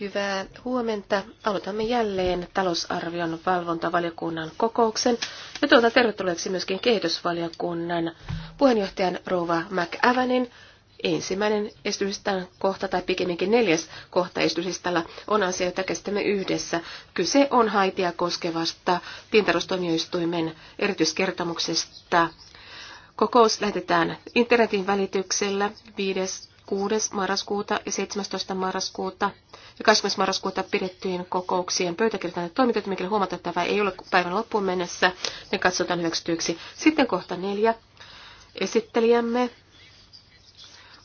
Hyvää huomenta. Aloitamme jälleen talousarvion valvontavaliokunnan kokouksen. Ja tuota tervetulleeksi myöskin kehitysvaliokunnan puheenjohtajan Rova McAvanin. Ensimmäinen esityslistan kohta tai pikemminkin neljäs kohta esityslistalla on asia, jota käsitämme yhdessä. Kyse on haitia koskevasta tintarustoimijoistuimen erityiskertomuksesta Kokous lähetetään internetin välityksellä 5. 6. marraskuuta ja 17. marraskuuta ja 20. marraskuuta pidettyjen kokouksien Pöytäkirjan toimitettu, mikäli huomata, että tämä ei ole päivän loppuun mennessä, ne katsotaan hyväksytyksi. Sitten kohta neljä. Esittelijämme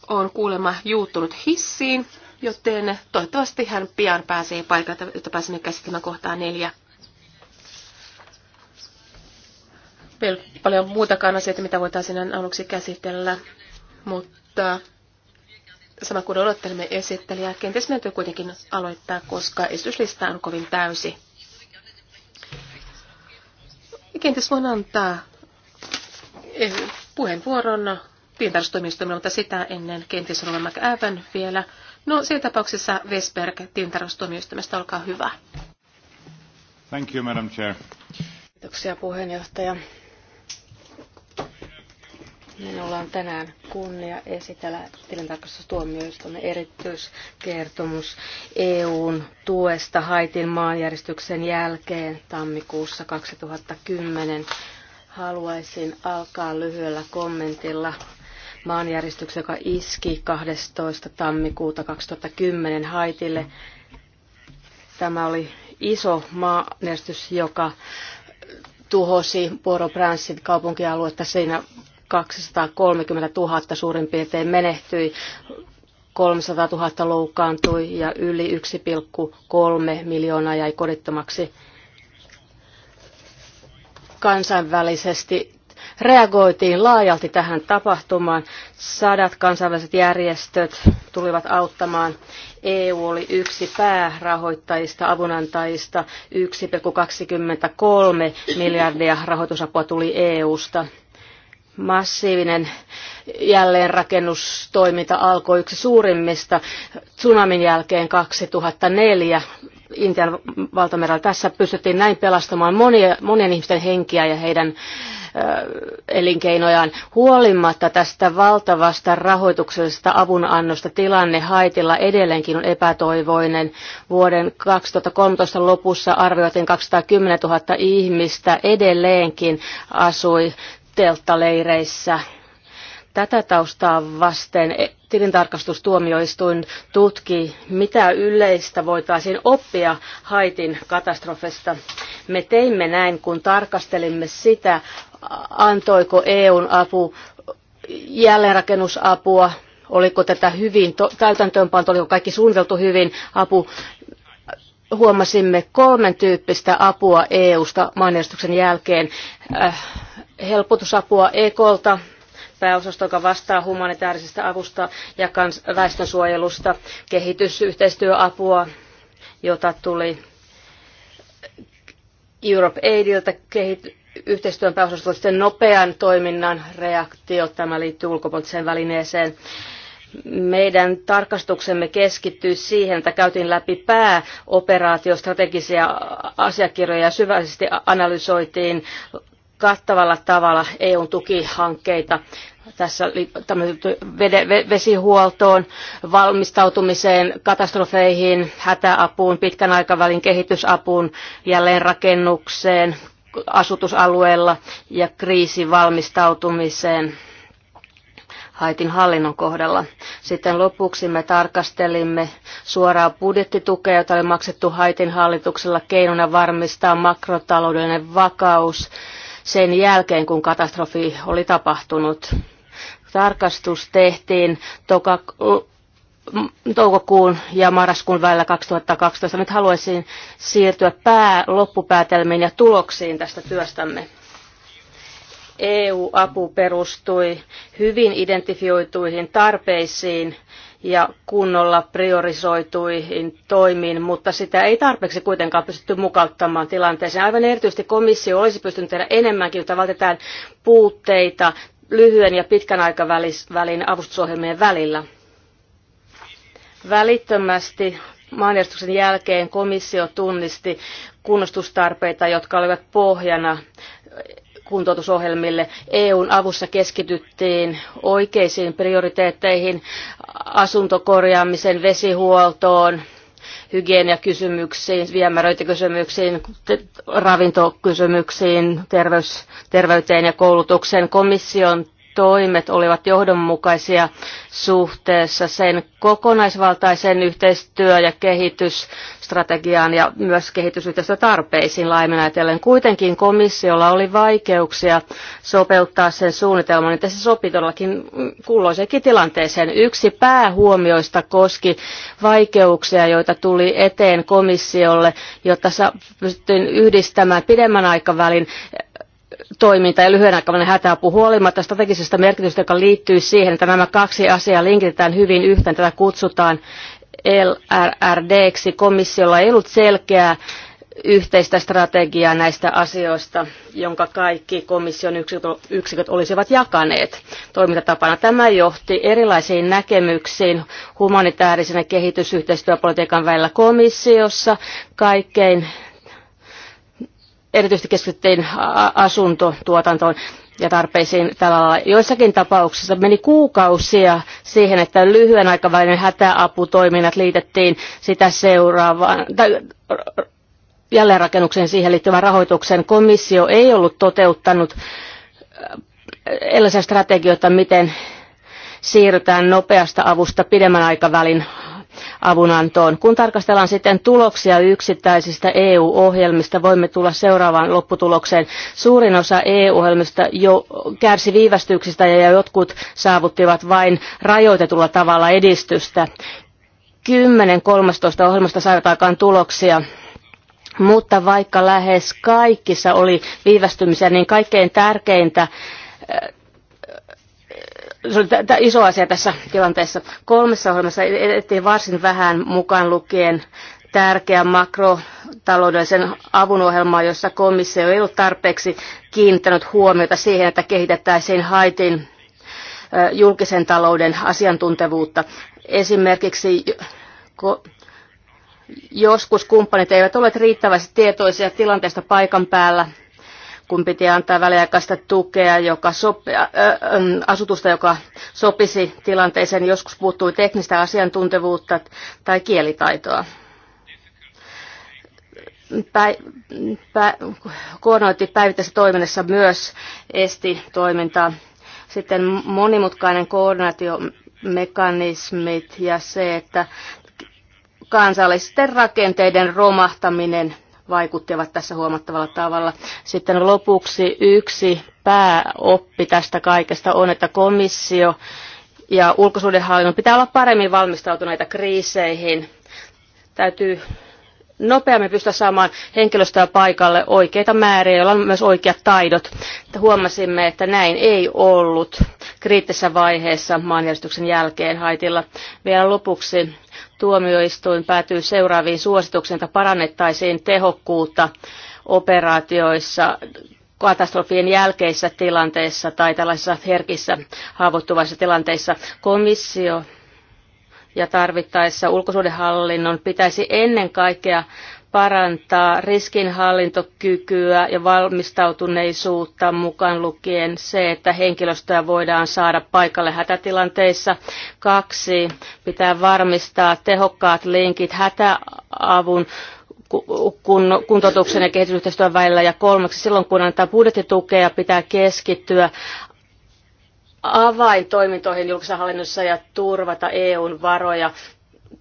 on kuulemma juuttunut hissiin, joten toivottavasti hän pian pääsee paikalta, että pääsemme käsittelemään kohtaa neljä. Vielä paljon muutakaan asioita, mitä voitaisiin aluksi käsitellä, mutta sama kuin odottelemme esittelijää, kenties meidän kuitenkin aloittaa, koska esityslista on kovin täysi. Kenties voin antaa eh, puheenvuoron tilintarkastustoimistolle, mutta sitä ennen kenties on McAvan vielä. No, siinä tapauksessa Vesberg tilintarkastustoimistosta, olkaa hyvä. Thank you, Madam Chair. Kiitoksia puheenjohtaja. Minulla on tänään kunnia esitellä tilintarkastustuomioistuimen erityiskertomus EUn tuesta Haitin maanjäristyksen jälkeen tammikuussa 2010. Haluaisin alkaa lyhyellä kommentilla maanjäristyksen, joka iski 12. tammikuuta 2010 Haitille. Tämä oli iso maanjäristys, joka tuhosi port au kaupunkialuetta. Siinä 230 000 suurin piirtein menehtyi, 300 000 loukkaantui ja yli 1,3 miljoonaa jäi kodittomaksi. Kansainvälisesti reagoitiin laajalti tähän tapahtumaan. Sadat kansainväliset järjestöt tulivat auttamaan. EU oli yksi päärahoittajista, avunantajista. 1,23 miljardia rahoitusapua tuli EUsta massiivinen jälleenrakennustoiminta alkoi yksi suurimmista tsunamin jälkeen 2004 Intian valtamerellä. Tässä pystyttiin näin pelastamaan monia, monien ihmisten henkiä ja heidän elinkeinojaan. Huolimatta tästä valtavasta rahoituksellisesta avunannosta tilanne Haitilla edelleenkin on epätoivoinen. Vuoden 2013 lopussa arvioitiin 210 000 ihmistä edelleenkin asui telttaleireissä. Tätä taustaa vasten e- tilintarkastustuomioistuin tutki, mitä yleistä voitaisiin oppia Haitin katastrofesta. Me teimme näin, kun tarkastelimme sitä, antoiko EUn apu jälleenrakennusapua, oliko tätä hyvin täytäntöönpanto, oliko kaikki suunniteltu hyvin apu. Huomasimme kolmen tyyppistä apua EUsta maanjärjestyksen jälkeen. Äh, helpotusapua EKolta, pääosasto, joka vastaa humanitaarisesta avusta ja kans- väestönsuojelusta, kehitysyhteistyöapua, jota tuli Europe Aidilta kehity- yhteistyön pääosastolta nopean toiminnan reaktio. Tämä liittyy ulkopoliittiseen välineeseen. Meidän tarkastuksemme keskittyi siihen, että käytiin läpi pääoperaatiostrategisia asiakirjoja ja syvällisesti analysoitiin kattavalla tavalla EUn tukihankkeita. Tässä vesihuoltoon, valmistautumiseen, katastrofeihin, hätäapuun, pitkän aikavälin kehitysapuun, jälleenrakennukseen, asutusalueella ja kriisivalmistautumiseen Haitin hallinnon kohdalla. Sitten lopuksi me tarkastelimme suoraa budjettitukea, jota oli maksettu Haitin hallituksella keinona varmistaa makrotaloudellinen vakaus sen jälkeen, kun katastrofi oli tapahtunut. Tarkastus tehtiin toka, toukokuun ja marraskuun välillä 2012. Nyt haluaisin siirtyä pää, loppupäätelmiin ja tuloksiin tästä työstämme. EU-apu perustui hyvin identifioituihin tarpeisiin ja kunnolla priorisoituihin toimiin, mutta sitä ei tarpeeksi kuitenkaan pystytty mukauttamaan tilanteeseen. Aivan erityisesti komissio olisi pystynyt tehdä enemmänkin, jotta vältetään puutteita lyhyen ja pitkän aikavälin avustusohjelmien välillä. Välittömästi maanjärjestyksen jälkeen komissio tunnisti kunnostustarpeita, jotka olivat pohjana kuntoutusohjelmille. EUn avussa keskityttiin oikeisiin prioriteetteihin, asuntokorjaamiseen, vesihuoltoon, hygieniakysymyksiin, viemäröintikysymyksiin, ravintokysymyksiin, terveys, terveyteen ja koulutukseen. Komission toimet olivat johdonmukaisia suhteessa sen kokonaisvaltaiseen yhteistyö- ja kehitysstrategiaan ja myös kehitysyhteistyötarpeisiin laimen ajatellen. Kuitenkin komissiolla oli vaikeuksia sopeuttaa sen suunnitelman, että se sopi todellakin kulloisenkin tilanteeseen. Yksi päähuomioista koski vaikeuksia, joita tuli eteen komissiolle, jotta pystyttiin yhdistämään pidemmän aikavälin toiminta ja lyhyen aikavälin hätäapu huolimatta strategisesta merkitystä, joka liittyy siihen, että nämä kaksi asiaa linkitetään hyvin yhteen. Tätä kutsutaan LRRD. -ksi. Komissiolla ei ollut selkeää yhteistä strategiaa näistä asioista, jonka kaikki komission yksiköt olisivat jakaneet toimintatapana. Tämä johti erilaisiin näkemyksiin humanitaarisen ja kehitysyhteistyöpolitiikan välillä komissiossa. Kaikkein erityisesti keskityttiin asuntotuotantoon ja tarpeisiin tällä lailla. Joissakin tapauksissa meni kuukausia siihen, että lyhyen aikavälinen hätäaputoiminnat liitettiin sitä seuraavaan, tai jälleenrakennukseen siihen liittyvän rahoituksen. Komissio ei ollut toteuttanut erilaisia strategioita, miten siirrytään nopeasta avusta pidemmän aikavälin avunantoon. Kun tarkastellaan sitten tuloksia yksittäisistä EU-ohjelmista, voimme tulla seuraavaan lopputulokseen. Suurin osa EU-ohjelmista jo kärsi viivästyksistä ja jotkut saavuttivat vain rajoitetulla tavalla edistystä. 10-13 ohjelmasta saivat aikaan tuloksia mutta vaikka lähes kaikissa oli viivästymisiä, niin kaikkein tärkeintä se oli iso asia tässä tilanteessa. Kolmessa ohjelmassa edettiin varsin vähän mukaan lukien tärkeä makrotaloudellisen avun ohjelma, jossa komissio ei ollut tarpeeksi kiinnittänyt huomiota siihen, että kehitettäisiin Haitin julkisen talouden asiantuntevuutta. Esimerkiksi joskus kumppanit eivät ole riittävästi tietoisia tilanteesta paikan päällä kun piti antaa väliaikaista tukea, joka sopi, ä, asutusta, joka sopisi tilanteeseen. Joskus puuttui teknistä asiantuntevuutta tai kielitaitoa. Pä, koordinointi päivittäisessä toiminnassa myös esti toimintaa. Sitten monimutkainen koordinaatiomekanismit ja se, että kansallisten rakenteiden romahtaminen vaikuttivat tässä huomattavalla tavalla. Sitten lopuksi yksi pääoppi tästä kaikesta on, että komissio ja ulkosuudenhallinnon pitää olla paremmin valmistautuneita kriiseihin. Täytyy nopeammin pystyä saamaan henkilöstöä paikalle oikeita määriä, joilla on myös oikeat taidot. Että huomasimme, että näin ei ollut kriittisessä vaiheessa maanjärjestyksen jälkeen Haitilla. Vielä lopuksi tuomioistuin päätyy seuraaviin suosituksiin, että parannettaisiin tehokkuutta operaatioissa katastrofien jälkeissä tilanteissa tai tällaisissa herkissä haavoittuvaisissa tilanteissa. Komissio ja tarvittaessa ulkosuudenhallinnon pitäisi ennen kaikkea parantaa riskinhallintokykyä ja valmistautuneisuutta mukaan lukien se, että henkilöstöä voidaan saada paikalle hätätilanteissa. Kaksi, pitää varmistaa tehokkaat linkit hätäavun kun, kuntoutuksen ja kehitysyhteistyön välillä. Ja kolmeksi, silloin kun antaa budjettitukea, pitää keskittyä avaintoimintoihin julkisessa hallinnossa ja turvata EUn varoja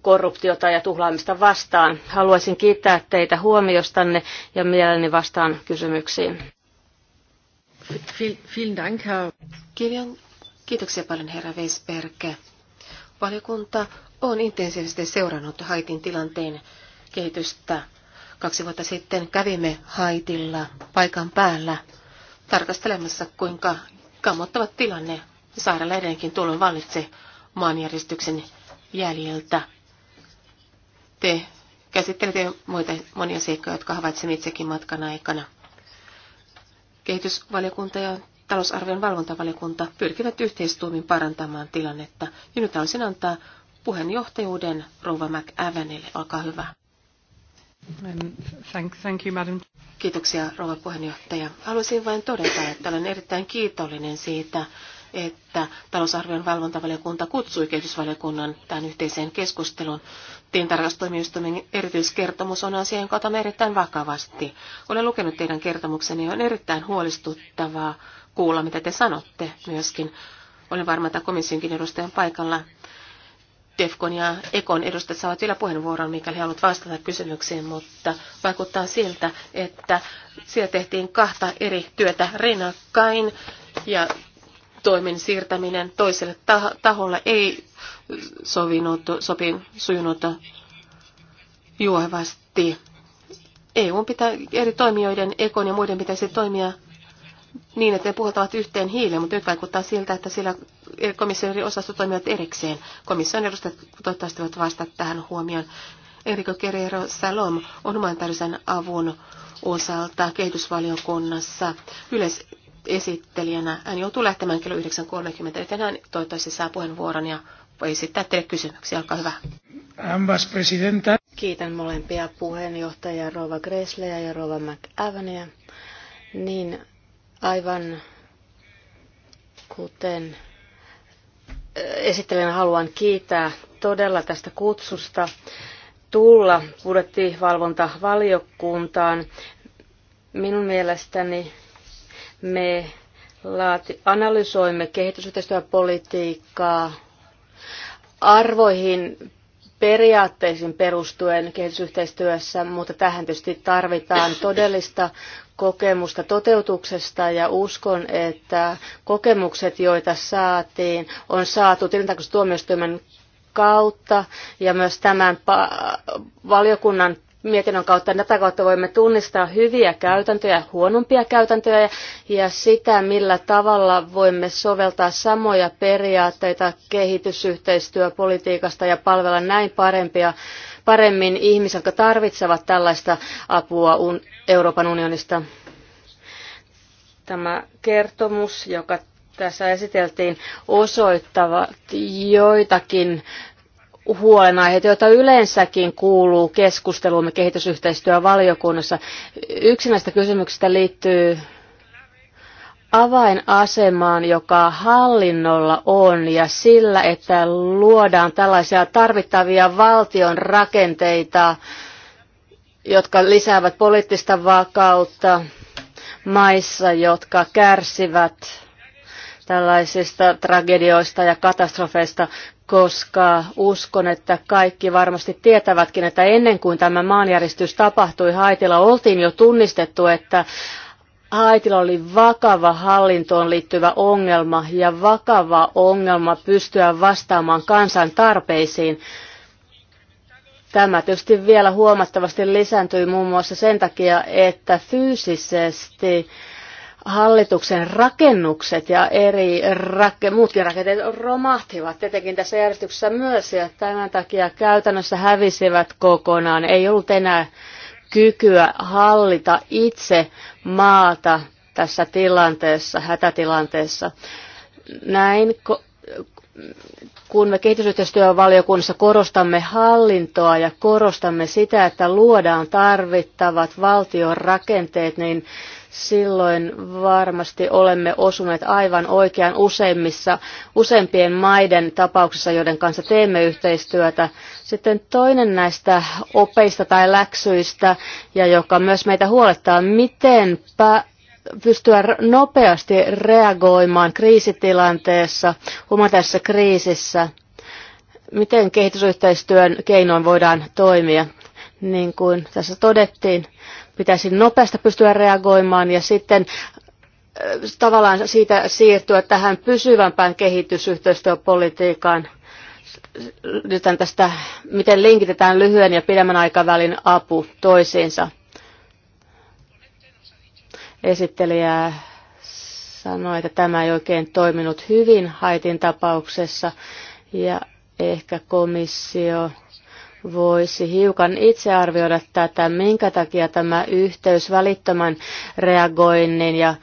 korruptiota ja tuhlaamista vastaan. Haluaisin kiittää teitä huomiostanne ja mielelläni vastaan kysymyksiin. Kiitoksia paljon, herra Weisberg. Valiokunta on intensiivisesti seurannut Haitin tilanteen kehitystä. Kaksi vuotta sitten kävimme Haitilla paikan päällä tarkastelemassa, kuinka kammottava tilanne sairaala edelleenkin tuolloin vallitsi maanjäristyksen jäljiltä te käsittelette muita, monia seikkoja, jotka havaitsin itsekin matkan aikana. Kehitysvaliokunta ja talousarvion valvontavaliokunta pyrkivät yhteistuumin parantamaan tilannetta. Ja nyt haluaisin antaa puheenjohtajuuden Rouva McAvenille. Olkaa hyvä. Thank, thank you, madam. Kiitoksia, rouva puheenjohtaja. Haluaisin vain todeta, että olen erittäin kiitollinen siitä, että talousarvion valvontavaliokunta kutsui kehitysvaliokunnan tämän yhteiseen keskusteluun. Tilintarkastustoimistoimen erityiskertomus on asia, jonka otamme erittäin vakavasti. Olen lukenut teidän kertomuksenne ja on erittäin huolestuttavaa kuulla, mitä te sanotte myöskin. Olen varma, että komissionkin edustajan paikalla Defcon ja Ekon edustajat saavat vielä puheenvuoron, mikäli haluat vastata kysymykseen, mutta vaikuttaa siltä, että siellä tehtiin kahta eri työtä rinnakkain ja toimen siirtäminen toiselle taholle ei sovinut, sopin, sujunut juovasti. EU pitää, eri toimijoiden, Ekon ja muiden pitäisi toimia niin, että ne puhutavat yhteen hiileen, mutta nyt vaikuttaa siltä, että sillä komission osasto toimivat erikseen. Komission edustajat toivottavasti voivat vastata tähän huomioon. Eriko Kerero Salom on humanitaarisen avun osalta kehitysvaliokunnassa yleis- esittelijänä. Hän joutuu lähtemään kello 9.30, joten hän toivottavasti saa puheenvuoron ja voi esittää teille kysymyksiä. Olkaa hyvä. Ambas presidenta. Kiitän molempia puheenjohtajia Rova Gresleä ja Rova McAvenia. Niin aivan kuten äh, esittelijänä haluan kiittää todella tästä kutsusta tulla budjettivalvontavaliokuntaan. Minun mielestäni me laati, analysoimme kehitysyhteistyöpolitiikkaa arvoihin periaatteisiin perustuen kehitysyhteistyössä, mutta tähän tietysti tarvitaan todellista kokemusta toteutuksesta ja uskon, että kokemukset, joita saatiin, on saatu tilintarkastustuomioistuimen kautta ja myös tämän valiokunnan mietinnön kautta. Tätä kautta voimme tunnistaa hyviä käytäntöjä, huonompia käytäntöjä ja sitä, millä tavalla voimme soveltaa samoja periaatteita kehitysyhteistyöpolitiikasta ja palvella näin parempia paremmin ihmisiä, jotka tarvitsevat tällaista apua Euroopan unionista. Tämä kertomus, joka tässä esiteltiin, osoittavat joitakin huolenaiheet, joita yleensäkin kuuluu keskusteluumme kehitysyhteistyövaliokunnassa. Yksi näistä kysymyksistä liittyy avainasemaan, joka hallinnolla on ja sillä, että luodaan tällaisia tarvittavia valtion rakenteita, jotka lisäävät poliittista vakautta maissa, jotka kärsivät tällaisista tragedioista ja katastrofeista koska uskon, että kaikki varmasti tietävätkin, että ennen kuin tämä maanjäristys tapahtui Haitilla, oltiin jo tunnistettu, että Haitilla oli vakava hallintoon liittyvä ongelma ja vakava ongelma pystyä vastaamaan kansan tarpeisiin. Tämä tietysti vielä huomattavasti lisääntyi muun muassa sen takia, että fyysisesti hallituksen rakennukset ja eri rakke- muutkin rakenteet romahtivat tietenkin tässä järjestyksessä myös ja tämän takia käytännössä hävisivät kokonaan. Ei ollut enää kykyä hallita itse maata tässä tilanteessa, hätätilanteessa. Näin kun me kehitysyhteistyövaliokunnassa korostamme hallintoa ja korostamme sitä, että luodaan tarvittavat valtion rakenteet, niin silloin varmasti olemme osuneet aivan oikeaan useimmissa, useimpien maiden tapauksissa, joiden kanssa teemme yhteistyötä. Sitten toinen näistä opeista tai läksyistä, ja joka myös meitä huolettaa, miten pystyä nopeasti reagoimaan kriisitilanteessa, humanitaarisessa kriisissä, miten kehitysyhteistyön keinoin voidaan toimia. Niin kuin tässä todettiin, Pitäisi nopeasti pystyä reagoimaan ja sitten tavallaan siitä siirtyä tähän pysyvämpään kehitysyhteistyöpolitiikkaan nyt tästä, miten linkitetään lyhyen ja pidemmän aikavälin apu toisiinsa. Esittelijä sanoi, että tämä ei oikein toiminut hyvin Haitin tapauksessa ja ehkä komissio voisi hiukan itse arvioida tätä, minkä takia tämä yhteys välittömän reagoinnin ja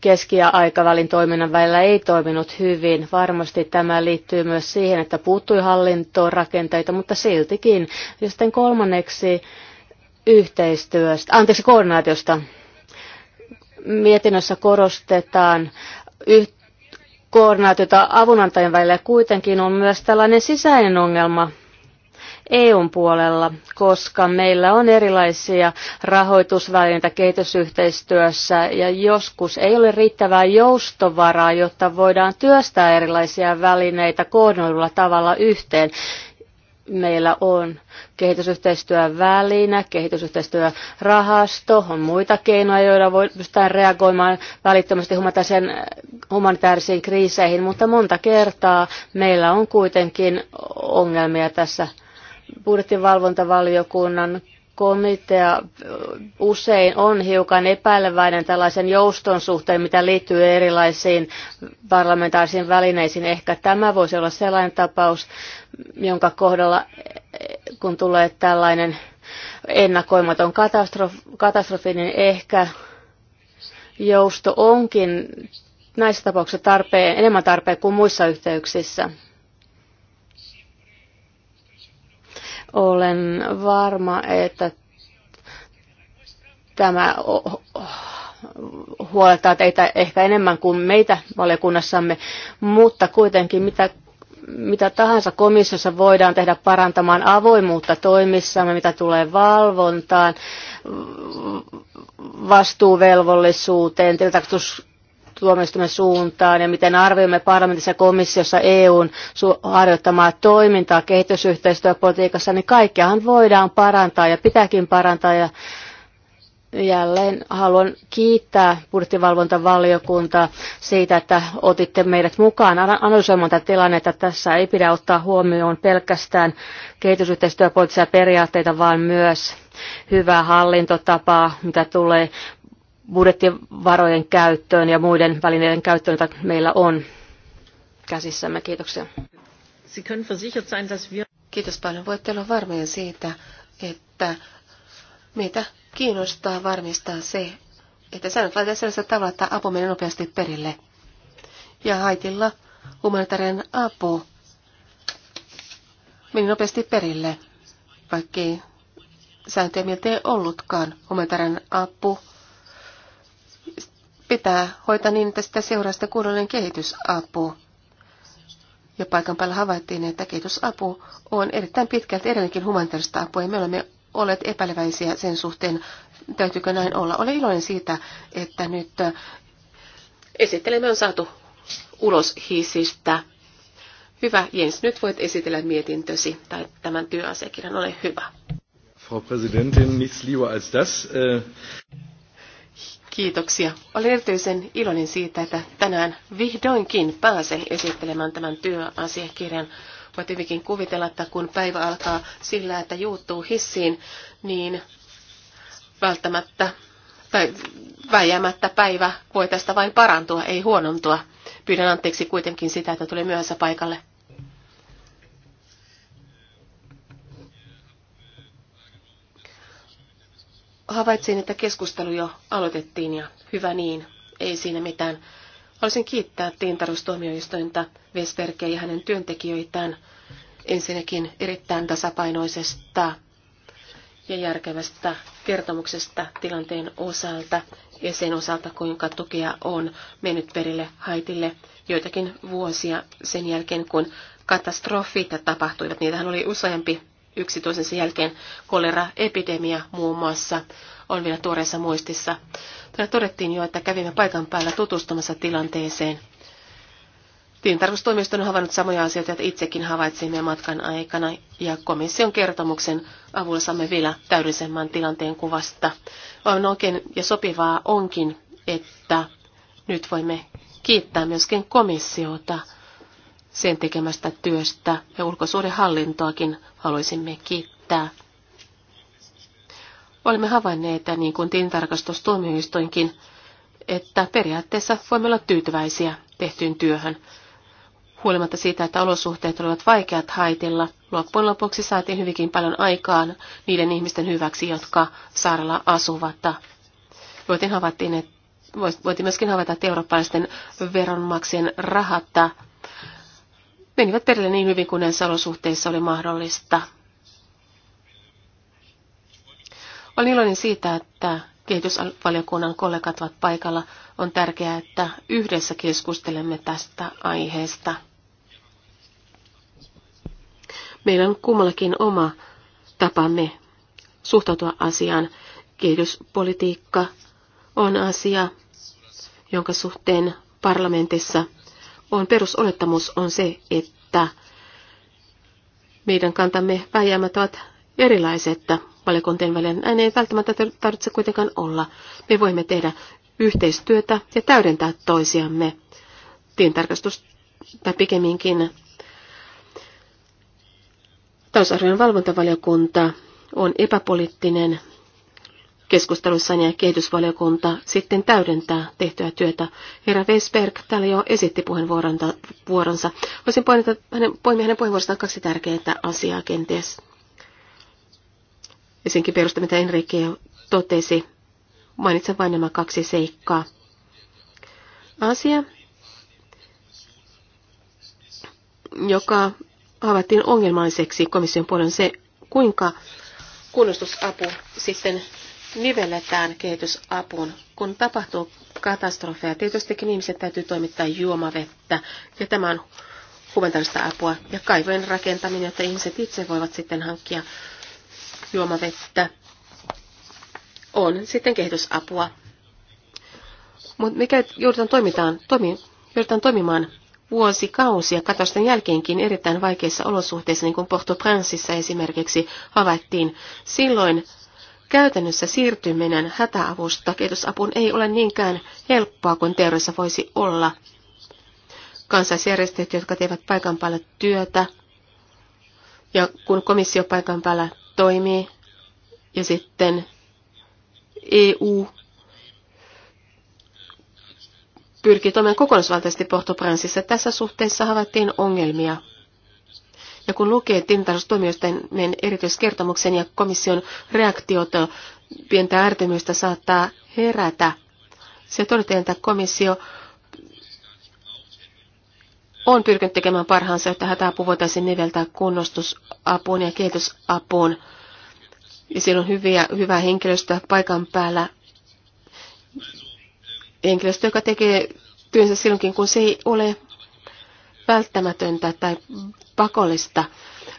keski aikavälin toiminnan välillä ei toiminut hyvin. Varmasti tämä liittyy myös siihen, että puuttui rakenteita, mutta siltikin. Ja sitten kolmanneksi yhteistyöstä, anteeksi koordinaatiosta. Mietinnössä korostetaan yh- koordinaatiota avunantajien välillä. Kuitenkin on myös tällainen sisäinen ongelma, EUn puolella, koska meillä on erilaisia rahoitusvälineitä kehitysyhteistyössä ja joskus ei ole riittävää joustovaraa, jotta voidaan työstää erilaisia välineitä koordinoidulla tavalla yhteen meillä on kehitysyhteistyöväline, kehitysyhteistyörahasto, on muita keinoja, joilla voi pystytään reagoimaan välittömästi humanitaarisiin kriiseihin, mutta monta kertaa meillä on kuitenkin ongelmia tässä budjettivalvontavaliokunnan komitea usein on hiukan epäileväinen tällaisen jouston suhteen, mitä liittyy erilaisiin parlamentaarisiin välineisiin. Ehkä tämä voisi olla sellainen tapaus, jonka kohdalla, kun tulee tällainen ennakoimaton katastrofi, katastrofi niin ehkä jousto onkin näissä tapauksissa tarpeen, enemmän tarpeen kuin muissa yhteyksissä. Olen varma, että tämä huolettaa teitä ehkä enemmän kuin meitä valiokunnassamme, mutta kuitenkin mitä mitä tahansa komissiossa voidaan tehdä parantamaan avoimuutta toimissamme, mitä tulee valvontaan, vastuuvelvollisuuteen, tilintarkastus tuomioistuimen suuntaan ja miten arvioimme parlamentissa ja komissiossa EUn harjoittamaa toimintaa kehitysyhteistyöpolitiikassa, niin kaikkeahan voidaan parantaa ja pitääkin parantaa. Ja jälleen haluan kiittää budjettivalvontavaliokuntaa siitä, että otitte meidät mukaan analysoimaan tätä tilannetta. Tässä ei pidä ottaa huomioon pelkästään kehitysyhteistyöpoliittisia periaatteita, vaan myös hyvää hallintotapaa, mitä tulee budjettivarojen käyttöön ja muiden välineiden käyttöön, joita meillä on käsissämme. Kiitoksia. Kiitos paljon. Voitte olla varmoja siitä, että meitä kiinnostaa varmistaa se, että säännöt laitetaan sellaisella tavalla, että apu menee nopeasti perille. Ja Haitilla humanitaarinen apu meni nopeasti perille, vaikkei sääntöjä miltei ollutkaan. Humanitaarinen apu pitää hoitaa niin, että sitä seuraa sitä kunnollinen kehitysapu. Ja paikan päällä havaittiin, että kehitysapu on erittäin pitkälti edelleenkin humanitaarista apua, ja me olemme olleet epäileväisiä sen suhteen, täytyykö näin olla. Olen iloinen siitä, että nyt äh, esittelemme on saatu ulos hiisistä. Hyvä, Jens, nyt voit esitellä mietintösi tai tämän työasiakirjan. Ole hyvä. Frau Präsidentin, nichts lieber als das. Äh... Kiitoksia. Olen erityisen iloinen siitä, että tänään vihdoinkin pääsen esittelemään tämän työasiakirjan. Voit hyvinkin kuvitella, että kun päivä alkaa sillä, että juuttuu hissiin, niin välttämättä tai väijämättä päivä voi tästä vain parantua, ei huonontua. Pyydän anteeksi kuitenkin sitä, että tuli myöhässä paikalle. havaitsin, että keskustelu jo aloitettiin ja hyvä niin, ei siinä mitään. Haluaisin kiittää tiintarustuomioistuinta Vesperkeä ja hänen työntekijöitään ensinnäkin erittäin tasapainoisesta ja järkevästä kertomuksesta tilanteen osalta ja sen osalta, kuinka tukea on mennyt perille Haitille joitakin vuosia sen jälkeen, kun katastrofit tapahtuivat. Niitähän oli useampi yksi toisensa jälkeen koleraepidemia muun muassa on vielä tuoreessa muistissa. Täällä todettiin jo, että kävimme paikan päällä tutustumassa tilanteeseen. Tilintarkastustoimisto on havainnut samoja asioita, joita itsekin havaitsimme matkan aikana, ja komission kertomuksen avulla saamme vielä täydellisemmän tilanteen kuvasta. On oikein ja sopivaa onkin, että nyt voimme kiittää myöskin komissiota – sen tekemästä työstä ja ulkosuhdehallintoakin haluaisimme kiittää. Olemme havainneet, niin kuin tilintarkastustuomioistuinkin, että periaatteessa voimme olla tyytyväisiä tehtyyn työhön. Huolimatta siitä, että olosuhteet olivat vaikeat haitilla, loppujen lopuksi saatiin hyvinkin paljon aikaan niiden ihmisten hyväksi, jotka saarella asuvat. Voitin havaittiin, että, voitiin myöskin havaita, että eurooppalaisten veronmaksien rahatta menivät perille niin hyvin kuin näissä olosuhteissa oli mahdollista. Olen iloinen siitä, että kehitysvaliokunnan kollegat ovat paikalla. On tärkeää, että yhdessä keskustelemme tästä aiheesta. Meillä on kummallakin oma tapamme suhtautua asiaan. Kehityspolitiikka on asia, jonka suhteen parlamentissa – on perusolettamus on se, että meidän kantamme väijäämät ovat erilaiset valiokuntien välillä. Näin ei välttämättä tarvitse kuitenkaan olla. Me voimme tehdä yhteistyötä ja täydentää toisiamme. Tiintarkastus tai pikemminkin talousarvion valvontavaliokunta on epäpoliittinen Keskustelussaan ja kehitysvaliokunta sitten täydentää tehtyä työtä. Herra Weisberg täällä jo esitti puheenvuoronsa. Voisin poimia hänen, poimia hänen puheenvuorostaan kaksi tärkeää asiaa kenties. Esinkin perusta, mitä Enrique totesi. Mainitsen vain nämä kaksi seikkaa. Asia, joka havaittiin ongelmaiseksi komission puolen se, kuinka kunnostusapu sitten nivelletään kehitysapuun. Kun tapahtuu katastrofeja, tietystikin ihmiset täytyy toimittaa juomavettä, ja tämä on humanitaarista apua, ja kaivojen rakentaminen, jotta ihmiset itse voivat sitten hankkia juomavettä, on sitten kehitysapua. Mutta mikä joudutaan, toimitaan, toimi, joudutaan toimimaan vuosikausia katosten jälkeenkin erittäin vaikeissa olosuhteissa, niin kuin Porto Princeissa esimerkiksi havaittiin. Silloin Käytännössä siirtyminen hätäavusta kehitysapuun ei ole niinkään helppoa kuin teoriassa voisi olla. Kansaisjärjestöt, jotka tekevät paikan päällä työtä, ja kun komissio paikan päällä toimii, ja sitten EU pyrkii toimimaan kokonaisvaltaisesti Porto Tässä suhteessa havaittiin ongelmia. Ja kun lukee tilintarkastustuomioistuimen erityiskertomuksen ja komission reaktiot, pientä ärtymystä saattaa herätä. Se todetaan, että komissio on pyrkinyt tekemään parhaansa, että hätäapu voitaisiin niveltää kunnostusapuun ja kehitysapuun. Ja siellä on hyviä, hyvää henkilöstöä paikan päällä. Henkilöstö, joka tekee työnsä silloinkin, kun se ei ole välttämätöntä tai pakollista,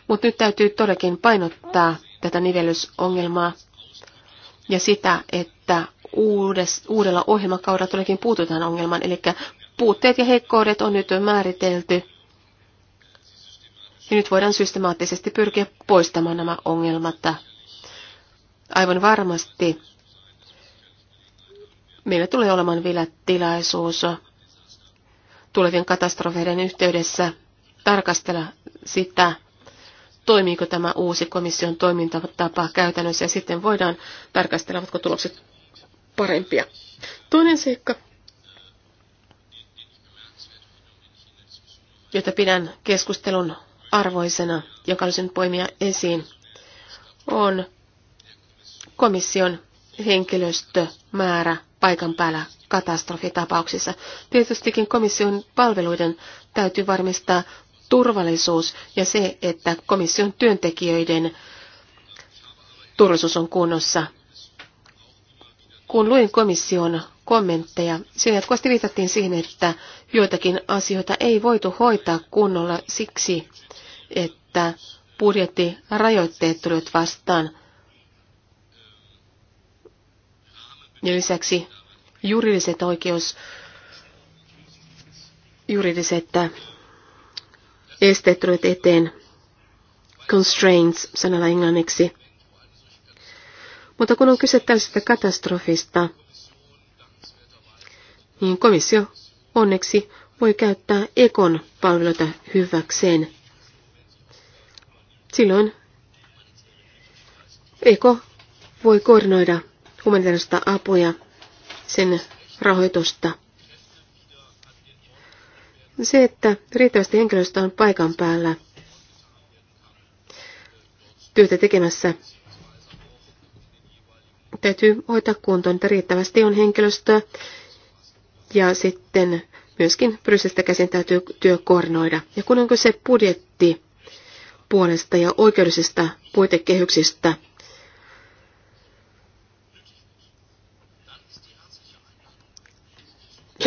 mutta nyt täytyy todellakin painottaa tätä nivellysongelmaa ja sitä, että uudes, uudella ohjelmakaudella todellakin puututaan ongelmaan, eli puutteet ja heikkoudet on nyt määritelty. Ja nyt voidaan systemaattisesti pyrkiä poistamaan nämä ongelmat. Aivan varmasti meillä tulee olemaan vielä tilaisuus tulevien katastrofeiden yhteydessä tarkastella sitä, toimiiko tämä uusi komission toimintatapa käytännössä ja sitten voidaan tarkastella, ovatko tulokset parempia. Toinen seikka, jota pidän keskustelun arvoisena, jonka haluaisin poimia esiin, on komission henkilöstömäärä paikan päällä katastrofitapauksissa. Tietystikin komission palveluiden täytyy varmistaa turvallisuus ja se, että komission työntekijöiden turvallisuus on kunnossa. Kun luin komission kommentteja, siinä jatkuvasti viitattiin siihen, että joitakin asioita ei voitu hoitaa kunnolla siksi, että budjettirajoitteet tulivat vastaan. Ja lisäksi juridiset oikeus, juridiset äh, esteet tulevat eteen, constraints sanalla englanniksi. Mutta kun on kyse tällaisesta katastrofista, niin komissio onneksi voi käyttää ekon palveluita hyväkseen. Silloin eko voi koordinoida humanitaarista apua sen rahoitusta. Se, että riittävästi henkilöstöä on paikan päällä työtä tekemässä, täytyy hoitaa kuntoon, että riittävästi on henkilöstöä ja sitten myöskin Brysselistä käsin täytyy työ koordinoida. Ja kun onko se budjetti puolesta ja oikeudellisista puitekehyksistä,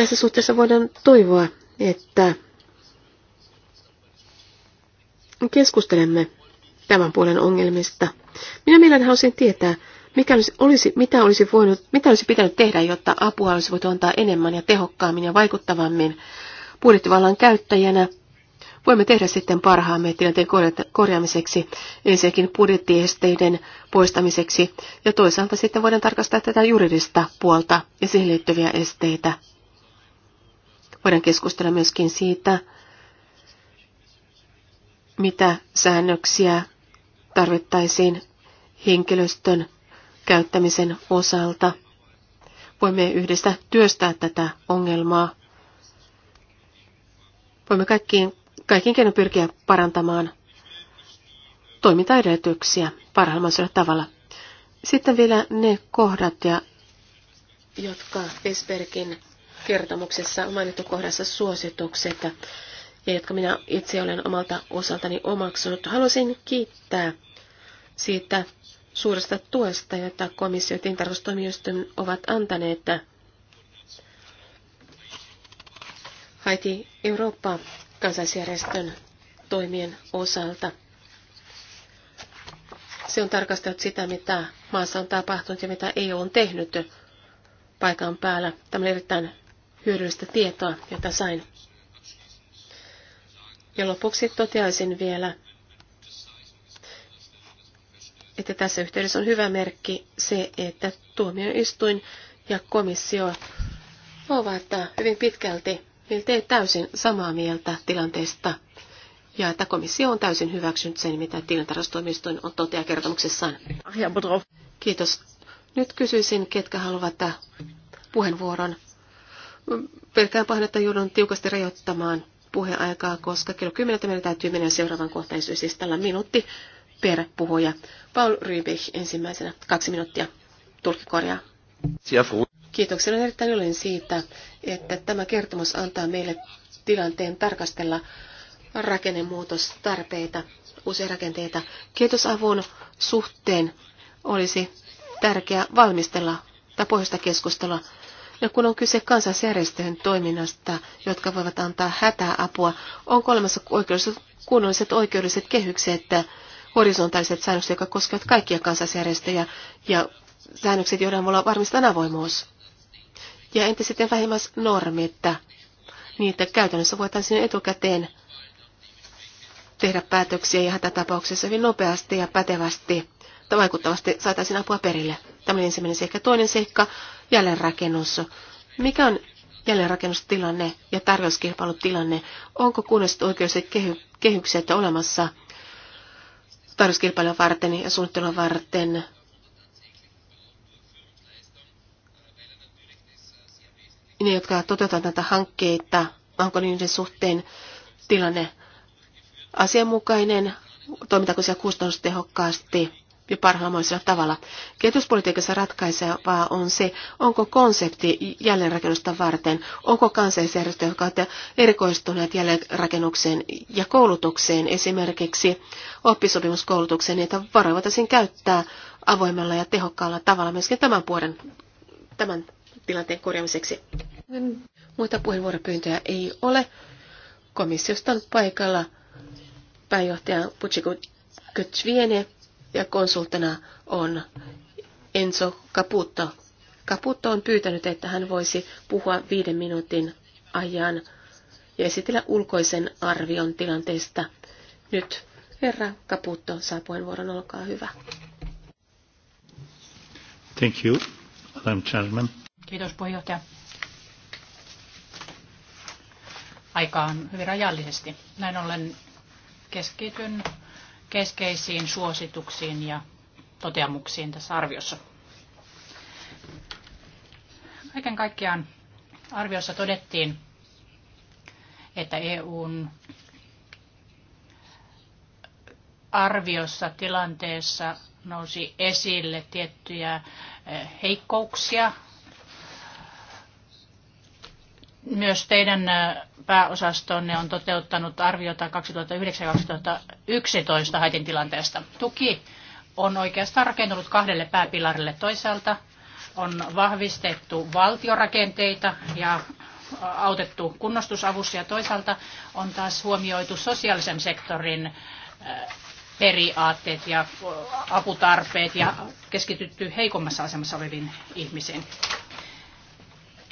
tässä suhteessa voidaan toivoa, että keskustelemme tämän puolen ongelmista. Minä mielelläni haluaisin tietää, mikä olisi, mitä, olisi voinut, mitä olisi pitänyt tehdä, jotta apua olisi voitu antaa enemmän ja tehokkaammin ja vaikuttavammin. Budjettivallan käyttäjänä voimme tehdä sitten parhaamme tilanteen korjaamiseksi, ensinnäkin budjettiesteiden poistamiseksi ja toisaalta sitten voidaan tarkastaa tätä juridista puolta ja siihen liittyviä esteitä Voidaan keskustella myöskin siitä, mitä säännöksiä tarvittaisiin henkilöstön käyttämisen osalta. Voimme yhdessä työstää tätä ongelmaa. Voimme kaikkiin, kaikin keinoin pyrkiä parantamaan toimintaedellytyksiä parhaimmalla tavalla. Sitten vielä ne kohdat, ja, jotka Esperkin kertomuksessa mainittu kohdassa suositukset, ja jotka minä itse olen omalta osaltani omaksunut. Haluaisin kiittää siitä suuresta tuesta, jota komissio ja tarkastustoimijoistön ovat antaneet Haiti Eurooppa kansaisjärjestön toimien osalta. Se on tarkastellut sitä, mitä maassa on tapahtunut ja mitä EU on tehnyt paikan päällä. Tämä on erittäin hyödyllistä tietoa, jota sain. Ja lopuksi toteaisin vielä, että tässä yhteydessä on hyvä merkki se, että tuomioistuin ja komissio ovat hyvin pitkälti miltei täysin samaa mieltä tilanteesta ja että komissio on täysin hyväksynyt sen, mitä tilintarastoimistoin on totea kertomuksessaan. Kiitos. Nyt kysyisin, ketkä haluavat puheenvuoron. Pelkään pahoin, että joudun tiukasti rajoittamaan puheaikaa, koska kello 10 meidän täytyy mennä seuraavan kohtaan siis tällä minuutti per puhuja. Paul Rybich ensimmäisenä, kaksi minuuttia. Tulkki korjaa. Kiitoksia. Olen erittäin iloinen siitä, että tämä kertomus antaa meille tilanteen tarkastella rakennemuutostarpeita, uusia rakenteita. Kehitysavun suhteen olisi tärkeää valmistella tai pohjoista keskustella ja no, kun on kyse kansalaisjärjestöjen toiminnasta, jotka voivat antaa hätäapua, on olemassa oikeudelliset, kunnolliset oikeudelliset kehykset, horisontaaliset säännökset, jotka koskevat kaikkia kansalaisjärjestöjä, ja säännökset, joiden olla varmistetaan avoimuus. Ja entä sitten vähimmäisnormi, että Niitä käytännössä voitaisiin etukäteen tehdä päätöksiä ja hätätapauksessa hyvin nopeasti ja pätevästi tai vaikuttavasti saataisiin apua perille. Tämä oli ensimmäinen seikka. Toinen seikka, jälleenrakennus. Mikä on jälleenrakennustilanne ja tarjouskilpailutilanne? Onko kunnalliset oikeudelliset kehy- kehykset olemassa tarjouskilpailua varten ja suunnittelua varten? Ne, jotka toteuttavat näitä hankkeita, onko niiden suhteen tilanne asianmukainen, toimitaanko siellä kustannustehokkaasti ja parhaamoisella tavalla. Kehityspolitiikassa ratkaisevaa on se, onko konsepti jälleenrakennusta varten, onko kansallisjärjestöt, jotka ovat erikoistuneet jälleenrakennukseen ja koulutukseen, esimerkiksi oppisopimuskoulutukseen, niitä varoja voitaisiin käyttää avoimella ja tehokkaalla tavalla myöskin tämän vuoden tämän tilanteen korjaamiseksi. Muita puheenvuoropyyntöjä ei ole. Komissiosta on paikalla pääjohtaja Putsiku Kötsviene ja konsulttina on Enzo Caputo. Caputo on pyytänyt, että hän voisi puhua viiden minuutin ajan ja esitellä ulkoisen arvion tilanteesta. Nyt herra Caputo saa puheenvuoron, olkaa hyvä. Thank you, Madam Chairman. Kiitos puheenjohtaja. Aika on hyvin rajallisesti. Näin ollen keskityn keskeisiin suosituksiin ja toteamuksiin tässä arviossa. Kaiken kaikkiaan arviossa todettiin, että EUn arviossa tilanteessa nousi esille tiettyjä eh, heikkouksia myös teidän pääosastonne on toteuttanut arviota 2009-2011 haitin tilanteesta. Tuki on oikeastaan rakentunut kahdelle pääpilarille. Toisaalta on vahvistettu valtiorakenteita ja autettu kunnostusavussa ja toisaalta on taas huomioitu sosiaalisen sektorin periaatteet ja aputarpeet ja keskitytty heikommassa asemassa oleviin ihmisiin.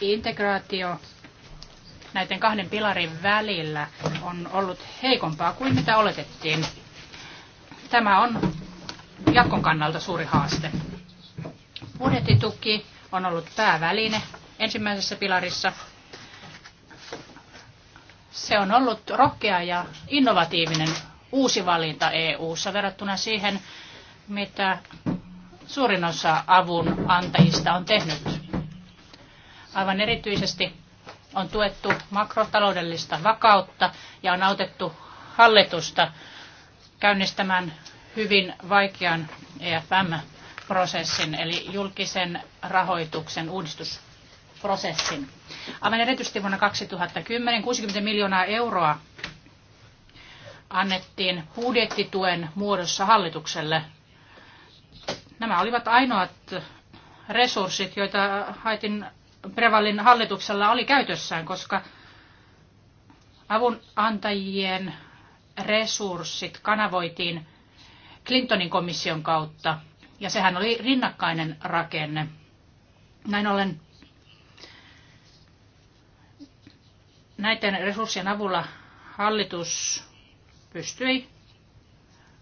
Integraatio näiden kahden pilarin välillä on ollut heikompaa kuin mitä oletettiin. Tämä on jatkon kannalta suuri haaste. Budjettituki on ollut pääväline ensimmäisessä pilarissa. Se on ollut rohkea ja innovatiivinen uusi valinta EU-ssa verrattuna siihen, mitä suurin osa avun antajista on tehnyt. Aivan erityisesti on tuettu makrotaloudellista vakautta ja on autettu hallitusta käynnistämään hyvin vaikean EFM-prosessin eli julkisen rahoituksen uudistusprosessin. Aivan erityisesti vuonna 2010 60 miljoonaa euroa annettiin budjettituen muodossa hallitukselle. Nämä olivat ainoat resurssit, joita haitin Prevalin hallituksella oli käytössään, koska avunantajien resurssit kanavoitiin Clintonin komission kautta, ja sehän oli rinnakkainen rakenne. Näin ollen näiden resurssien avulla hallitus pystyi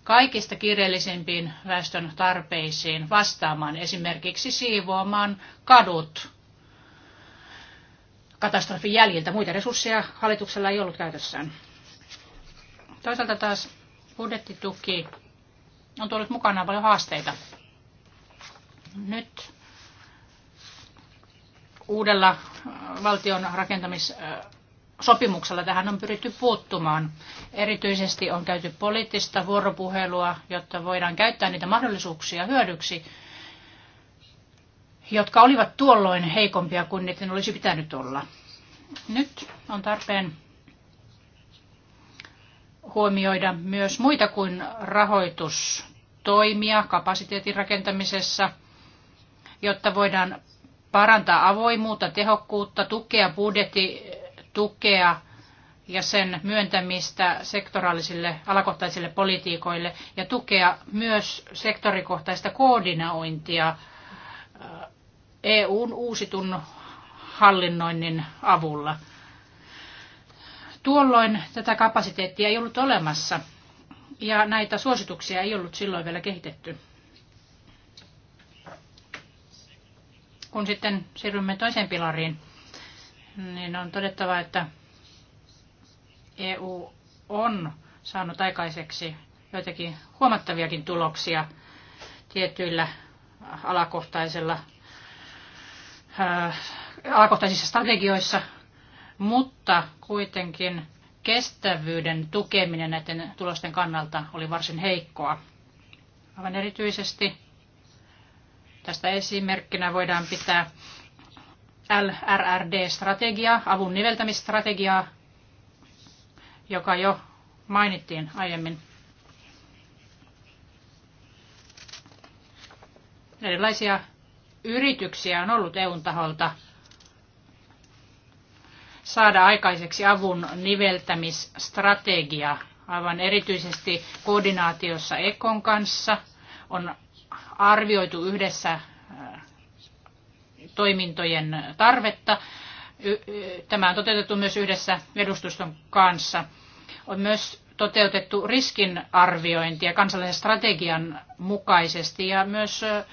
kaikista kiireellisimpiin väestön tarpeisiin vastaamaan, esimerkiksi siivoamaan kadut katastrofin jäljiltä. Muita resursseja hallituksella ei ollut käytössään. Toisaalta taas budjettituki on tullut mukanaan paljon haasteita. Nyt uudella äh, valtion rakentamissopimuksella äh, tähän on pyritty puuttumaan. Erityisesti on käyty poliittista vuoropuhelua, jotta voidaan käyttää niitä mahdollisuuksia hyödyksi, jotka olivat tuolloin heikompia kuin niiden olisi pitänyt olla. Nyt on tarpeen huomioida myös muita kuin rahoitustoimia kapasiteetin rakentamisessa, jotta voidaan parantaa avoimuutta, tehokkuutta, tukea tukea ja sen myöntämistä sektoraalisille alakohtaisille politiikoille ja tukea myös sektorikohtaista koordinointia – EUn uusitun hallinnoinnin avulla. Tuolloin tätä kapasiteettia ei ollut olemassa ja näitä suosituksia ei ollut silloin vielä kehitetty. Kun sitten siirrymme toiseen pilariin, niin on todettava, että EU on saanut aikaiseksi joitakin huomattaviakin tuloksia tietyillä alakohtaisilla Äh, alakohtaisissa strategioissa, mutta kuitenkin kestävyyden tukeminen näiden tulosten kannalta oli varsin heikkoa. Aivan erityisesti tästä esimerkkinä voidaan pitää LRRD-strategiaa, avun niveltämistrategiaa, joka jo mainittiin aiemmin. Erilaisia yrityksiä on ollut EUn taholta saada aikaiseksi avun niveltämisstrategia, aivan erityisesti koordinaatiossa Ekon kanssa. On arvioitu yhdessä äh, toimintojen tarvetta. Tämä on toteutettu myös yhdessä edustuston kanssa. On myös toteutettu riskinarviointia kansallisen strategian mukaisesti ja myös äh,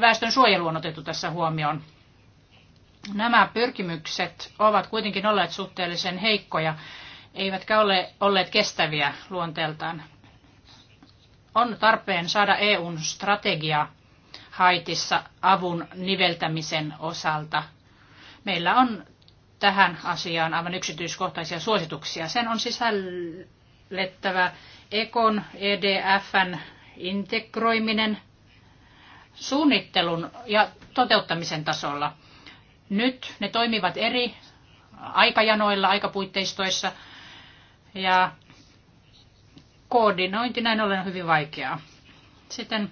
väestön suojelu on otettu tässä huomioon. Nämä pyrkimykset ovat kuitenkin olleet suhteellisen heikkoja, eivätkä ole olleet kestäviä luonteeltaan. On tarpeen saada EUn strategia Haitissa avun niveltämisen osalta. Meillä on tähän asiaan aivan yksityiskohtaisia suosituksia. Sen on sisällettävä Ekon, EDFn integroiminen – suunnittelun ja toteuttamisen tasolla. Nyt ne toimivat eri aikajanoilla, aikapuitteistoissa ja koordinointi näin ollen hyvin vaikeaa. Sitten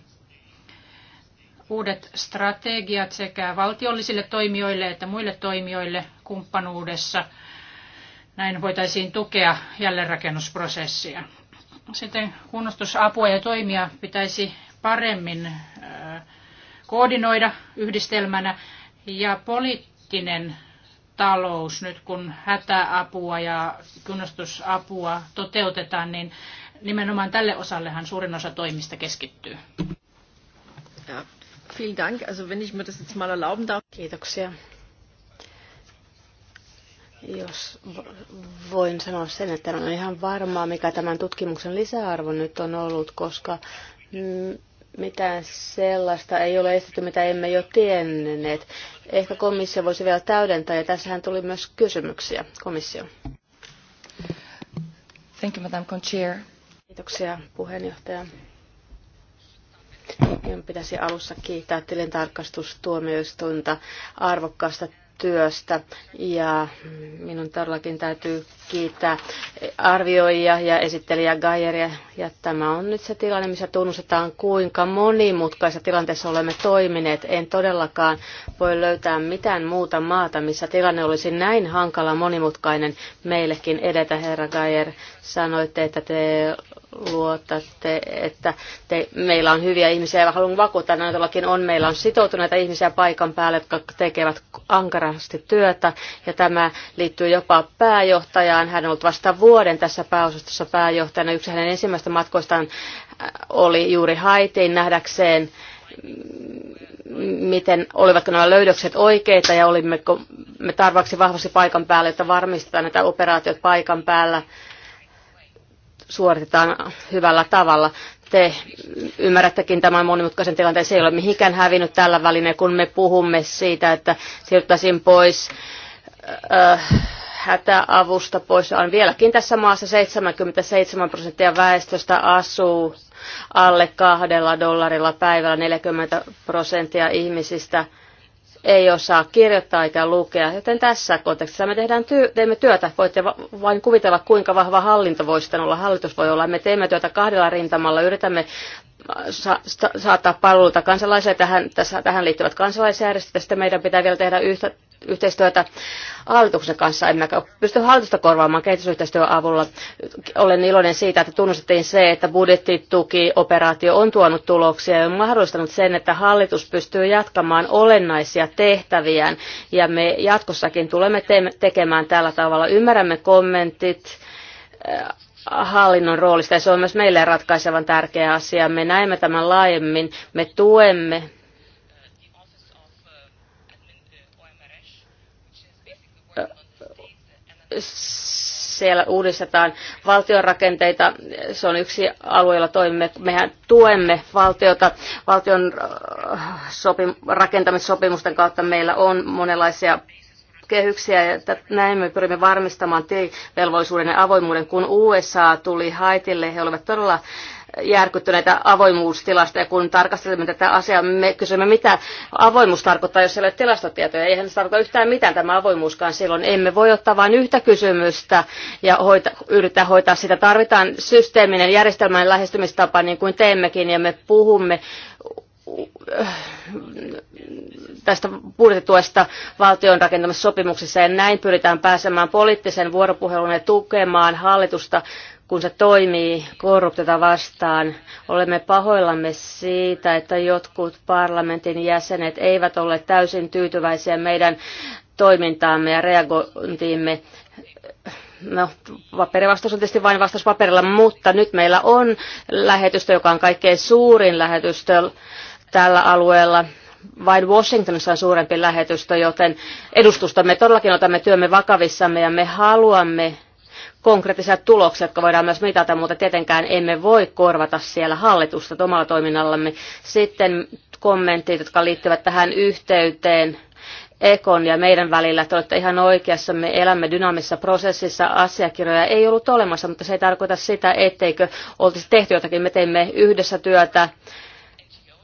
uudet strategiat sekä valtiollisille toimijoille että muille toimijoille kumppanuudessa. Näin voitaisiin tukea jälleenrakennusprosessia. Sitten kunnostusapua ja toimia pitäisi paremmin koordinoida yhdistelmänä ja poliittinen talous nyt, kun hätäapua ja kunnostusapua toteutetaan, niin nimenomaan tälle osallehan suurin osa toimista keskittyy. Ja, vielen Dank. Also wenn ich mir das jetzt mal erlauben darf. Kiitoksia. Jos voin sanoa sen, että on ihan varmaa, mikä tämän tutkimuksen lisäarvo nyt on ollut, koska mm, mitään sellaista ei ole estetty, mitä emme jo tienneet. Ehkä komissio voisi vielä täydentää, ja tässähän tuli myös kysymyksiä komissio. Thank you, Madam Conchair. Kiitoksia puheenjohtaja. Minun pitäisi alussa kiittää tilintarkastustuomioistuinta arvokkaasta työstä ja minun todellakin täytyy kiittää arvioijia ja esittelijä Gajeria. Ja tämä on nyt se tilanne, missä tunnustetaan, kuinka monimutkaisessa tilanteessa olemme toimineet. En todellakaan voi löytää mitään muuta maata, missä tilanne olisi näin hankala monimutkainen meillekin edetä, herra Gajer. Sanoitte, että te luotatte, että te, meillä on hyviä ihmisiä ja haluan vakuuttaa, että todellakin on. Meillä on sitoutuneita ihmisiä paikan päälle, jotka tekevät ankarasti työtä ja tämä liittyy jopa pääjohtajaan. Hän on ollut vasta vuoden tässä pääosastossa pääjohtajana. Yksi hänen ensimmäistä matkoistaan äh, oli juuri Haitiin nähdäkseen miten olivatko nämä löydökset oikeita ja olimmeko me tarvaksi vahvasti paikan päällä, että varmistetaan, että operaatiot paikan päällä suoritetaan hyvällä tavalla. Te ymmärrättekin tämän monimutkaisen tilanteen, se ei ole mihinkään hävinnyt tällä välineen, kun me puhumme siitä, että siirryttäisiin pois äh, hätäavusta pois. On vieläkin tässä maassa 77 prosenttia väestöstä asuu alle kahdella dollarilla päivällä, 40 prosenttia ihmisistä – ei osaa kirjoittaa eikä lukea. Joten tässä kontekstissa me tehdään työ, teemme työtä. Voitte vain kuvitella, kuinka vahva hallinto voi sitten olla. Hallitus voi olla. Me teemme työtä kahdella rintamalla. Yritämme saattaa palveluita kansalaisia. Tähän, tässä, tähän liittyvät kansalaisjärjestöt. Sitten meidän pitää vielä tehdä yhtä, yhteistyötä hallituksen kanssa. En pysty hallitusta korvaamaan kehitysyhteistyön avulla. Olen iloinen siitä, että tunnustettiin se, että budjettitukioperaatio on tuonut tuloksia ja on mahdollistanut sen, että hallitus pystyy jatkamaan olennaisia tehtäviään. Ja me jatkossakin tulemme tekemään tällä tavalla. Ymmärrämme kommentit hallinnon roolista ja se on myös meille ratkaisevan tärkeä asia. Me näemme tämän laajemmin, me tuemme siellä uudistetaan valtionrakenteita. Se on yksi alue, jolla toimimme. Mehän tuemme valtiota valtion äh, rakentamissopimusten kautta. Meillä on monenlaisia kehyksiä ja näin me pyrimme varmistamaan tilivelvollisuuden ja avoimuuden. Kun USA tuli Haitille, he olivat todella järkyttyneitä avoimuustilasta ja kun tarkastelemme tätä asiaa, me kysymme, mitä avoimuus tarkoittaa, jos ei ole tilastotietoja. Eihän se tarkoita yhtään mitään tämä avoimuuskaan silloin. Emme voi ottaa vain yhtä kysymystä ja hoita, yrittää hoitaa sitä. Tarvitaan systeeminen järjestelmän lähestymistapa niin kuin teemmekin ja me puhumme tästä budjettituesta valtion rakentamassa sopimuksessa ja näin pyritään pääsemään poliittisen vuoropuhelun ja tukemaan hallitusta, kun se toimii korruptiota vastaan. Olemme pahoillamme siitä, että jotkut parlamentin jäsenet eivät ole täysin tyytyväisiä meidän toimintaamme ja reagointiimme no, paperivastaus on tietysti vain vastaus paperilla, mutta nyt meillä on lähetystö, joka on kaikkein suurin lähetystö tällä alueella. Vain Washingtonissa on suurempi lähetystö, joten edustustamme todellakin otamme työmme vakavissamme ja me haluamme konkreettisia tuloksia, jotka voidaan myös mitata, mutta tietenkään emme voi korvata siellä hallitusta omalla toiminnallamme. Sitten kommentit, jotka liittyvät tähän yhteyteen Ekon ja meidän välillä. Te olette ihan oikeassa, me elämme dynaamisessa prosessissa, asiakirjoja ei ollut olemassa, mutta se ei tarkoita sitä, etteikö oltaisi tehty jotakin. Me teimme yhdessä työtä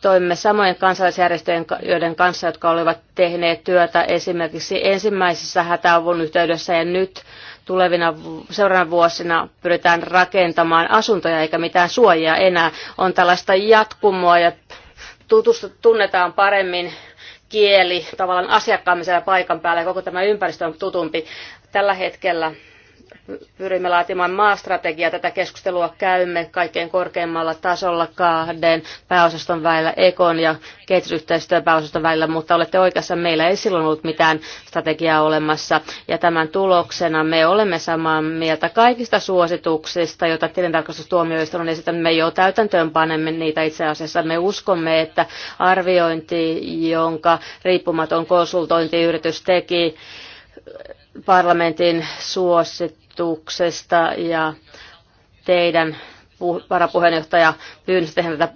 toimimme samojen kansalaisjärjestöjen, joiden kanssa, jotka olivat tehneet työtä esimerkiksi ensimmäisessä hätäavun yhteydessä ja nyt tulevina seuraavina vuosina pyritään rakentamaan asuntoja eikä mitään suojia enää. On tällaista jatkumoa ja tutustu, tunnetaan paremmin kieli, tavallaan asiakkaamme siellä paikan päällä ja koko tämä ympäristö on tutumpi. Tällä hetkellä pyrimme laatimaan maastrategiaa. Tätä keskustelua käymme kaikkein korkeimmalla tasolla kahden pääosaston välillä, Ekon ja kehitysyhteistyön pääosaston välillä, mutta olette oikeassa, meillä ei silloin ollut mitään strategiaa olemassa. Ja tämän tuloksena me olemme samaa mieltä kaikista suosituksista, joita tilintarkastustuomioistuin on esittänyt. Me jo täytäntöön panemme niitä itse asiassa. Me uskomme, että arviointi, jonka riippumaton konsultointiyritys teki, parlamentin suosit asetuksesta ja teidän varapuheenjohtaja tehdä tätä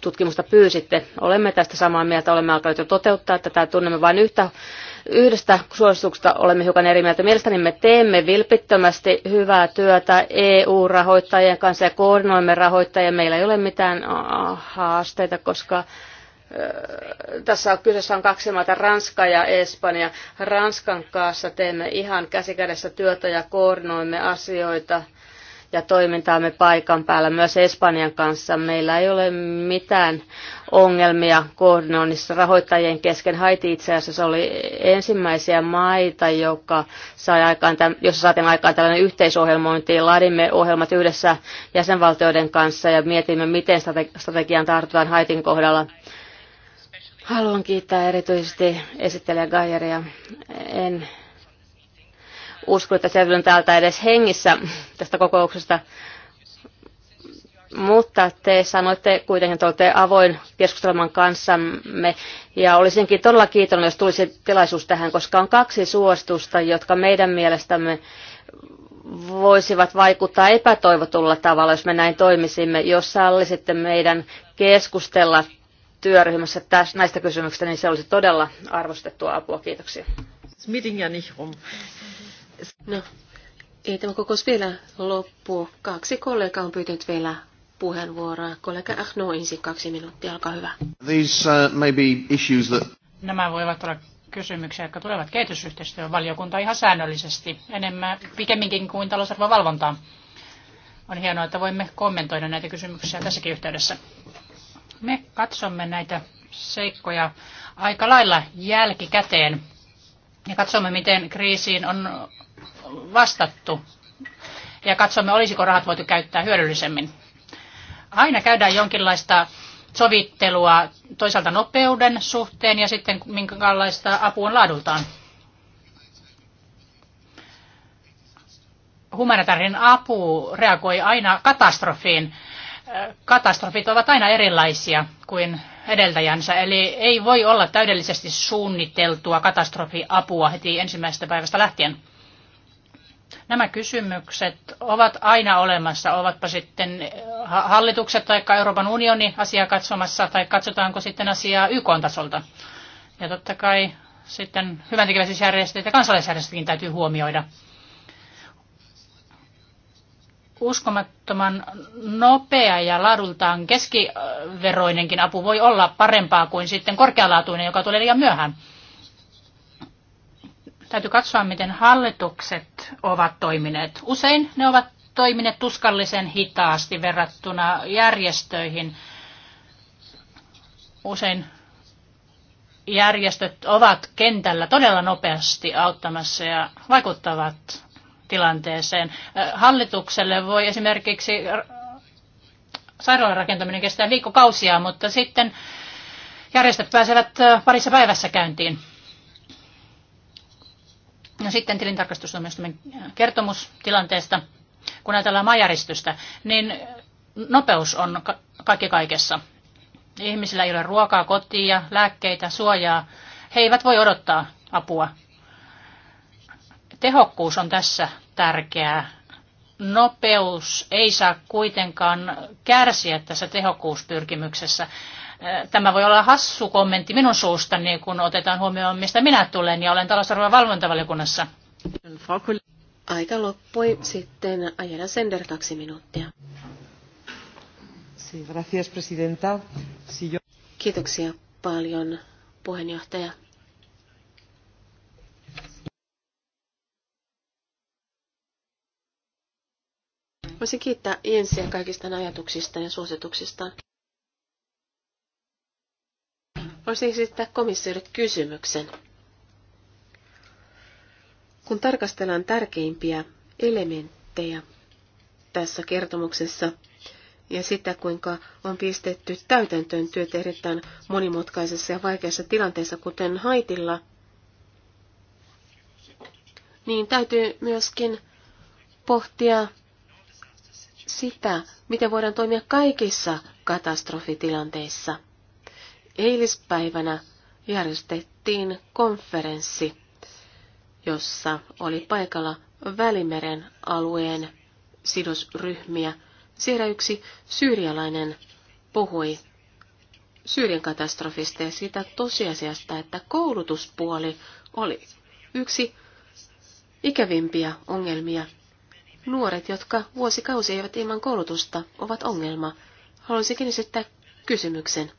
tutkimusta pyysitte. Olemme tästä samaa mieltä, olemme alkaneet jo toteuttaa tätä, tunnemme vain yhtä, yhdestä suosituksesta olemme hiukan eri mieltä. Mielestäni me teemme vilpittömästi hyvää työtä EU-rahoittajien kanssa ja koordinoimme rahoittajia. Meillä ei ole mitään haasteita, koska tässä on kyseessä on kaksi maata, Ranska ja Espanja. Ranskan kanssa teemme ihan käsikädessä työtä ja koordinoimme asioita ja toimintaamme paikan päällä myös Espanjan kanssa. Meillä ei ole mitään ongelmia koordinoinnissa rahoittajien kesken. Haiti itse asiassa oli ensimmäisiä maita, joka sai aikaan, jossa saatiin aikaan tällainen yhteisohjelmointi. Laadimme ohjelmat yhdessä jäsenvaltioiden kanssa ja mietimme, miten strategiaan tartutaan Haitin kohdalla Haluan kiittää erityisesti esittelijä Gajeria. En usko, että se on täältä edes hengissä tästä kokouksesta. Mutta te sanoitte kuitenkin, että olette avoin keskustelemaan kanssamme. Ja olisinkin todella kiitollinen, jos tulisi tilaisuus tähän, koska on kaksi suostusta, jotka meidän mielestämme voisivat vaikuttaa epätoivotulla tavalla, jos me näin toimisimme, jos sallisitte meidän keskustella työryhmässä tästä, näistä kysymyksistä, niin se olisi todella arvostettua apua. Kiitoksia. ja niin No, ei tämä kokous vielä loppu. Kaksi kollegaa on pyytänyt vielä puheenvuoroa. Kollega Ahno ensin kaksi minuuttia, olkaa hyvä. These, uh, may be issues that... Nämä voivat olla kysymyksiä, jotka tulevat kehitysyhteistyön valiokunta ihan säännöllisesti, enemmän pikemminkin kuin talousarvovalvontaan. On hienoa, että voimme kommentoida näitä kysymyksiä tässäkin yhteydessä. Me katsomme näitä seikkoja aika lailla jälkikäteen ja katsomme, miten kriisiin on vastattu ja katsomme, olisiko rahat voitu käyttää hyödyllisemmin. Aina käydään jonkinlaista sovittelua toisaalta nopeuden suhteen ja sitten minkälaista apua on laadultaan. Humanitaarinen apu reagoi aina katastrofiin katastrofit ovat aina erilaisia kuin edeltäjänsä, eli ei voi olla täydellisesti suunniteltua katastrofiapua heti ensimmäisestä päivästä lähtien. Nämä kysymykset ovat aina olemassa, ovatpa sitten hallitukset tai Euroopan unioni asiaa katsomassa tai katsotaanko sitten asiaa YK-tasolta. Ja totta kai sitten hyväntekeväisyysjärjestöt ja kansalaisjärjestötkin täytyy huomioida uskomattoman nopea ja laadultaan keskiveroinenkin apu voi olla parempaa kuin sitten korkealaatuinen, joka tulee liian myöhään. Täytyy katsoa, miten hallitukset ovat toimineet. Usein ne ovat toimineet tuskallisen hitaasti verrattuna järjestöihin. Usein järjestöt ovat kentällä todella nopeasti auttamassa ja vaikuttavat tilanteeseen. Hallitukselle voi esimerkiksi sairaalan rakentaminen kestää viikkokausia, mutta sitten järjestöt pääsevät parissa päivässä käyntiin. No sitten myös kertomus tilanteesta. Kun ajatellaan majaristystä, niin nopeus on kaikki kaikessa. Ihmisillä ei ole ruokaa, kotia, lääkkeitä, suojaa. He eivät voi odottaa apua. Tehokkuus on tässä tärkeää. Nopeus ei saa kuitenkaan kärsiä tässä tehokkuuspyrkimyksessä. Äh, tämä voi olla hassu kommentti minun suustani, kun otetaan huomioon, mistä minä tulen ja olen talousarvojen valvontavaliokunnassa. Aika loppui. Sitten Ajana Sender kaksi minuuttia. Kiitoksia paljon, puheenjohtaja. Voisin kiittää Jensiä kaikista ajatuksista ja suosituksistaan. Voisin esittää komissiolle kysymyksen. Kun tarkastellaan tärkeimpiä elementtejä tässä kertomuksessa ja sitä, kuinka on pistetty täytäntöön työt erittäin monimutkaisessa ja vaikeassa tilanteessa, kuten Haitilla, niin täytyy myöskin pohtia sitä, miten voidaan toimia kaikissa katastrofitilanteissa. Eilispäivänä järjestettiin konferenssi, jossa oli paikalla Välimeren alueen sidosryhmiä. Siellä yksi syyrialainen puhui Syyrian katastrofista ja siitä tosiasiasta, että koulutuspuoli oli yksi ikävimpiä ongelmia, Nuoret, jotka vuosikausi eivät ilman koulutusta, ovat ongelma. Haluaisinkin esittää kysymyksen.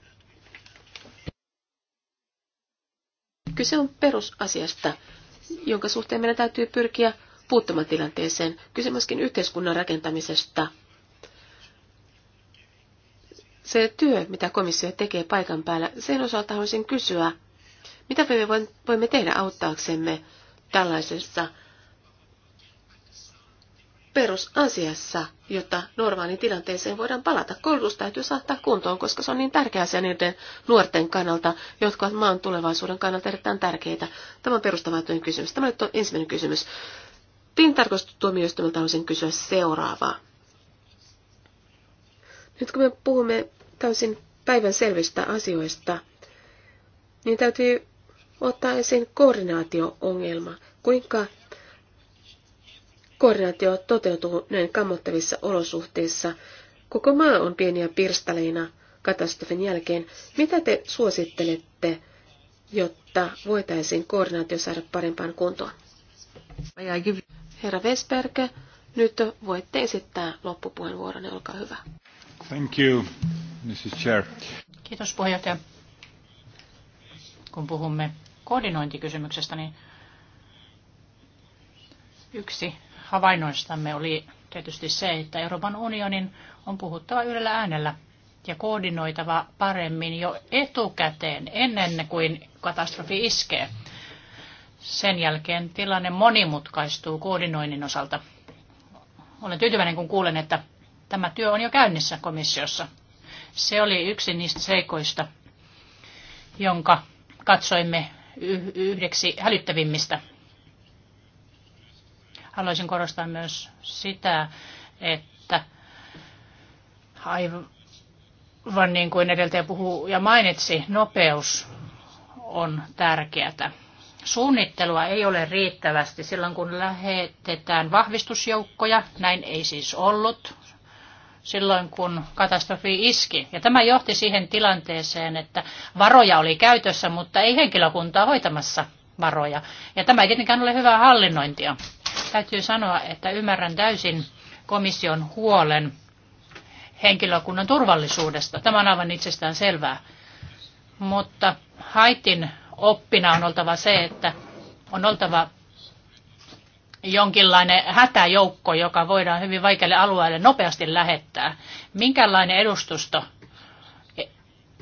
Kyse on perusasiasta, jonka suhteen meidän täytyy pyrkiä puuttumaan tilanteeseen. Kyse myöskin yhteiskunnan rakentamisesta. Se työ, mitä komissio tekee paikan päällä, sen osalta haluaisin kysyä, mitä me voimme tehdä auttaaksemme tällaisessa perusasiassa, jotta normaaliin tilanteeseen voidaan palata. Koulutus täytyy saattaa kuntoon, koska se on niin tärkeä asia niiden nuorten kannalta, jotka ovat maan tulevaisuuden kannalta erittäin tärkeitä. Tämä on perustavantoinen kysymys. Tämä on ensimmäinen kysymys. Tintarkoistustuomioistuimelta haluaisin kysyä seuraavaa. Nyt kun me puhumme täysin päivän selvistä asioista, niin täytyy ottaa esiin koordinaatio-ongelma. Kuinka Koordinaatio toteutuu näin kammottavissa olosuhteissa. Koko maa on pieniä pirstaleina katastrofin jälkeen. Mitä te suosittelette, jotta voitaisiin koordinaatio saada parempaan kuntoon? Herra Vesberg, nyt voitte esittää loppupuheenvuoron, olkaa hyvä. Thank you, Mrs. Chair. Kiitos puheenjohtaja. Kun puhumme koordinointikysymyksestä, niin yksi havainnoistamme oli tietysti se, että Euroopan unionin on puhuttava yhdellä äänellä ja koordinoitava paremmin jo etukäteen ennen kuin katastrofi iskee. Sen jälkeen tilanne monimutkaistuu koordinoinnin osalta. Olen tyytyväinen, kun kuulen, että tämä työ on jo käynnissä komissiossa. Se oli yksi niistä seikoista, jonka katsoimme yhdeksi hälyttävimmistä Haluaisin korostaa myös sitä, että aivan niin kuin edeltäjä puhuu ja mainitsi, nopeus on tärkeätä. Suunnittelua ei ole riittävästi silloin, kun lähetetään vahvistusjoukkoja. Näin ei siis ollut silloin, kun katastrofi iski. Ja tämä johti siihen tilanteeseen, että varoja oli käytössä, mutta ei henkilökuntaa hoitamassa varoja. Ja tämä ei tietenkään ole hyvää hallinnointia. Täytyy sanoa, että ymmärrän täysin komission huolen henkilökunnan turvallisuudesta. Tämä on aivan itsestään selvää. Mutta Haitin oppina on oltava se, että on oltava jonkinlainen hätäjoukko, joka voidaan hyvin vaikealle alueelle nopeasti lähettää. Minkälainen edustusto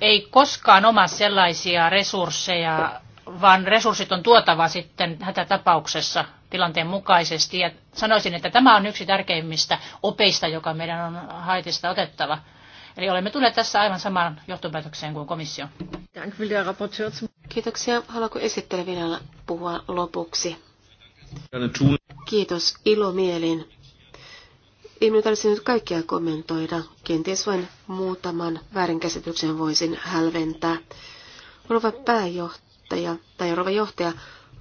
ei koskaan oma sellaisia resursseja, vaan resurssit on tuotava sitten hätätapauksessa tilanteen mukaisesti. Ja sanoisin, että tämä on yksi tärkeimmistä opeista, joka meidän on haitista otettava. Eli olemme tulleet tässä aivan samaan johtopäätökseen kuin komissio. Kiitoksia. Haluatko esittele vielä puhua lopuksi? Kiitos ilomielin. Ei minun tarvitse nyt kaikkia kommentoida. Kenties vain muutaman väärinkäsityksen voisin hälventää. Rova pääjohtaja tai rova johtaja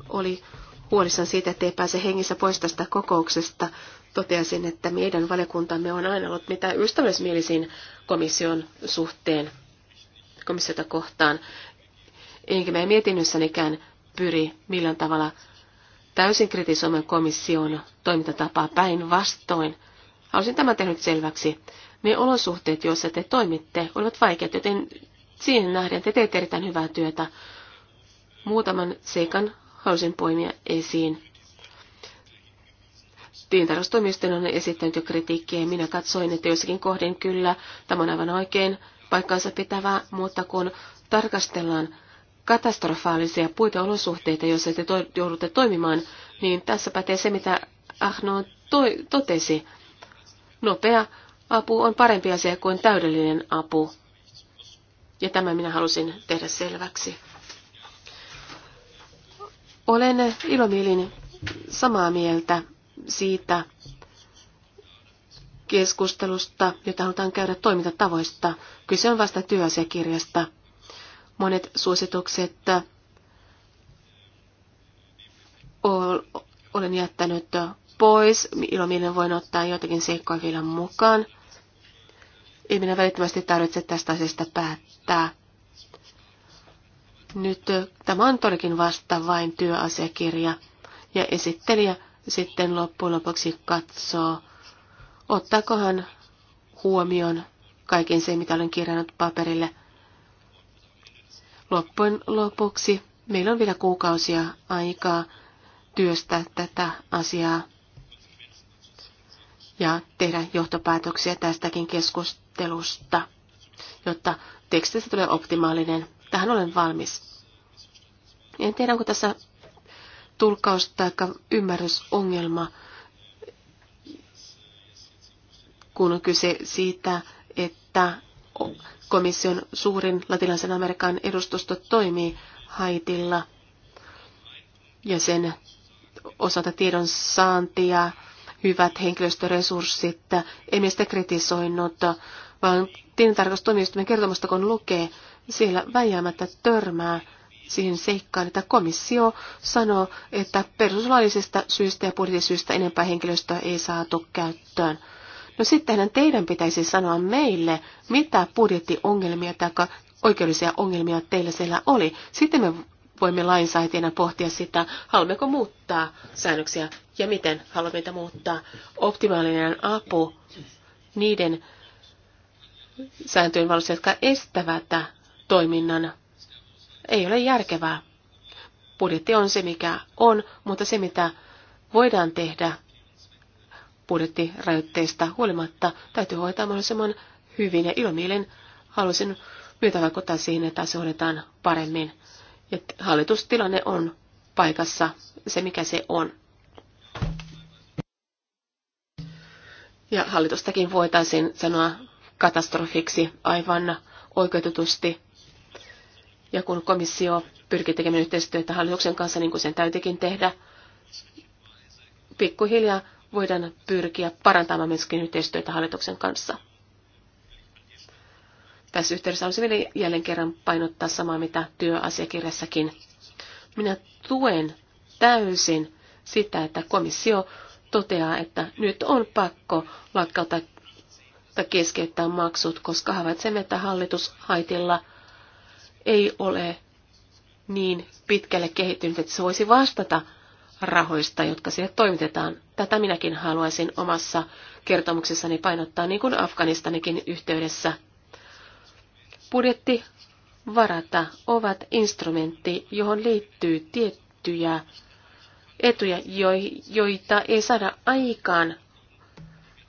oli huolissaan siitä, ettei pääse hengissä pois tästä kokouksesta. Toteasin, että meidän valiokuntamme on aina ollut mitä ystävällismielisin komission suhteen, komissiota kohtaan. Enkä me mietinnössänikään pyri millään tavalla täysin kritisoimaan komission toimintatapaa päinvastoin. Haluaisin tämän tehnyt selväksi. Ne olosuhteet, joissa te toimitte, olivat vaikeat, joten siihen nähden te teette erittäin hyvää työtä. Muutaman seikan halusin poimia esiin. Tiintarvostoimistojen on esittänyt jo kritiikkiä ja minä katsoin, että joissakin kohdin kyllä tämä on aivan oikein paikkansa pitävää, mutta kun tarkastellaan katastrofaalisia puiteolosuhteita, joissa te to- joudutte toimimaan, niin tässä pätee se, mitä Ahno to- totesi. Nopea apu on parempi asia kuin täydellinen apu. Ja tämä minä halusin tehdä selväksi. Olen ilomielin samaa mieltä siitä keskustelusta, jota halutaan käydä toimintatavoista. Kyse on vasta työasiakirjasta. Monet suositukset äh, olen jättänyt pois. ilomielinen voin ottaa jotakin seikkoja vielä mukaan. Ei minä välittömästi tarvitse tästä asiasta päättää. Nyt tämä on todellakin vasta vain työasiakirja ja esittelijä sitten loppujen lopuksi katsoo, ottaakohan huomioon kaiken se, mitä olen kirjannut paperille. Loppujen lopuksi meillä on vielä kuukausia aikaa työstää tätä asiaa ja tehdä johtopäätöksiä tästäkin keskustelusta, jotta tekstistä tulee optimaalinen Tähän olen valmis. En tiedä, onko tässä tulkkaus tai ymmärrysongelma, kun on kyse siitä, että komission suurin latinalaisen Amerikan edustusto toimii Haitilla ja sen osalta tiedon saantia, hyvät henkilöstöresurssit. En mistä kritisoinut vaan tilintarkastustuomioistuimen kertomusta kun lukee, siellä väijäämättä törmää siihen seikkaan, että komissio sanoo, että perustuslaillisista syistä ja budjettisyistä enempää henkilöstöä ei saatu käyttöön. No sittenhän teidän pitäisi sanoa meille, mitä budjettiongelmia tai oikeudellisia ongelmia teillä siellä oli. Sitten me voimme lainsäätienä pohtia sitä, haluammeko muuttaa säännöksiä ja miten haluamme niitä muuttaa. Optimaalinen apu niiden sääntöjen valossa, jotka estävät toiminnan. Ei ole järkevää. Budjetti on se, mikä on, mutta se, mitä voidaan tehdä budjettirajoitteista huolimatta, täytyy hoitaa mahdollisimman hyvin. Ja ilomielen haluaisin myötä vaikuttaa siihen, että se hoidetaan paremmin. Ja hallitustilanne on paikassa se, mikä se on. Ja hallitustakin voitaisiin sanoa katastrofiksi aivan oikeutetusti. Ja kun komissio pyrkii tekemään yhteistyötä hallituksen kanssa, niin kuin sen täytyykin tehdä, pikkuhiljaa voidaan pyrkiä parantamaan myöskin yhteistyötä hallituksen kanssa. Tässä yhteydessä haluaisin vielä jälleen kerran painottaa samaa, mitä työasiakirjassakin. Minä tuen täysin sitä, että komissio toteaa, että nyt on pakko lakkauttaa mahdollista keskeyttää maksut, koska havaitsemme, että hallitus Haitilla ei ole niin pitkälle kehittynyt, että se voisi vastata rahoista, jotka sieltä toimitetaan. Tätä minäkin haluaisin omassa kertomuksessani painottaa, niin kuin Afganistanikin yhteydessä. Budjetti varata ovat instrumentti, johon liittyy tiettyjä etuja, joita ei saada aikaan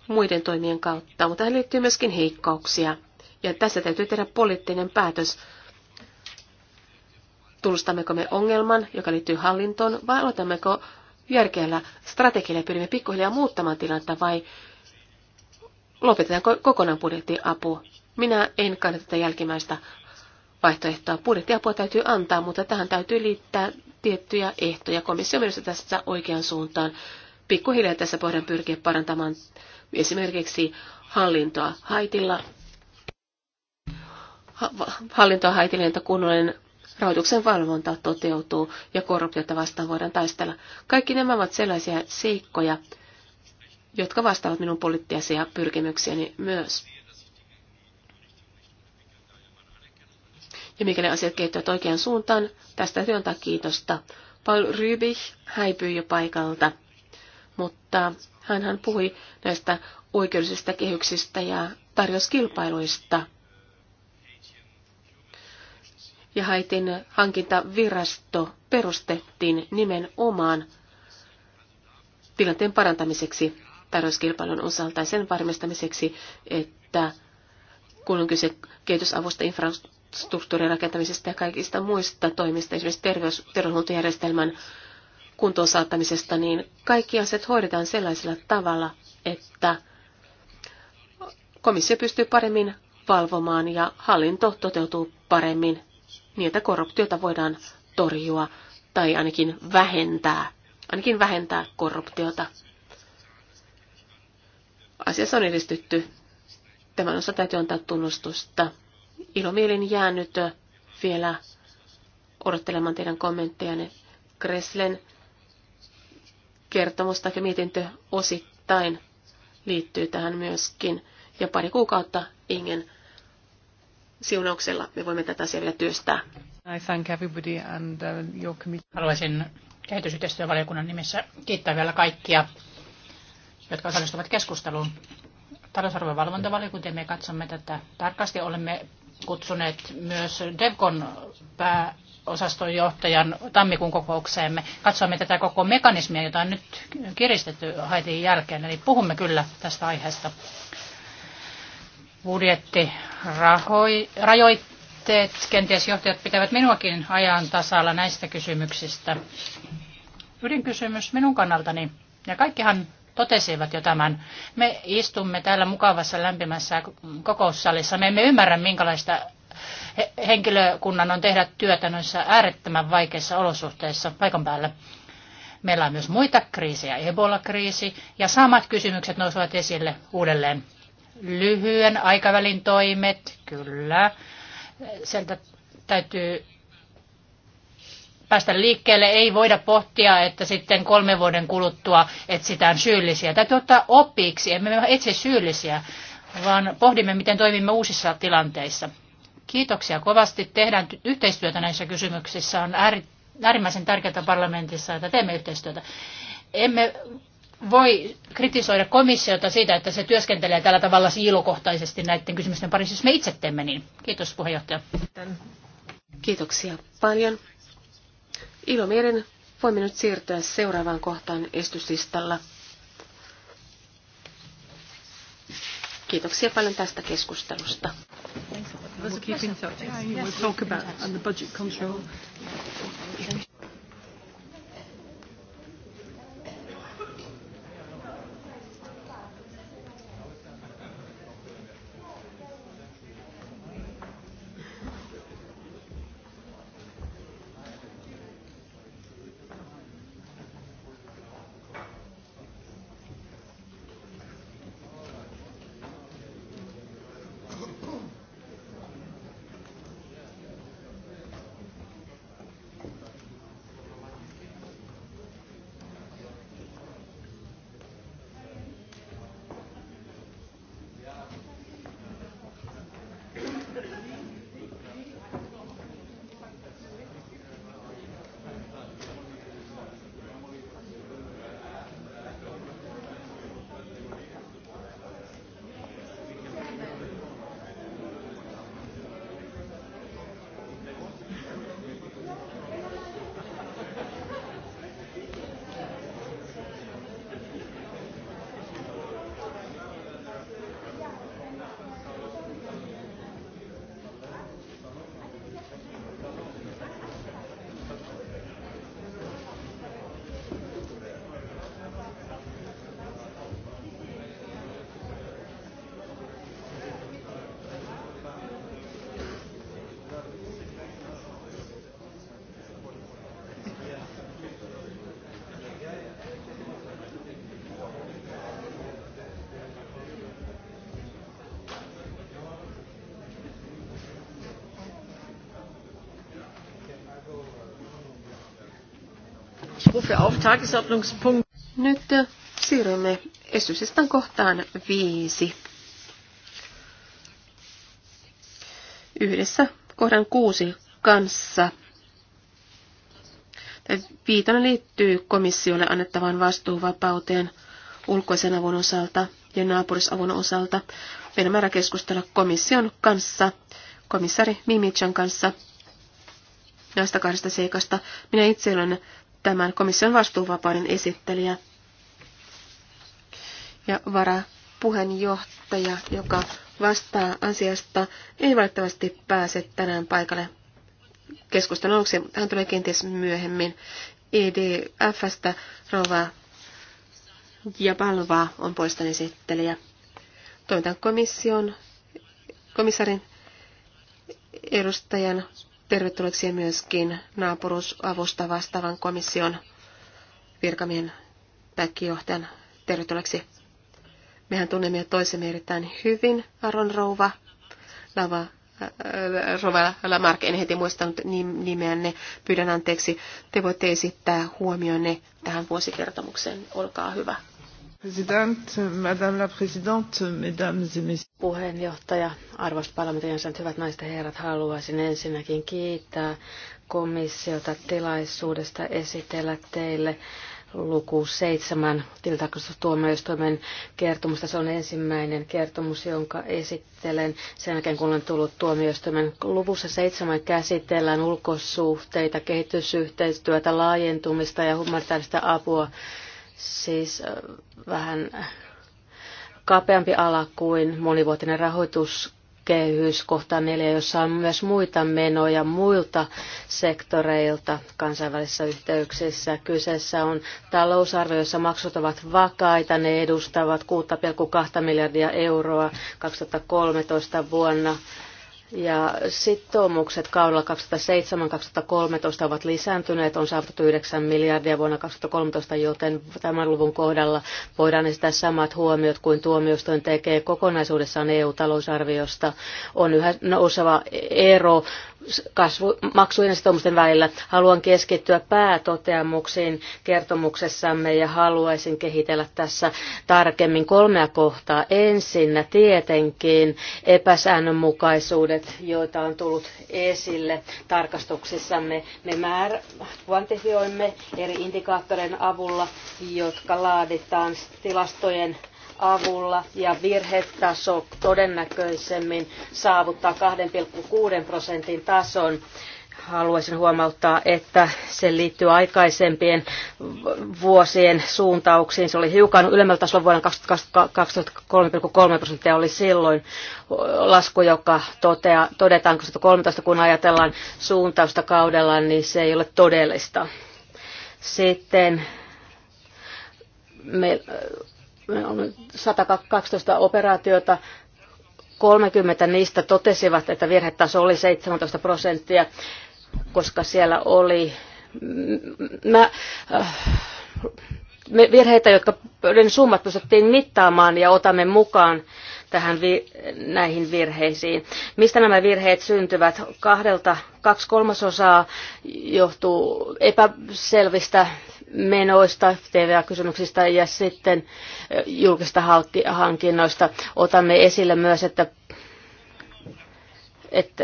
muiden toimien kautta, mutta tähän liittyy myöskin heikkouksia. Ja tässä täytyy tehdä poliittinen päätös. Tunnustammeko me ongelman, joka liittyy hallintoon, vai aloitammeko järkeellä strategialla ja pyrimme pikkuhiljaa muuttamaan tilannetta, vai lopetetaanko kokonaan budjettiapu? Minä en kannata tätä jälkimmäistä vaihtoehtoa. Budjettiapua täytyy antaa, mutta tähän täytyy liittää tiettyjä ehtoja. Komissio on tässä oikeaan suuntaan pikkuhiljaa tässä voidaan pyrkiä parantamaan esimerkiksi hallintoa haitilla. Hallintoa haitilla, että kunnollinen rahoituksen valvonta toteutuu ja korruptiota vastaan voidaan taistella. Kaikki nämä ovat sellaisia seikkoja, jotka vastaavat minun poliittisia pyrkimyksiäni myös. Ja mikäli asiat kehittyvät oikeaan suuntaan, tästä täytyy antaa kiitosta. Paul Rybich häipyy jo paikalta mutta hän puhui näistä oikeudellisista kehyksistä ja tarjouskilpailuista. Ja Haitin hankintavirasto perustettiin nimenomaan tilanteen parantamiseksi tarjouskilpailun osalta ja sen varmistamiseksi, että kun on kyse kehitysavusta, infrastruktuurin rakentamisesta ja kaikista muista toimista, esimerkiksi terveys, terveydenhuoltojärjestelmän kuntoon saattamisesta, niin kaikki asiat hoidetaan sellaisella tavalla, että komissio pystyy paremmin valvomaan ja hallinto toteutuu paremmin niin, että korruptiota voidaan torjua tai ainakin vähentää, ainakin vähentää korruptiota. Asiassa on edistytty. Tämän osa täytyy antaa tunnustusta. Ilomielin jäänyt vielä odottelemaan teidän kommenttejanne. Kreslen kertomus tai mietintö osittain liittyy tähän myöskin. Ja pari kuukautta Ingen siunauksella me voimme tätä asiaa vielä työstää. I thank everybody and uh, your committee. Haluaisin kehitysyhteistyövaliokunnan nimissä kiittää vielä kaikkia, jotka osallistuvat keskusteluun. Talousarvon ja me katsomme tätä tarkasti. Olemme kutsuneet myös DevCon pää osaston johtajan tammikuun kokoukseemme. Katsomme tätä koko mekanismia, jota on nyt kiristetty Haitin jälkeen, eli puhumme kyllä tästä aiheesta. Budjetti rahoi, rajoitteet, kenties johtajat pitävät minuakin ajan tasalla näistä kysymyksistä. Ydinkysymys minun kannaltani, ja kaikkihan totesivat jo tämän. Me istumme täällä mukavassa lämpimässä kokoussalissa. Me emme ymmärrä, minkälaista henkilökunnan on tehdä työtä noissa äärettömän vaikeissa olosuhteissa paikan päällä. Meillä on myös muita kriisejä, Ebola-kriisi, ja samat kysymykset nousevat esille uudelleen. Lyhyen aikavälin toimet, kyllä. Sieltä täytyy päästä liikkeelle. Ei voida pohtia, että sitten kolmen vuoden kuluttua etsitään syyllisiä. Täytyy ottaa opiksi. Emme me etsi syyllisiä, vaan pohdimme, miten toimimme uusissa tilanteissa. Kiitoksia kovasti. Tehdään yhteistyötä näissä kysymyksissä. On äärimmäisen tärkeää parlamentissa, että teemme yhteistyötä. Emme voi kritisoida komissiota siitä, että se työskentelee tällä tavalla siilokohtaisesti näiden kysymysten parissa, jos me itse teemme niin. Kiitos puheenjohtaja. Kiitoksia paljon. Ilomielen voimme nyt siirtyä seuraavaan kohtaan estyslistalla. Kiitoksia paljon tästä keskustelusta. There's we'll keep in touch. Yeah, we'll talk about and the budget control. Nyt siirrymme esityslistan kohtaan viisi. Yhdessä kohdan kuusi kanssa. Viitana liittyy komissiolle annettavaan vastuuvapauteen ulkoisen avun osalta ja naapurisavun osalta. Meidän määrä keskustella komission kanssa, komissari Mimichan kanssa näistä kahdesta seikasta. Minä itse olen tämän komission vastuuvapauden esittelijä ja varapuheenjohtaja, joka vastaa asiasta, ei valitettavasti pääse tänään paikalle keskustelun aluksi. Hän tulee kenties myöhemmin. EDFstä Rova ja Palva on poistan esittelijä. Toivotan komission, komissarin edustajan tervetulleeksi myöskin naapuruusavusta vastaavan komission virkamien päkkijohtajan tervetulleeksi. Mehän tunnemme toisemme erittäin hyvin, Aron Rouva, Lava, äh, Rova Lamarck, en heti muistanut nimeänne, pyydän anteeksi. Te voitte esittää huomionne tähän vuosikertomukseen, olkaa hyvä. Puheenjohtaja, arvoisat parlamentin hyvät naiset ja herrat, haluaisin ensinnäkin kiittää komissiota tilaisuudesta esitellä teille luku seitsemän tilintarkastustuomioistuimen kertomusta. Se on ensimmäinen kertomus, jonka esittelen sen jälkeen, kun olen tullut tuomioistuimen. Luvussa seitsemän käsitellään ulkosuhteita, kehitysyhteistyötä, laajentumista ja humanitaarista apua siis vähän kapeampi ala kuin monivuotinen rahoituskehys kohta neljä, jossa on myös muita menoja muilta sektoreilta kansainvälisissä yhteyksissä. Kyseessä on talousarvio, jossa maksut ovat vakaita. Ne edustavat 6,2 miljardia euroa 2013 vuonna ja sitoumukset kaudella 2007-2013 ovat lisääntyneet, on saavutettu 9 miljardia vuonna 2013, joten tämän luvun kohdalla voidaan esittää samat huomiot kuin tuomioistuin tekee kokonaisuudessaan EU-talousarviosta. On yhä nouseva ero kasvu, maksujen ja sitoumusten välillä. Haluan keskittyä päätoteamuksiin kertomuksessamme ja haluaisin kehitellä tässä tarkemmin kolmea kohtaa. Ensinnä tietenkin epäsäännönmukaisuudet, joita on tullut esille tarkastuksissamme. Me määr, kvantifioimme eri indikaattoreiden avulla, jotka laaditaan tilastojen avulla ja virhetaso todennäköisemmin saavuttaa 2,6 prosentin tason. Haluaisin huomauttaa, että se liittyy aikaisempien vuosien suuntauksiin. Se oli hiukan ylemmällä tasolla vuonna 2003,3 prosenttia oli silloin lasku, joka totea, todetaan 2013, kun ajatellaan suuntausta kaudella, niin se ei ole todellista. Sitten me, on 112 operaatiota, 30 niistä totesivat, että virhetaso oli 17 prosenttia, koska siellä oli mä, äh, virheitä, jotka, joiden summat pystyttiin mittaamaan ja otamme mukaan tähän vi- näihin virheisiin. Mistä nämä virheet syntyvät? Kahdelta kaksi kolmasosaa johtuu epäselvistä menoista, TVA-kysymyksistä ja sitten julkista hankinnoista. Otamme esille myös, että että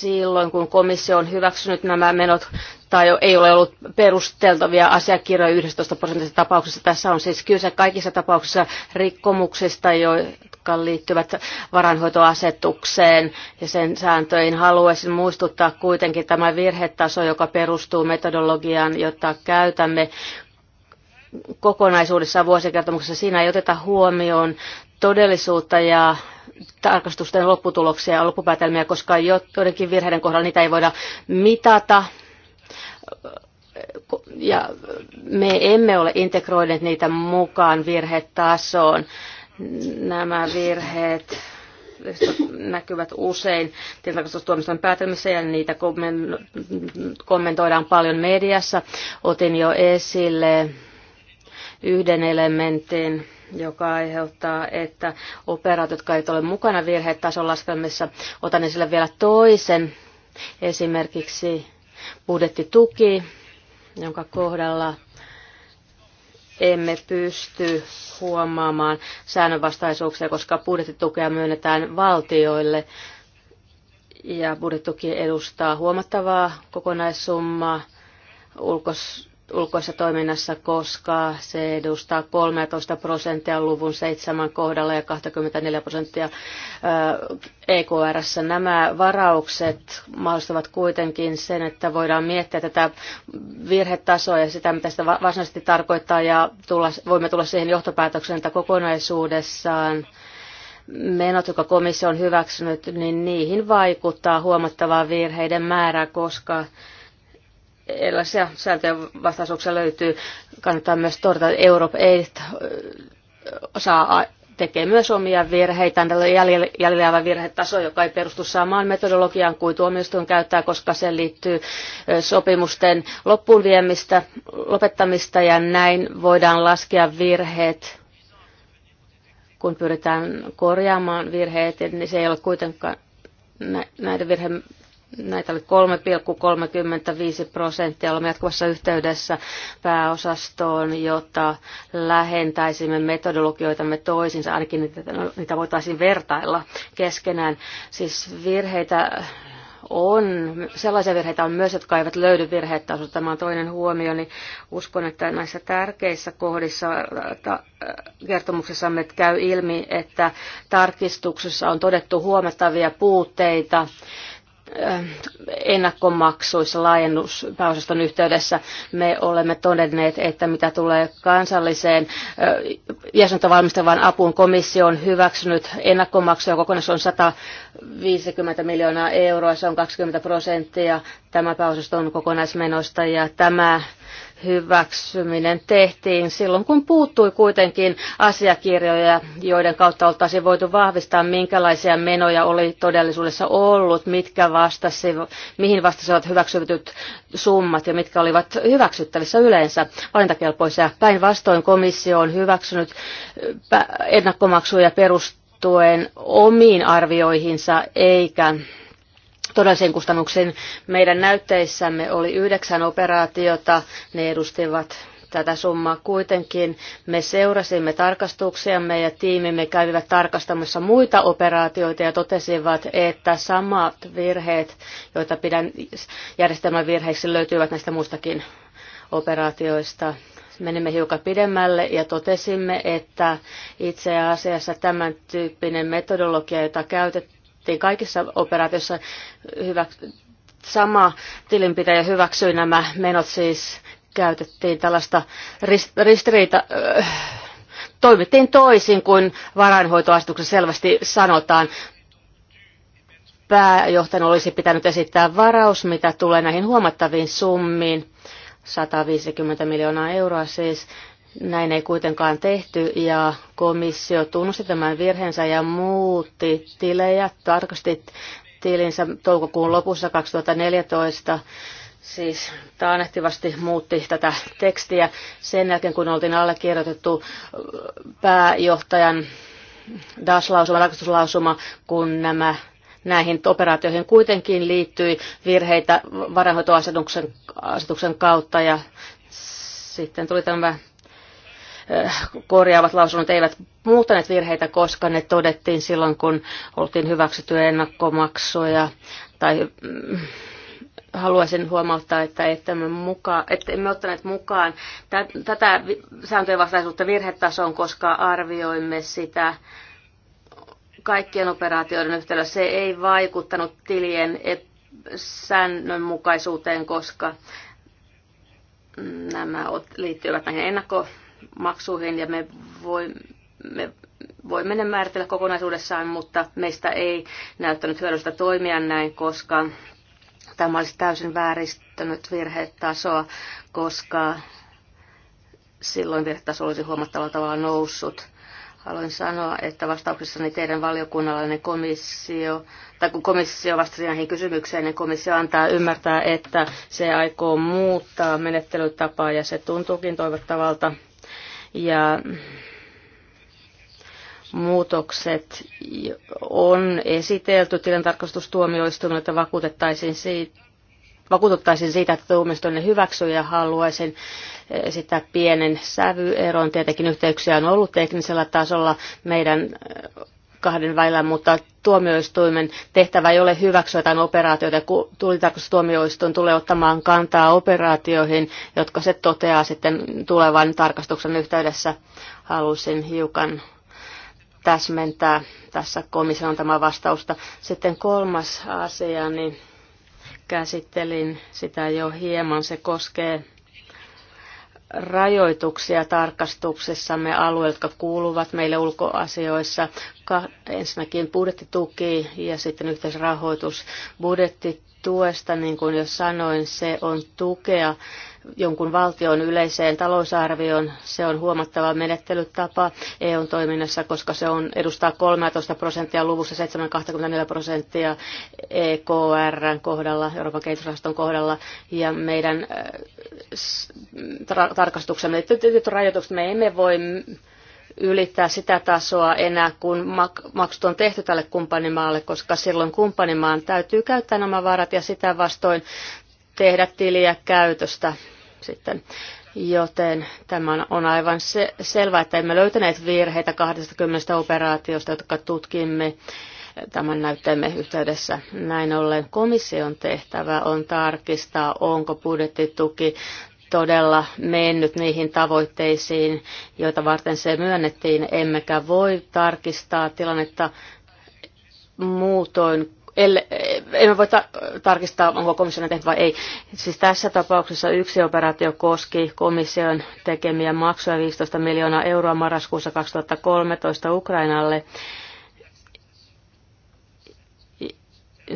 silloin kun komissio on hyväksynyt nämä menot tai ei ole ollut perusteltavia asiakirjoja 11 prosentissa tapauksissa Tässä on siis kyse kaikissa tapauksissa rikkomuksista, jotka liittyvät varanhoitoasetukseen ja sen sääntöihin. Haluaisin muistuttaa kuitenkin tämä virhetaso, joka perustuu metodologiaan, jota käytämme kokonaisuudessaan vuosikertomuksessa. Siinä ei oteta huomioon todellisuutta ja tarkastusten lopputuloksia ja loppupäätelmiä, koska joidenkin virheiden kohdalla niitä ei voida mitata. Ja me emme ole integroineet niitä mukaan virhetasoon. Nämä virheet näkyvät usein tilintarkastustuomioistuimen päätelmissä ja niitä kommentoidaan paljon mediassa. Otin jo esille yhden elementin, joka aiheuttaa, että operaat, jotka eivät ole mukana virhetason laskelmissa, otan esille vielä toisen, esimerkiksi budjettituki, jonka kohdalla emme pysty huomaamaan säännönvastaisuuksia, koska budjettitukea myönnetään valtioille ja budjettituki edustaa huomattavaa kokonaissummaa ulkos ulkoisessa toiminnassa, koska se edustaa 13 prosenttia luvun seitsemän kohdalla ja 24 prosenttia EKRssä. Nämä varaukset mahdollistavat kuitenkin sen, että voidaan miettiä tätä virhetasoa ja sitä, mitä sitä varsinaisesti tarkoittaa, ja tulla, voimme tulla siihen johtopäätökseen, että kokonaisuudessaan menot, jotka komissio on hyväksynyt, niin niihin vaikuttaa huomattavaa virheiden määrä, koska erilaisia sääntöjä vastaisuuksia löytyy. Kannattaa myös todeta, että Europe Aid saa tekee myös omia virheitään. Tällä jäljellä jäljellä virhetaso, joka ei perustu samaan metodologiaan kuin tuomioistuin käyttää, koska se liittyy sopimusten loppuun viemistä, lopettamista ja näin voidaan laskea virheet kun pyritään korjaamaan virheet, niin se ei ole kuitenkaan näiden virheen näitä oli 3,35 prosenttia. Olemme jatkuvassa yhteydessä pääosastoon, jotta lähentäisimme metodologioitamme toisinsa, ainakin niitä, niitä voitaisiin vertailla keskenään. Siis virheitä on, sellaisia virheitä on myös, jotka eivät löydy virhetasolta. Tämä on toinen huomio, niin uskon, että näissä tärkeissä kohdissa kertomuksessamme käy ilmi, että tarkistuksessa on todettu huomattavia puutteita ennakkomaksuissa laajennuspääosaston yhteydessä me olemme todenneet, että mitä tulee kansalliseen jäsentä valmistavaan apuun, komissio on hyväksynyt ennakkomaksuja kokonaisuus on 150 miljoonaa euroa, se on 20 prosenttia tämä pääosaston kokonaismenosta ja tämä hyväksyminen tehtiin silloin, kun puuttui kuitenkin asiakirjoja, joiden kautta oltaisiin voitu vahvistaa, minkälaisia menoja oli todellisuudessa ollut, mitkä vastasi, mihin vastasivat hyväksytyt summat ja mitkä olivat hyväksyttävissä yleensä valintakelpoisia. Päinvastoin komissio on hyväksynyt eh, ennakkomaksuja perustuen omiin arvioihinsa eikä Todellisen kustannuksen Meidän näytteissämme oli yhdeksän operaatiota, ne edustivat tätä summaa kuitenkin. Me seurasimme tarkastuksiamme ja tiimimme kävivät tarkastamassa muita operaatioita ja totesivat, että samat virheet, joita pidän järjestelmän virheiksi, löytyvät näistä muistakin operaatioista. Menimme hiukan pidemmälle ja totesimme, että itse asiassa tämän tyyppinen metodologia, jota käytettiin, kaikissa operaatioissa hyvä, sama tilinpitäjä hyväksyi nämä menot, siis käytettiin tällaista ristiriita, öö, toimittiin toisin kuin varainhoitoasetuksessa selvästi sanotaan. Pääjohtajan olisi pitänyt esittää varaus, mitä tulee näihin huomattaviin summiin, 150 miljoonaa euroa siis, näin ei kuitenkaan tehty ja komissio tunnusti tämän virheensä ja muutti tilejä, tarkasti tilinsä toukokuun lopussa 2014 siis taanehtivasti muutti tätä tekstiä sen jälkeen, kun oltiin allekirjoitettu äh, pääjohtajan DAS-lausuma, tarkastuslausuma, kun nämä näihin operaatioihin kuitenkin liittyi virheitä varainhoitoasetuksen asetuksen kautta ja sitten tuli tämä Äh, korjaavat lausunnot eivät muuttaneet virheitä, koska ne todettiin silloin, kun oltiin hyväksytty ennakkomaksuja tai mm, haluaisin huomauttaa, että, että, me muka, että emme ottaneet mukaan tätä sääntöjen vastaisuutta virhetasoon, koska arvioimme sitä kaikkien operaatioiden yhteydessä. Se ei vaikuttanut tilien säännönmukaisuuteen, koska nämä liittyvät näihin ennakko maksuihin ja me voimme me voimme ne määritellä kokonaisuudessaan, mutta meistä ei näyttänyt hyödyllistä toimia näin, koska tämä olisi täysin vääristänyt virhetasoa, koska silloin virhetaso olisi huomattavalla tavalla noussut. Haluan sanoa, että vastauksessani teidän valiokunnallinen komissio, tai kun komissio vastasi näihin kysymykseen, niin komissio antaa ymmärtää, että se aikoo muuttaa menettelytapaa ja se tuntuukin toivottavalta ja muutokset on esitelty tilintarkastustuomioistuimelle, että vakuutettaisiin siitä, vakuututtaisin siitä, että tuomioistuin ne hyväksyy ja haluaisin eh, sitä pienen sävyeron. Tietenkin yhteyksiä on ollut teknisellä tasolla meidän eh, kahden välillä, mutta tuomioistuimen tehtävä ei ole hyväksyä tämän operaatioita. Tulitarkastustuomioistuin tulee ottamaan kantaa operaatioihin, jotka se toteaa sitten tulevan tarkastuksen yhteydessä. Halusin hiukan täsmentää tässä komission tämä vastausta. Sitten kolmas asia, niin käsittelin sitä jo hieman. Se koskee rajoituksia tarkastuksessamme alueet, jotka kuuluvat meille ulkoasioissa. Ensinnäkin budjettituki ja sitten yhteisrahoitus. Budjetti tuesta, niin kuin jo sanoin, se on tukea jonkun valtion yleiseen talousarvioon. Se on huomattava menettelytapa EUn toiminnassa, koska se on, edustaa 13 prosenttia luvussa 724 prosenttia EKRn kohdalla, Euroopan kehitysrahaston kohdalla. Ja meidän äh, tarkastuksemme, tietyt rajoitukset, me emme voi ylittää sitä tasoa enää, kun maksut on tehty tälle kumppanimaalle, koska silloin kumppanimaan täytyy käyttää nämä varat ja sitä vastoin tehdä tiliä käytöstä sitten. Joten tämä on aivan se, selvää, että emme löytäneet virheitä 20 operaatiosta, jotka tutkimme tämän näytteemme yhteydessä. Näin ollen komission tehtävä on tarkistaa, onko budjettituki todella mennyt niihin tavoitteisiin, joita varten se myönnettiin, emmekä voi tarkistaa tilannetta muutoin emme voi ta- tarkistaa, onko komissio tehnyt vai ei. Siis tässä tapauksessa yksi operaatio koski komission tekemiä maksuja 15 miljoonaa euroa marraskuussa 2013 Ukrainalle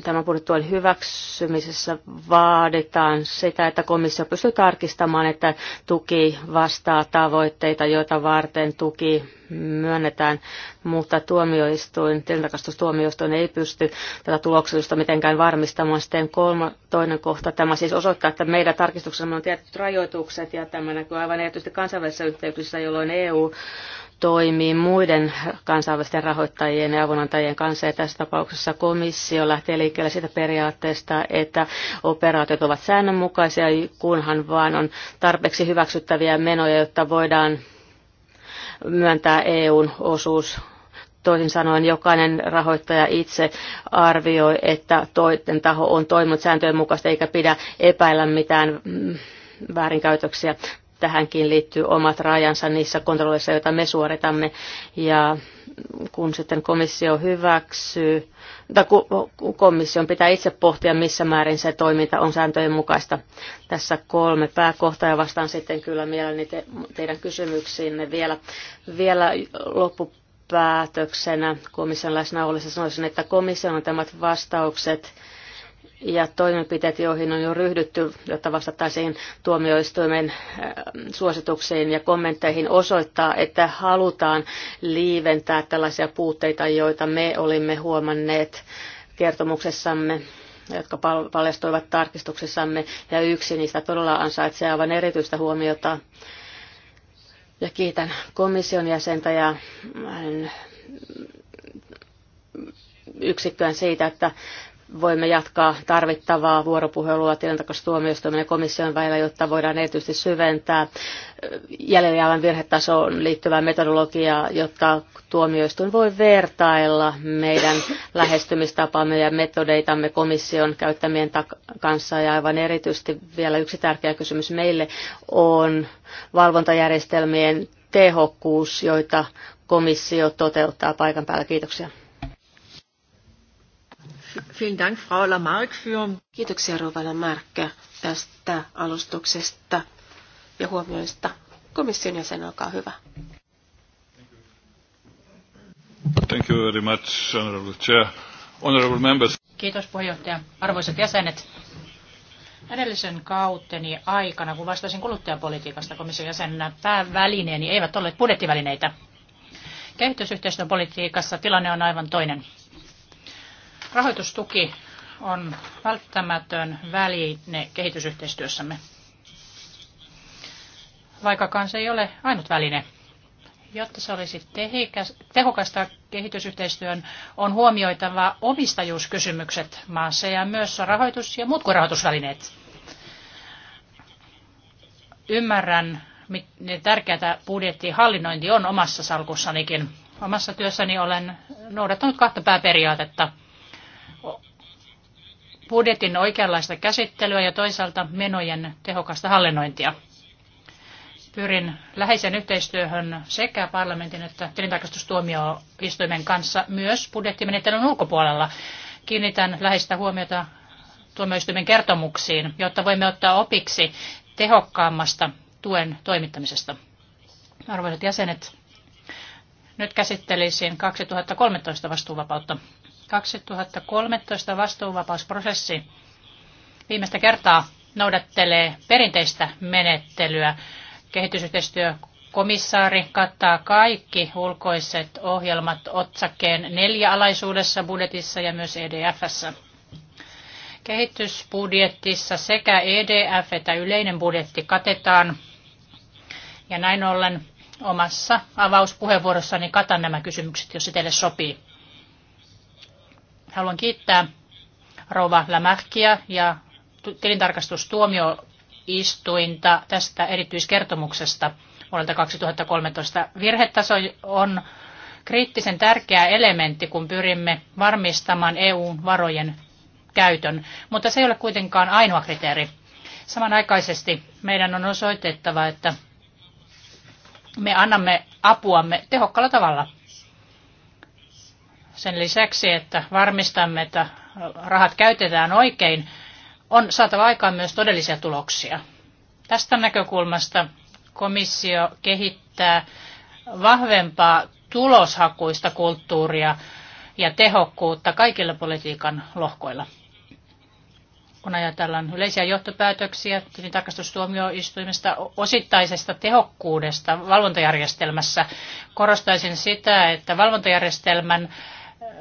tämän budjettuen hyväksymisessä vaaditaan sitä, että komissio pystyy tarkistamaan, että tuki vastaa tavoitteita, joita varten tuki myönnetään, mutta tuomioistuin, tilintarkastustuomioistuin ei pysty tätä tuloksellista mitenkään varmistamaan. Sitten kolma, toinen kohta, tämä siis osoittaa, että meidän tarkistuksemme on tietyt rajoitukset ja tämä näkyy aivan erityisesti kansainvälisissä yhteyksissä, jolloin EU toimii muiden kansainvälisten rahoittajien ja avunantajien kanssa. Ja tässä tapauksessa komissio lähtee liikkeelle siitä periaatteesta, että operaatiot ovat säännönmukaisia, kunhan vaan on tarpeeksi hyväksyttäviä menoja, jotta voidaan myöntää EUn osuus toisin sanoen jokainen rahoittaja itse arvioi, että toinen taho on toiminut sääntöjen mukaista eikä pidä epäillä mitään mm, väärinkäytöksiä tähänkin liittyy omat rajansa niissä kontrolleissa, joita me suoritamme. Ja kun sitten komissio hyväksyy, tai kun komission pitää itse pohtia, missä määrin se toiminta on sääntöjen mukaista. Tässä kolme pääkohtaa ja vastaan sitten kyllä mielelläni te, teidän kysymyksiinne vielä, vielä loppu päätöksenä komission läsnä ollessa sanoisin, että komission on tämät vastaukset ja toimenpiteet, joihin on jo ryhdytty, jotta vastattaisiin tuomioistuimen äh, suosituksiin ja kommentteihin, osoittaa, että halutaan liiventää tällaisia puutteita, joita me olimme huomanneet kertomuksessamme jotka paljastuivat tarkistuksessamme, ja yksi niistä todella ansaitsee aivan erityistä huomiota. Ja kiitän komission jäsentä ja yksikköön siitä, että voimme jatkaa tarvittavaa vuoropuhelua tilintarkastustuomioistuimen ja komission välillä, jotta voidaan erityisesti syventää jäljellä jäävän virhetasoon liittyvää metodologiaa, jotta tuomioistuin voi vertailla meidän lähestymistapamme ja metodeitamme komission käyttämien kanssa. Ja aivan erityisesti vielä yksi tärkeä kysymys meille on valvontajärjestelmien tehokkuus, joita komissio toteuttaa paikan päällä. Kiitoksia. Vielen Dank, Frau Lamarck, für... Kiitoksia, Rova Lamarck, tästä alustuksesta ja huomioista. Komission jäsen, olkaa hyvä. Thank you very much, Honorable Chair. Honorable members. Kiitos puheenjohtaja. Arvoisat jäsenet, edellisen kauteni aikana, kun vastasin kuluttajapolitiikasta komission jäsenenä, päävälineeni eivät olleet budjettivälineitä. Kehitysyhteistyöpolitiikassa tilanne on aivan toinen. Rahoitustuki on välttämätön väline kehitysyhteistyössämme. Vaikkakaan se ei ole ainut väline. Jotta se olisi tehokasta kehitysyhteistyön, on huomioitava omistajuuskysymykset maassa ja myös rahoitus ja muut kuin rahoitusvälineet. Ymmärrän, miten tärkeää budjettihallinnointi on omassa salkussanikin. Omassa työssäni olen noudattanut kahta pääperiaatetta – budjetin oikeanlaista käsittelyä ja toisaalta menojen tehokasta hallinnointia. Pyrin läheisen yhteistyöhön sekä parlamentin että tilintarkastustuomioistuimen kanssa myös budjettimenettelyn ulkopuolella. Kiinnitän läheistä huomiota tuomioistuimen kertomuksiin, jotta voimme ottaa opiksi tehokkaammasta tuen toimittamisesta. Arvoisat jäsenet, nyt käsittelisin 2013 vastuuvapautta. 2013 vastuuvapausprosessi viimeistä kertaa noudattelee perinteistä menettelyä. Kehitysyhteistyökomissaari kattaa kaikki ulkoiset ohjelmat otsakkeen neljä alaisuudessa budjetissa ja myös EDFssä. Kehitysbudjetissa sekä EDF että yleinen budjetti katetaan. Ja näin ollen omassa avauspuheenvuorossani katan nämä kysymykset, jos se teille sopii. Haluan kiittää Rova Lämähkiä ja tilintarkastustuomioistuinta tästä erityiskertomuksesta vuodelta 2013. Virhetaso on kriittisen tärkeä elementti, kun pyrimme varmistamaan EUn varojen käytön, mutta se ei ole kuitenkaan ainoa kriteeri. Samanaikaisesti meidän on osoitettava, että me annamme apuamme tehokkaalla tavalla sen lisäksi, että varmistamme, että rahat käytetään oikein, on saatava aikaan myös todellisia tuloksia. Tästä näkökulmasta komissio kehittää vahvempaa tuloshakuista kulttuuria ja tehokkuutta kaikilla politiikan lohkoilla. Kun ajatellaan yleisiä johtopäätöksiä tarkastustuomioistuimesta osittaisesta tehokkuudesta valvontajärjestelmässä, korostaisin sitä, että valvontajärjestelmän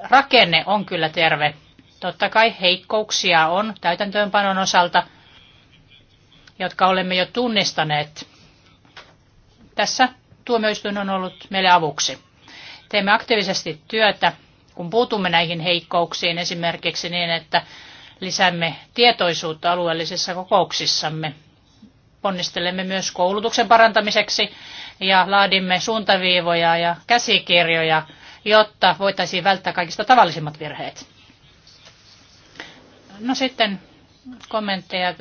rakenne on kyllä terve. Totta kai heikkouksia on täytäntöönpanon osalta, jotka olemme jo tunnistaneet. Tässä tuomioistuin on ollut meille avuksi. Teemme aktiivisesti työtä, kun puutumme näihin heikkouksiin esimerkiksi niin, että lisäämme tietoisuutta alueellisissa kokouksissamme. Ponnistelemme myös koulutuksen parantamiseksi ja laadimme suuntaviivoja ja käsikirjoja jotta voitaisiin välttää kaikista tavallisimmat virheet. No sitten kommentteja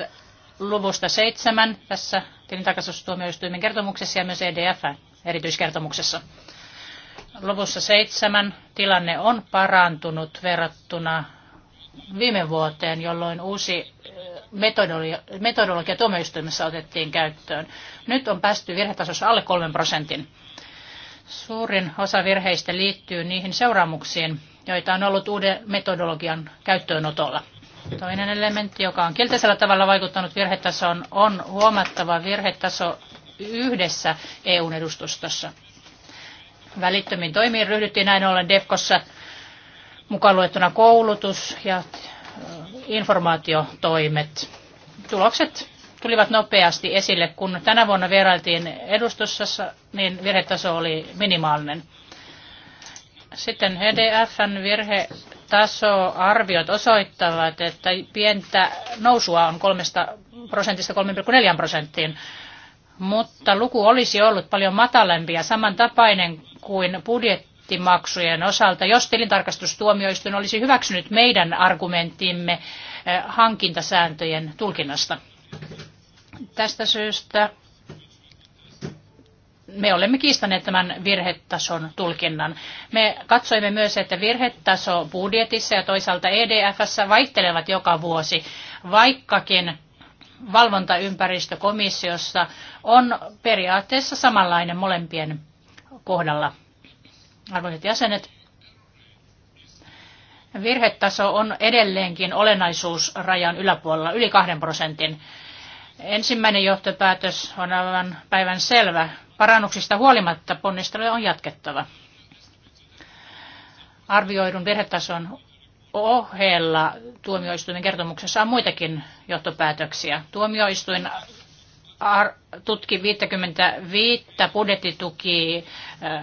luvusta seitsemän tässä tilintarkastustuomioistuimen kertomuksessa ja myös EDF erityiskertomuksessa. Luvussa seitsemän tilanne on parantunut verrattuna viime vuoteen, jolloin uusi eh, metodologia, tuomioistuimessa otettiin käyttöön. Nyt on päästy virhetasossa alle kolmen prosentin. Suurin osa virheistä liittyy niihin seuraamuksiin, joita on ollut uuden metodologian käyttöönotolla. Toinen elementti, joka on kielteisellä tavalla vaikuttanut virhetasoon, on huomattava virhetaso yhdessä eu edustustossa. Välittömin toimiin ryhdyttiin näin ollen DEFKossa mukaan luettuna koulutus ja informaatiotoimet. Tulokset tulivat nopeasti esille. Kun tänä vuonna vierailtiin edustussassa, niin virhetaso oli minimaalinen. Sitten EDFn virhetasoarviot osoittavat, että pientä nousua on 3 prosentista 3,4 prosenttiin, mutta luku olisi ollut paljon matalempi ja samantapainen kuin budjettimaksujen osalta, jos tilintarkastustuomioistuin olisi hyväksynyt meidän argumenttimme eh, hankintasääntöjen tulkinnasta. Tästä syystä me olemme kiistaneet tämän virhetason tulkinnan. Me katsoimme myös, että virhetaso budjetissa ja toisaalta EDFssä vaihtelevat joka vuosi, vaikkakin valvontaympäristökomissiossa on periaatteessa samanlainen molempien kohdalla. Arvoisat jäsenet, virhetaso on edelleenkin olennaisuusrajan yläpuolella yli kahden prosentin Ensimmäinen johtopäätös on aivan päivän selvä. Parannuksista huolimatta ponnisteluja on jatkettava. Arvioidun virhetason ohella tuomioistuimen kertomuksessa on muitakin johtopäätöksiä. Tuomioistuin tutki 55 budjettituki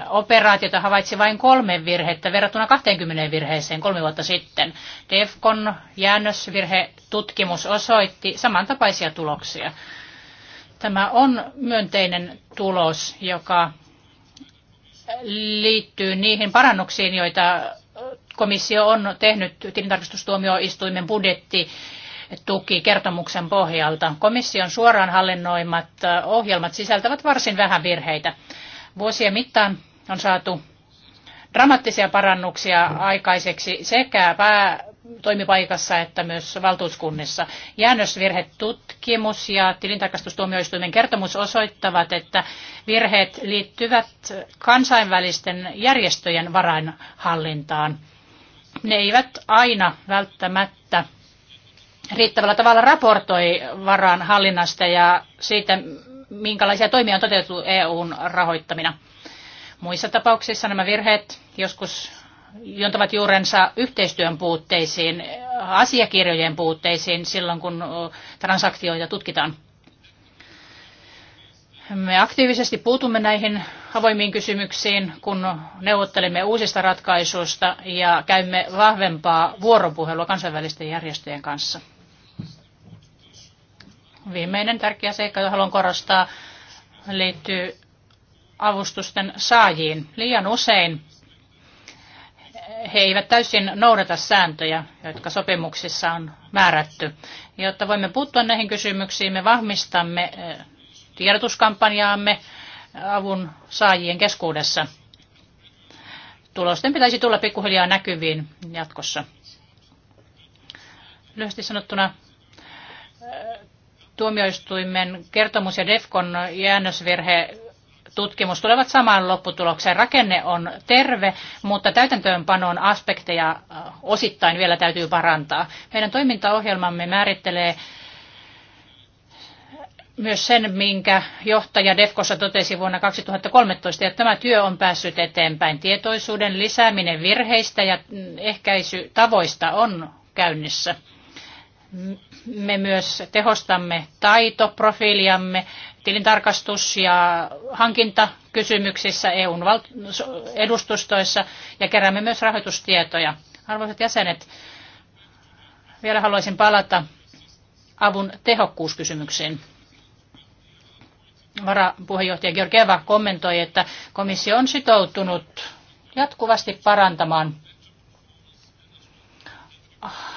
operaatiota havaitsi vain kolme virhettä verrattuna 20 virheeseen kolme vuotta sitten. DEFCON jäännösvirhetutkimus osoitti samantapaisia tuloksia. Tämä on myönteinen tulos, joka liittyy niihin parannuksiin, joita komissio on tehnyt tilintarkastustuomioistuimen budjetti tuki kertomuksen pohjalta. Komission suoraan hallinnoimat ohjelmat sisältävät varsin vähän virheitä. Vuosien mittaan on saatu dramaattisia parannuksia aikaiseksi sekä pää, toimipaikassa että myös valtuuskunnissa. Jäännösvirhetutkimus ja tilintarkastustuomioistuimen kertomus osoittavat, että virheet liittyvät kansainvälisten järjestöjen varainhallintaan. Ne eivät aina välttämättä riittävällä tavalla raportoi varan hallinnasta ja siitä, minkälaisia toimia on toteutettu EUn rahoittamina. Muissa tapauksissa nämä virheet joskus jontavat juurensa yhteistyön puutteisiin, asiakirjojen puutteisiin silloin, kun transaktioita tutkitaan. Me aktiivisesti puutumme näihin avoimiin kysymyksiin, kun neuvottelemme uusista ratkaisuista ja käymme vahvempaa vuoropuhelua kansainvälisten järjestöjen kanssa. Viimeinen tärkeä seikka, jota haluan korostaa, liittyy avustusten saajiin. Liian usein he eivät täysin noudata sääntöjä, jotka sopimuksissa on määrätty. Jotta voimme puuttua näihin kysymyksiin, me vahvistamme eh, tiedotuskampanjaamme eh, avun saajien keskuudessa. Tulosten pitäisi tulla pikkuhiljaa näkyviin jatkossa. Lyhyesti sanottuna tuomioistuimen kertomus ja DEFCON jäännösvirhe tutkimus tulevat samaan lopputulokseen. Rakenne on terve, mutta täytäntöönpanon aspekteja äh, osittain vielä täytyy parantaa. Meidän toimintaohjelmamme määrittelee myös sen, minkä johtaja Defkossa totesi vuonna 2013, että tämä työ on päässyt eteenpäin. Tietoisuuden lisääminen virheistä ja ehkäisytavoista on käynnissä me myös tehostamme taitoprofiiliamme tilintarkastus- ja hankintakysymyksissä EUn edustustoissa ja keräämme myös rahoitustietoja. Arvoisat jäsenet, vielä haluaisin palata avun tehokkuuskysymyksiin. Varapuheenjohtaja Georgieva kommentoi, että komissio on sitoutunut jatkuvasti parantamaan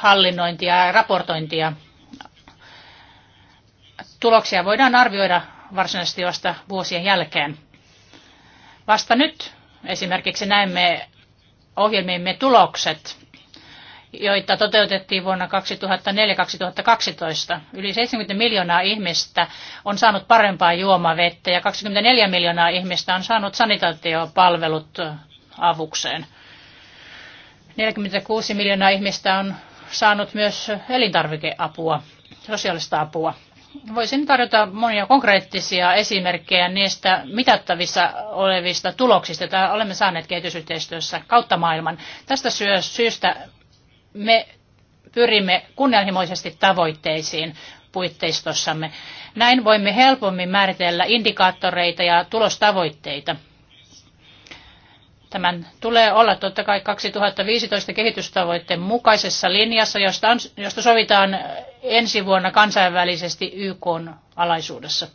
hallinnointia ja raportointia tuloksia voidaan arvioida varsinaisesti vasta vuosien jälkeen. Vasta nyt esimerkiksi näemme ohjelmiimme tulokset, joita toteutettiin vuonna 2004-2012. Yli 70 miljoonaa ihmistä on saanut parempaa juomavettä ja 24 miljoonaa ihmistä on saanut sanitaatiopalvelut avukseen. 46 miljoonaa ihmistä on saanut myös elintarvikeapua, sosiaalista apua. Voisin tarjota monia konkreettisia esimerkkejä niistä mitattavissa olevista tuloksista, joita olemme saaneet kehitysyhteistyössä kautta maailman. Tästä syystä me pyrimme kunnianhimoisesti tavoitteisiin puitteistossamme. Näin voimme helpommin määritellä indikaattoreita ja tulostavoitteita. Tämän tulee olla totta kai 2015 kehitystavoitteen mukaisessa linjassa, josta, on, josta sovitaan ensi vuonna kansainvälisesti YK alaisuudessa.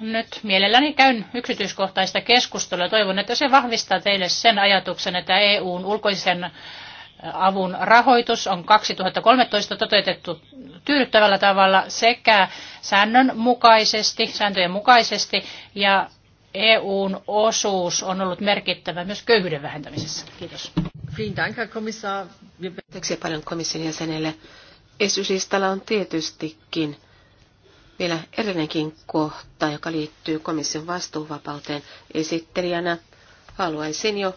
Nyt mielelläni käyn yksityiskohtaista keskustelua. Toivon, että se vahvistaa teille sen ajatuksen, että EUn ulkoisen avun rahoitus on 2013 toteutettu tyydyttävällä tavalla sekä mukaisesti, sääntöjen mukaisesti ja EUn osuus on ollut merkittävä myös köyhyyden vähentämisessä. Kiitos. Kiitoksia paljon komission jäsenelle. Esityslistalla on tietystikin vielä erinenkin kohta, joka liittyy komission vastuuvapauteen esittelijänä. Haluaisin jo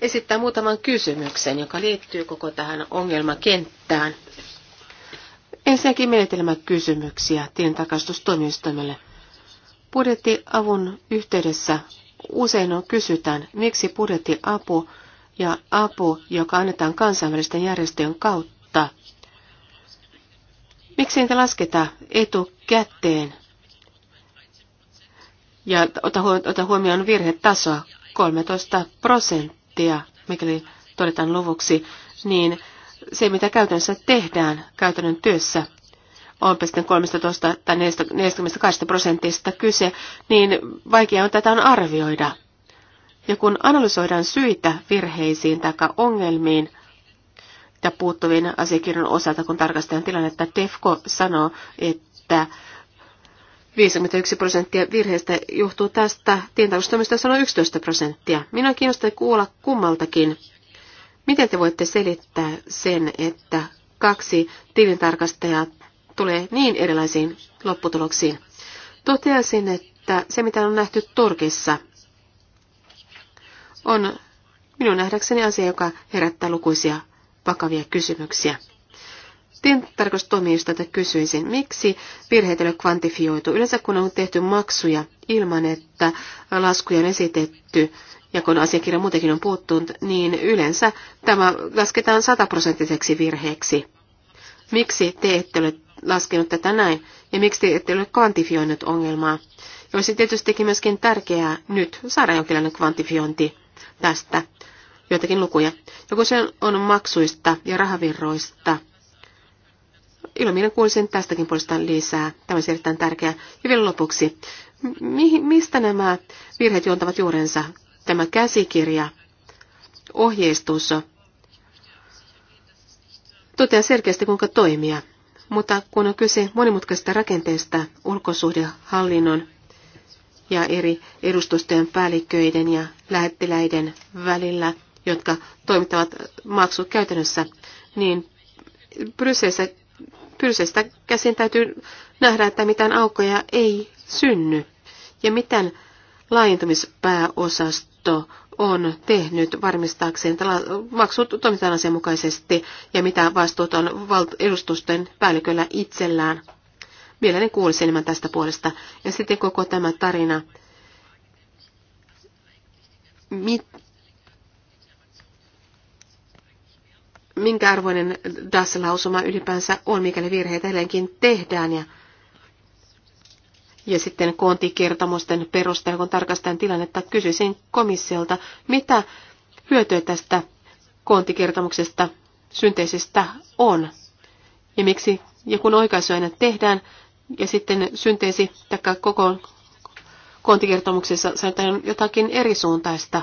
esittää muutaman kysymyksen, joka liittyy koko tähän ongelmakenttään. Ensinnäkin menetelmäkysymyksiä tilintarkastustoimistoimelle. Budjettiavun yhteydessä usein on kysytään, miksi budjettiapu ja apu, joka annetaan kansainvälisten järjestöjen kautta, miksi niitä lasketa etukäteen ja ota huomioon virhetasoa 13 prosenttia, mikäli todetaan luvuksi, niin se, mitä käytännössä tehdään käytännön työssä, on 13 tai 42 prosentista kyse, niin vaikea on tätä on arvioida. Ja kun analysoidaan syitä virheisiin tai ongelmiin ja puuttuviin asiakirjan osalta, kun tarkastetaan tilannetta, TEFCO sanoo, että 51 prosenttia virheistä johtuu tästä, tientarkastustoimisto sanoo 11 prosenttia. Minua kiinnostaa kuulla kummaltakin. Miten te voitte selittää sen, että kaksi tilintarkastajaa tulee niin erilaisiin lopputuloksiin. Toteasin, että se mitä on nähty Turkissa on minun nähdäkseni asia, joka herättää lukuisia vakavia kysymyksiä. Tintarkastustuomioistuimelta kysyisin, miksi virheet ei ole kvantifioitu? Yleensä kun on tehty maksuja ilman, että laskuja on esitetty ja kun asiakirja muutenkin on puuttunut, niin yleensä tämä lasketaan sataprosenttiseksi virheeksi. Miksi te ette ole laskenut tätä näin ja miksi te ette ole kvantifioinut ongelmaa? Ja olisi tietystikin myöskin tärkeää nyt saada jonkinlainen kvantifiointi tästä, joitakin lukuja. Ja kun se on maksuista ja rahavirroista, ilomielen kuulisin tästäkin puolestaan lisää. Tämä on erittäin tärkeää. Ja vielä lopuksi, mi- mistä nämä virheet juontavat juurensa? Tämä käsikirja, ohjeistus, totean selkeästi, kuinka toimia. Mutta kun on kyse monimutkaisesta rakenteesta ulkosuhdehallinnon ja eri edustustojen päälliköiden ja lähettiläiden välillä, jotka toimittavat maksut käytännössä, niin Brysselistä, Brysselistä käsin täytyy nähdä, että mitään aukkoja ei synny ja mitään laajentumispääosasto on tehnyt varmistaakseen, maksut toimitaan asianmukaisesti ja mitä vastuut on edustusten päälliköllä itsellään. Mielelläni kuulisin enemmän tästä puolesta. Ja sitten koko tämä tarina. Mit, minkä arvoinen DAS-lausuma ylipäänsä on, mikäli virheitä edelleenkin tehdään ja ja sitten koontikertomusten perusteella, kun tarkastetaan tilannetta, kysyisin komissiolta, mitä hyötyä tästä koontikertomuksesta synteisistä on ja miksi ja kun aina tehdään ja sitten synteesi tai koko koontikertomuksessa sanotaan jotakin erisuuntaista,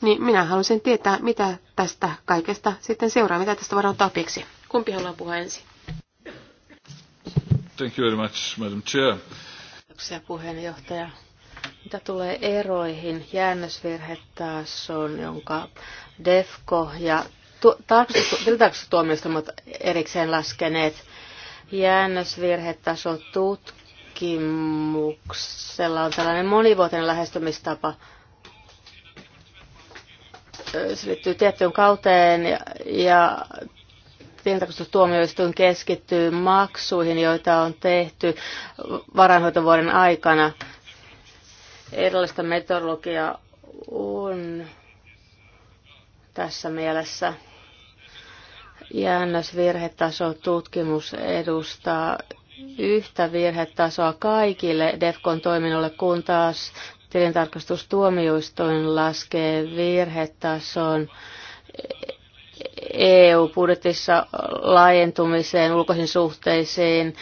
niin minä haluaisin tietää, mitä tästä kaikesta sitten seuraa, mitä tästä voidaan ottaa opiksi. Kumpi haluaa puhua ensin? Thank you very much, Madam Chair. Kiitoksia puheenjohtaja. Mitä tulee eroihin, jäännösvirhe taas on, jonka DEFCO ja tarkastustuomioistuimet erikseen laskeneet jäännösvirhetaso tutkimuksella on tällainen monivuotinen lähestymistapa. Se liittyy tiettyyn kauteen ja, ja tilintarkastustuomioistuin keskittyy maksuihin, joita on tehty varainhoitovuoden aikana. Erilaista metodologiaa on tässä mielessä. Jäännösvirhetaso tutkimus edustaa yhtä virhetasoa kaikille DEFCON toiminnolle, kun taas tilintarkastustuomioistuin laskee virhetason EU-budjetissa laajentumiseen, ulkoisiin suhteisiin,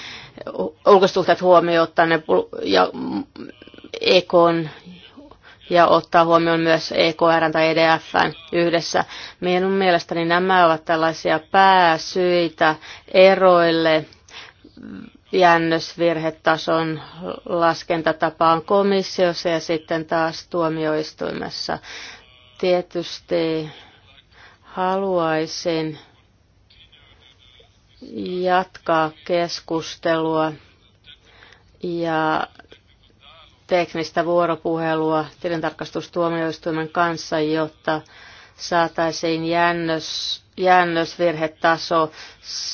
suhteet huomioon ja ekon ja ottaa huomioon myös EKR tai EDF yhdessä. Minun mielestäni nämä ovat tällaisia pääsyitä eroille jännösvirhetason laskentatapaan komissiossa ja sitten taas tuomioistuimessa. Tietysti Haluaisin jatkaa keskustelua ja teknistä vuoropuhelua tilintarkastustuomioistuimen kanssa, jotta saataisiin jännös, jäännösvirhetaso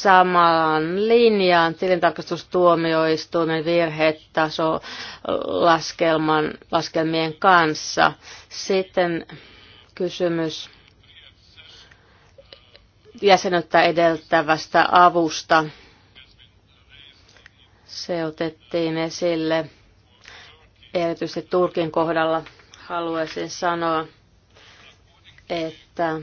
samaan linjaan tilintarkastustuomioistuimen virhetaso laskelman, laskelmien kanssa. Sitten kysymys jäsenyyttä edeltävästä avusta. Se otettiin esille erityisesti Turkin kohdalla. Haluaisin sanoa, että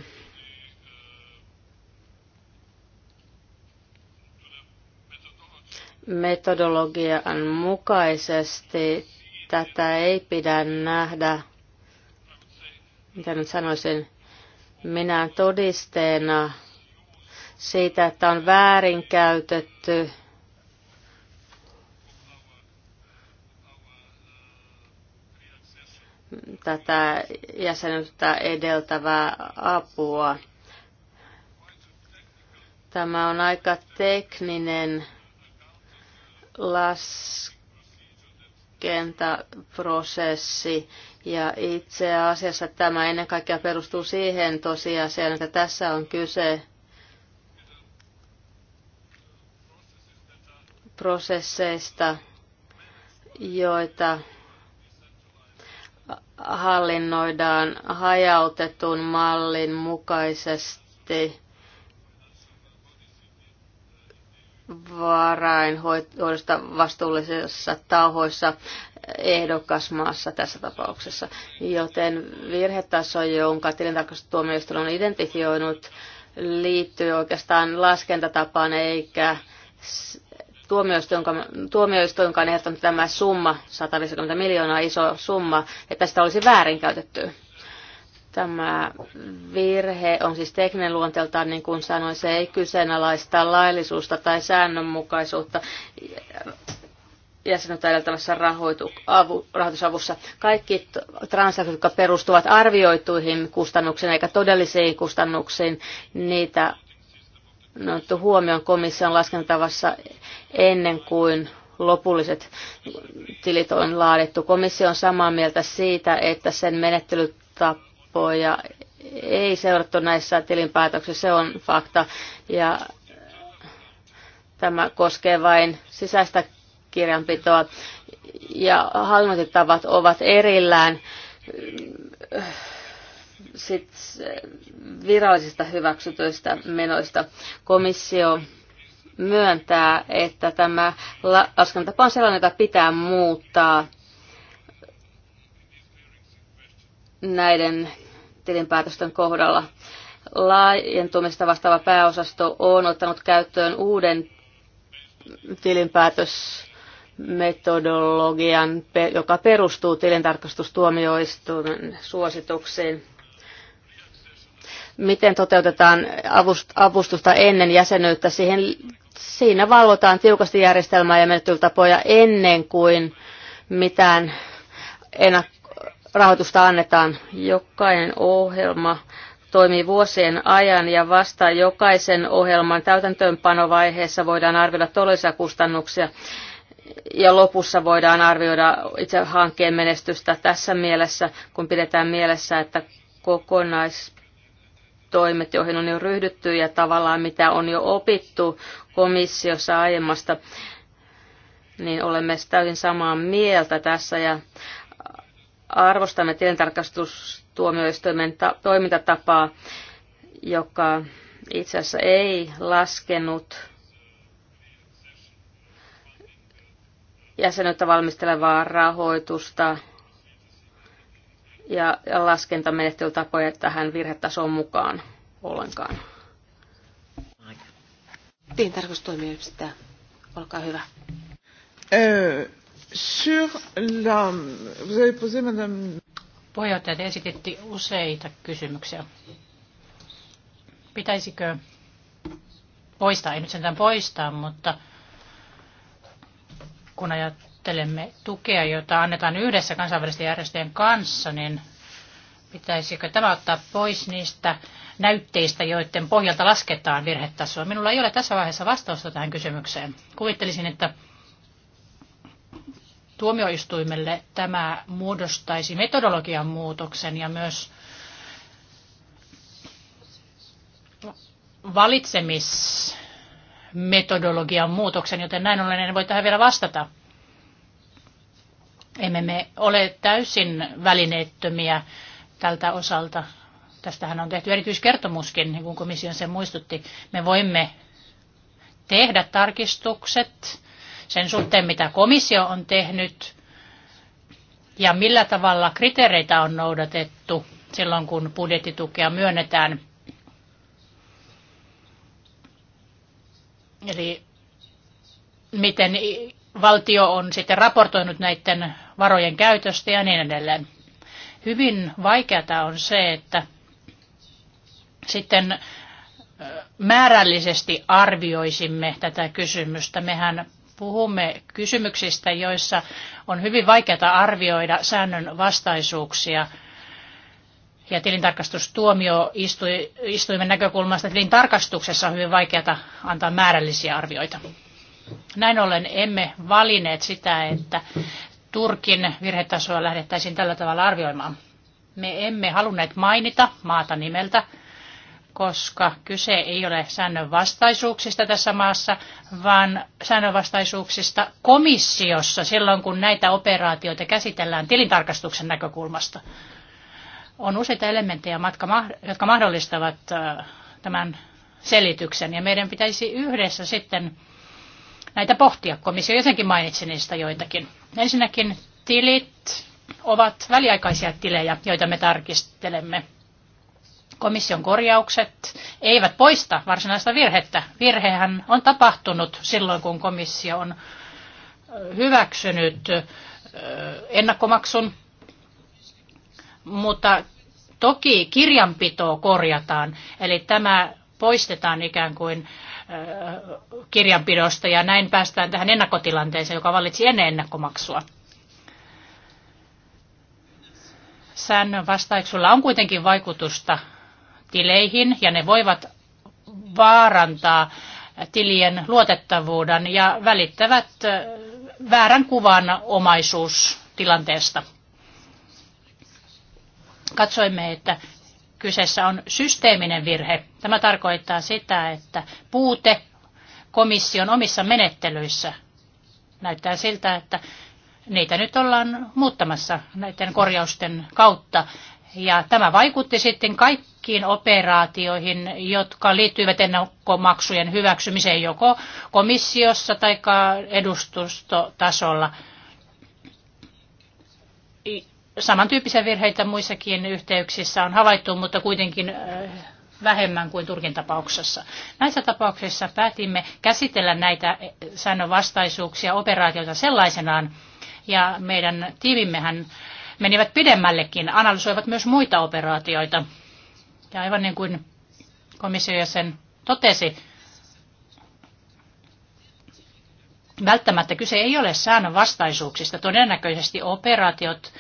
metodologian mukaisesti tätä ei pidä nähdä, mitä nyt sanoisin, minä todisteena siitä, että on väärinkäytetty tätä jäsenyyttä edeltävää apua. Tämä on aika tekninen laskentaprosessi ja itse asiassa tämä ennen kaikkea perustuu siihen tosiasiaan, että tässä on kyse prosesseista, joita hallinnoidaan hajautetun mallin mukaisesti varainhoidosta vastuullisissa tahoissa ehdokasmaassa tässä tapauksessa. Joten virhetaso, jonka tilintarkastustuomioistuin on identifioinut, liittyy oikeastaan laskentatapaan eikä Tuomioistuin, on ehdottanut tämä summa, 150 miljoonaa iso summa, että sitä olisi väärinkäytetty. Tämä virhe on siis tekninen luonteeltaan, niin kuin sanoin, se ei kyseenalaista laillisuutta tai säännönmukaisuutta jäsenyyttä edeltävässä rahoitu, avu, rahoitusavussa. Kaikki transaktiot, jotka perustuvat arvioituihin kustannuksiin eikä todellisiin kustannuksiin, niitä on otettu huomioon komission laskentavassa ennen kuin lopulliset tilit on laadittu. Komissio on samaa mieltä siitä, että sen menettelytapoja ei seurattu näissä tilinpäätöksissä, se on fakta. Ja tämä koskee vain sisäistä kirjanpitoa. Ja hallinnointitavat ovat erillään sit virallisista hyväksytyistä menoista. Komissio myöntää, että tämä laskentapa on sellainen, jota pitää muuttaa näiden tilinpäätösten kohdalla. Laajentumista vastaava pääosasto on ottanut käyttöön uuden tilinpäätösmetodologian, joka perustuu tilintarkastustuomioistuimen suosituksiin miten toteutetaan avustusta ennen jäsenyyttä. Siihen, siinä valvotaan tiukasti järjestelmää ja menettelytapoja ennen kuin mitään rahoitusta annetaan. Jokainen ohjelma toimii vuosien ajan ja vasta jokaisen ohjelman täytäntöönpanovaiheessa voidaan arvioida todellisia kustannuksia ja lopussa voidaan arvioida itse hankkeen menestystä tässä mielessä, kun pidetään mielessä, että kokonais toimet, joihin on jo ryhdytty ja tavallaan mitä on jo opittu komissiossa aiemmasta, niin olemme täysin samaa mieltä tässä ja arvostamme tilintarkastustuomioistuimen ta- toimintatapaa, joka itse asiassa ei laskenut jäsenyyttä valmistelevaa rahoitusta ja laskentamenettelytapoja tähän virhetasoon mukaan ollenkaan. yksittää. olkaa hyvä. Euh, sur la... Vous avez posé, madame... Puheenjohtaja, te esititti useita kysymyksiä. Pitäisikö poistaa, ei nyt sentään poistaa, mutta kun ajat, ajattelemme tukea, jota annetaan yhdessä kansainvälisten järjestöjen kanssa, niin pitäisikö tämä ottaa pois niistä näytteistä, joiden pohjalta lasketaan virhetasoa? Minulla ei ole tässä vaiheessa vastausta tähän kysymykseen. Kuvittelisin, että tuomioistuimelle tämä muodostaisi metodologian muutoksen ja myös valitsemismetodologian muutoksen, joten näin ollen en voi tähän vielä vastata. Emme me ole täysin välineettömiä tältä osalta. Tästähän on tehty erityiskertomuskin, niin kuin komission sen muistutti. Me voimme tehdä tarkistukset sen suhteen, mitä komissio on tehnyt ja millä tavalla kriteereitä on noudatettu silloin, kun budjettitukea myönnetään. Eli miten valtio on sitten raportoinut näiden varojen käytöstä ja niin edelleen. Hyvin vaikeata on se, että sitten määrällisesti arvioisimme tätä kysymystä. Mehän puhumme kysymyksistä, joissa on hyvin vaikeata arvioida säännön vastaisuuksia. Ja tilintarkastustuomioistuimen näkökulmasta tilintarkastuksessa on hyvin vaikeata antaa määrällisiä arvioita. Näin ollen emme valineet sitä, että Turkin virhetasoa lähdettäisiin tällä tavalla arvioimaan. Me emme halunneet mainita maata nimeltä, koska kyse ei ole säännönvastaisuuksista tässä maassa, vaan säännönvastaisuuksista komissiossa silloin, kun näitä operaatioita käsitellään tilintarkastuksen näkökulmasta. On useita elementtejä, jotka mahdollistavat tämän selityksen, ja meidän pitäisi yhdessä sitten näitä pohtia. Komissio jäsenkin mainitsi niistä joitakin. Ensinnäkin tilit ovat väliaikaisia tilejä, joita me tarkistelemme. Komission korjaukset eivät poista varsinaista virhettä. Virhehän on tapahtunut silloin, kun komissio on hyväksynyt ennakkomaksun, mutta toki kirjanpitoa korjataan, eli tämä poistetaan ikään kuin kirjanpidosta ja näin päästään tähän ennakkotilanteeseen, joka valitsi ennen ennakkomaksua. Säännön vastaiksulla on kuitenkin vaikutusta tileihin ja ne voivat vaarantaa tilien luotettavuuden ja välittävät väärän kuvan omaisuustilanteesta. Katsoimme, että kyseessä on systeeminen virhe. Tämä tarkoittaa sitä, että puute komission omissa menettelyissä näyttää siltä, että niitä nyt ollaan muuttamassa näiden korjausten kautta. Ja tämä vaikutti sitten kaikkiin operaatioihin, jotka liittyvät ennakkomaksujen hyväksymiseen joko komissiossa tai edustustotasolla. Samantyyppisiä virheitä muissakin yhteyksissä on havaittu, mutta kuitenkin vähemmän kuin Turkin tapauksessa. Näissä tapauksissa päätimme käsitellä näitä e, säännönvastaisuuksia operaatioita sellaisenaan, ja meidän tiivimmehän menivät pidemmällekin, analysoivat myös muita operaatioita. Ja aivan niin kuin komissio sen totesi, välttämättä kyse ei ole säännönvastaisuuksista. Todennäköisesti operaatiot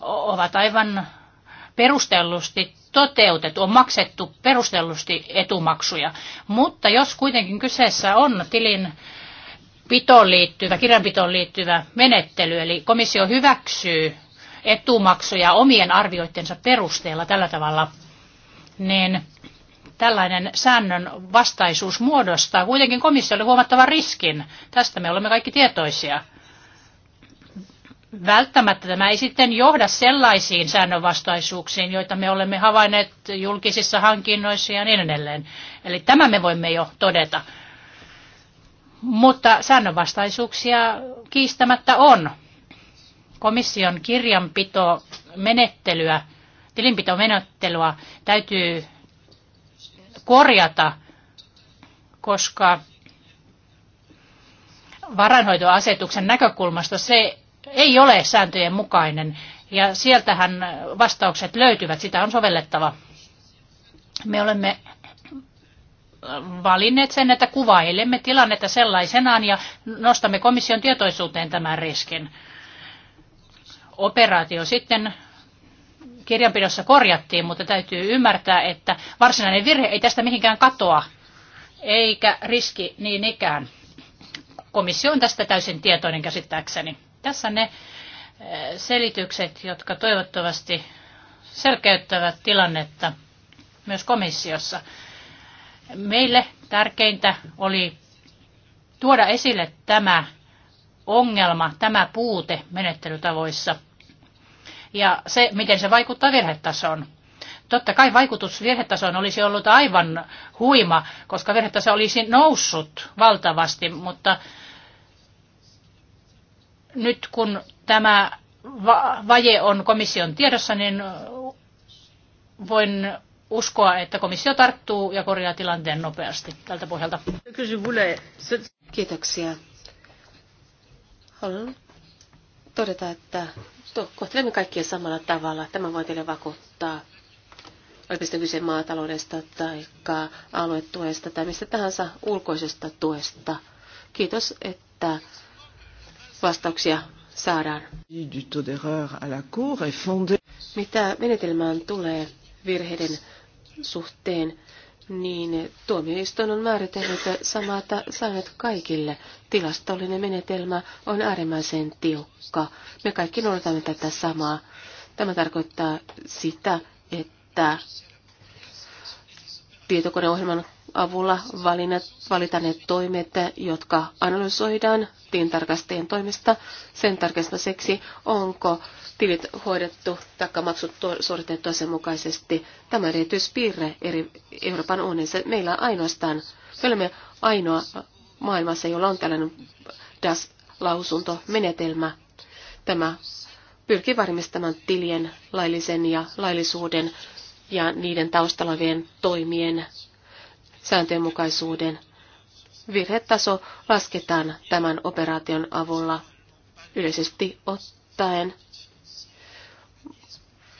ovat aivan perustellusti toteutettu, on maksettu perustellusti etumaksuja. Mutta jos kuitenkin kyseessä on tilin pitoon liittyvä, kirjanpitoon liittyvä menettely, eli komissio hyväksyy etumaksuja omien arvioittensa perusteella tällä tavalla, niin tällainen säännön vastaisuus muodostaa kuitenkin komissiolle huomattavan riskin. Tästä me olemme kaikki tietoisia välttämättä tämä ei sitten johda sellaisiin säännönvastaisuuksiin, joita me olemme havainneet julkisissa hankinnoissa ja niin edelleen. Eli tämä me voimme jo todeta. Mutta säännönvastaisuuksia kiistämättä on. Komission kirjanpito menettelyä, tilinpitomenettelyä täytyy korjata, koska varainhoitoasetuksen näkökulmasta se ei ole sääntöjen mukainen. Ja sieltähän vastaukset löytyvät, sitä on sovellettava. Me olemme valinneet sen, että kuvailemme tilannetta sellaisenaan ja nostamme komission tietoisuuteen tämän riskin. Operaatio sitten kirjanpidossa korjattiin, mutta täytyy ymmärtää, että varsinainen virhe ei tästä mihinkään katoa, eikä riski niin ikään. Komissio on tästä täysin tietoinen käsittääkseni. Tässä ne eh, selitykset, jotka toivottavasti selkeyttävät tilannetta myös komissiossa. Meille tärkeintä oli tuoda esille tämä ongelma, tämä puute menettelytavoissa ja se, miten se vaikuttaa virhetasoon. Totta kai vaikutus virhetasoon olisi ollut aivan huima, koska virhetaso olisi noussut valtavasti, mutta nyt kun tämä vaje on komission tiedossa, niin voin uskoa, että komissio tarttuu ja korjaa tilanteen nopeasti tältä pohjalta. Kiitoksia. Haluan todeta, että kohtelemme kaikkia samalla tavalla. Tämä voi teille vakuuttaa. Olipa kyse maataloudesta tai aluetuesta tai mistä tahansa ulkoisesta tuesta. Kiitos, että vastauksia saadaan. Mitä menetelmään tulee virheiden suhteen, niin tuomioistuin on määritellyt samat saaneet kaikille. Tilastollinen menetelmä on äärimmäisen tiukka. Me kaikki noudatamme tätä samaa. Tämä tarkoittaa sitä, että tietokoneohjelman avulla valinnat, valitaan ne toimet, jotka analysoidaan tilintarkastajien toimesta sen tarkastamiseksi, onko tilit hoidettu tai maksut suoritettu asianmukaisesti. Tämä erityispiirre eri Euroopan unionissa. Meillä on ainoastaan, me olemme ainoa maailmassa, jolla on tällainen DAS-lausuntomenetelmä. Tämä pyrkii varmistamaan tilien laillisen ja laillisuuden ja niiden taustalla olevien toimien sääntöjenmukaisuuden virhetaso lasketaan tämän operaation avulla yleisesti ottaen.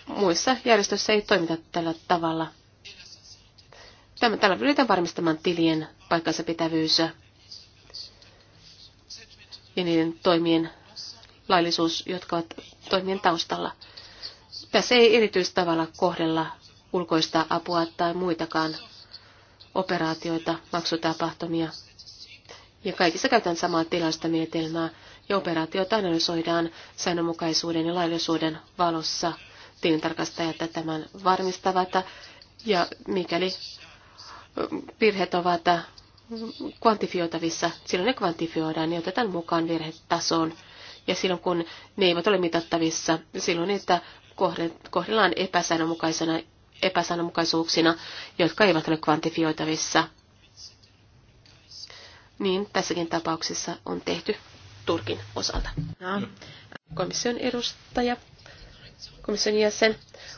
Muissa järjestöissä ei toimita tällä tavalla. Tämä, tällä pyritään varmistamaan tilien paikkansa pitävyys ja niiden toimien laillisuus, jotka ovat toimien taustalla. Tässä ei erityistavalla kohdella ulkoista apua tai muitakaan operaatioita, maksutapahtumia ja kaikissa käytetään samaa tilasta menetelmää ja operaatiot analysoidaan säännönmukaisuuden ja laillisuuden valossa. Tilintarkastajat tämän varmistavat ja mikäli virheet ovat kvantifioitavissa, silloin ne kvantifioidaan ja otetaan mukaan virhetasoon. Ja silloin kun ne eivät ole mitattavissa, silloin niitä kohdellaan epäsäännönmukaisena epäsanomukaisuuksina, jotka eivät ole kvantifioitavissa. Niin tässäkin tapauksessa on tehty Turkin osalta. No. Komission edustaja, komission jäsen,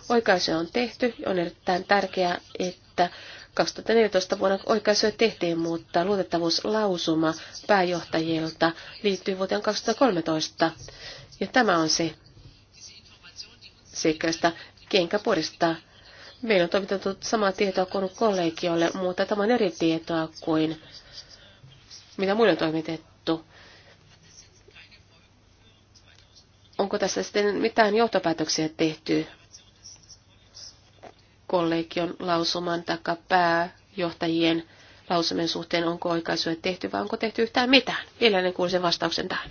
oikaisuja on tehty. On erittäin tärkeää, että 2014 vuonna oikaisuja tehtiin, mutta luotettavuuslausuma pääjohtajilta liittyy vuoteen 2013. Ja tämä on se seikkaista josta kenkä puristaa. Meillä on toimitettu samaa tietoa kuin kollegiolle, mutta tämä on eri tietoa kuin mitä muille on toimitettu. Onko tässä sitten mitään johtopäätöksiä tehty kollegion lausuman tai pääjohtajien lausumien suhteen, onko oikaisuja tehty vai onko tehty yhtään mitään? Mielelläni kuulisin vastauksen tähän.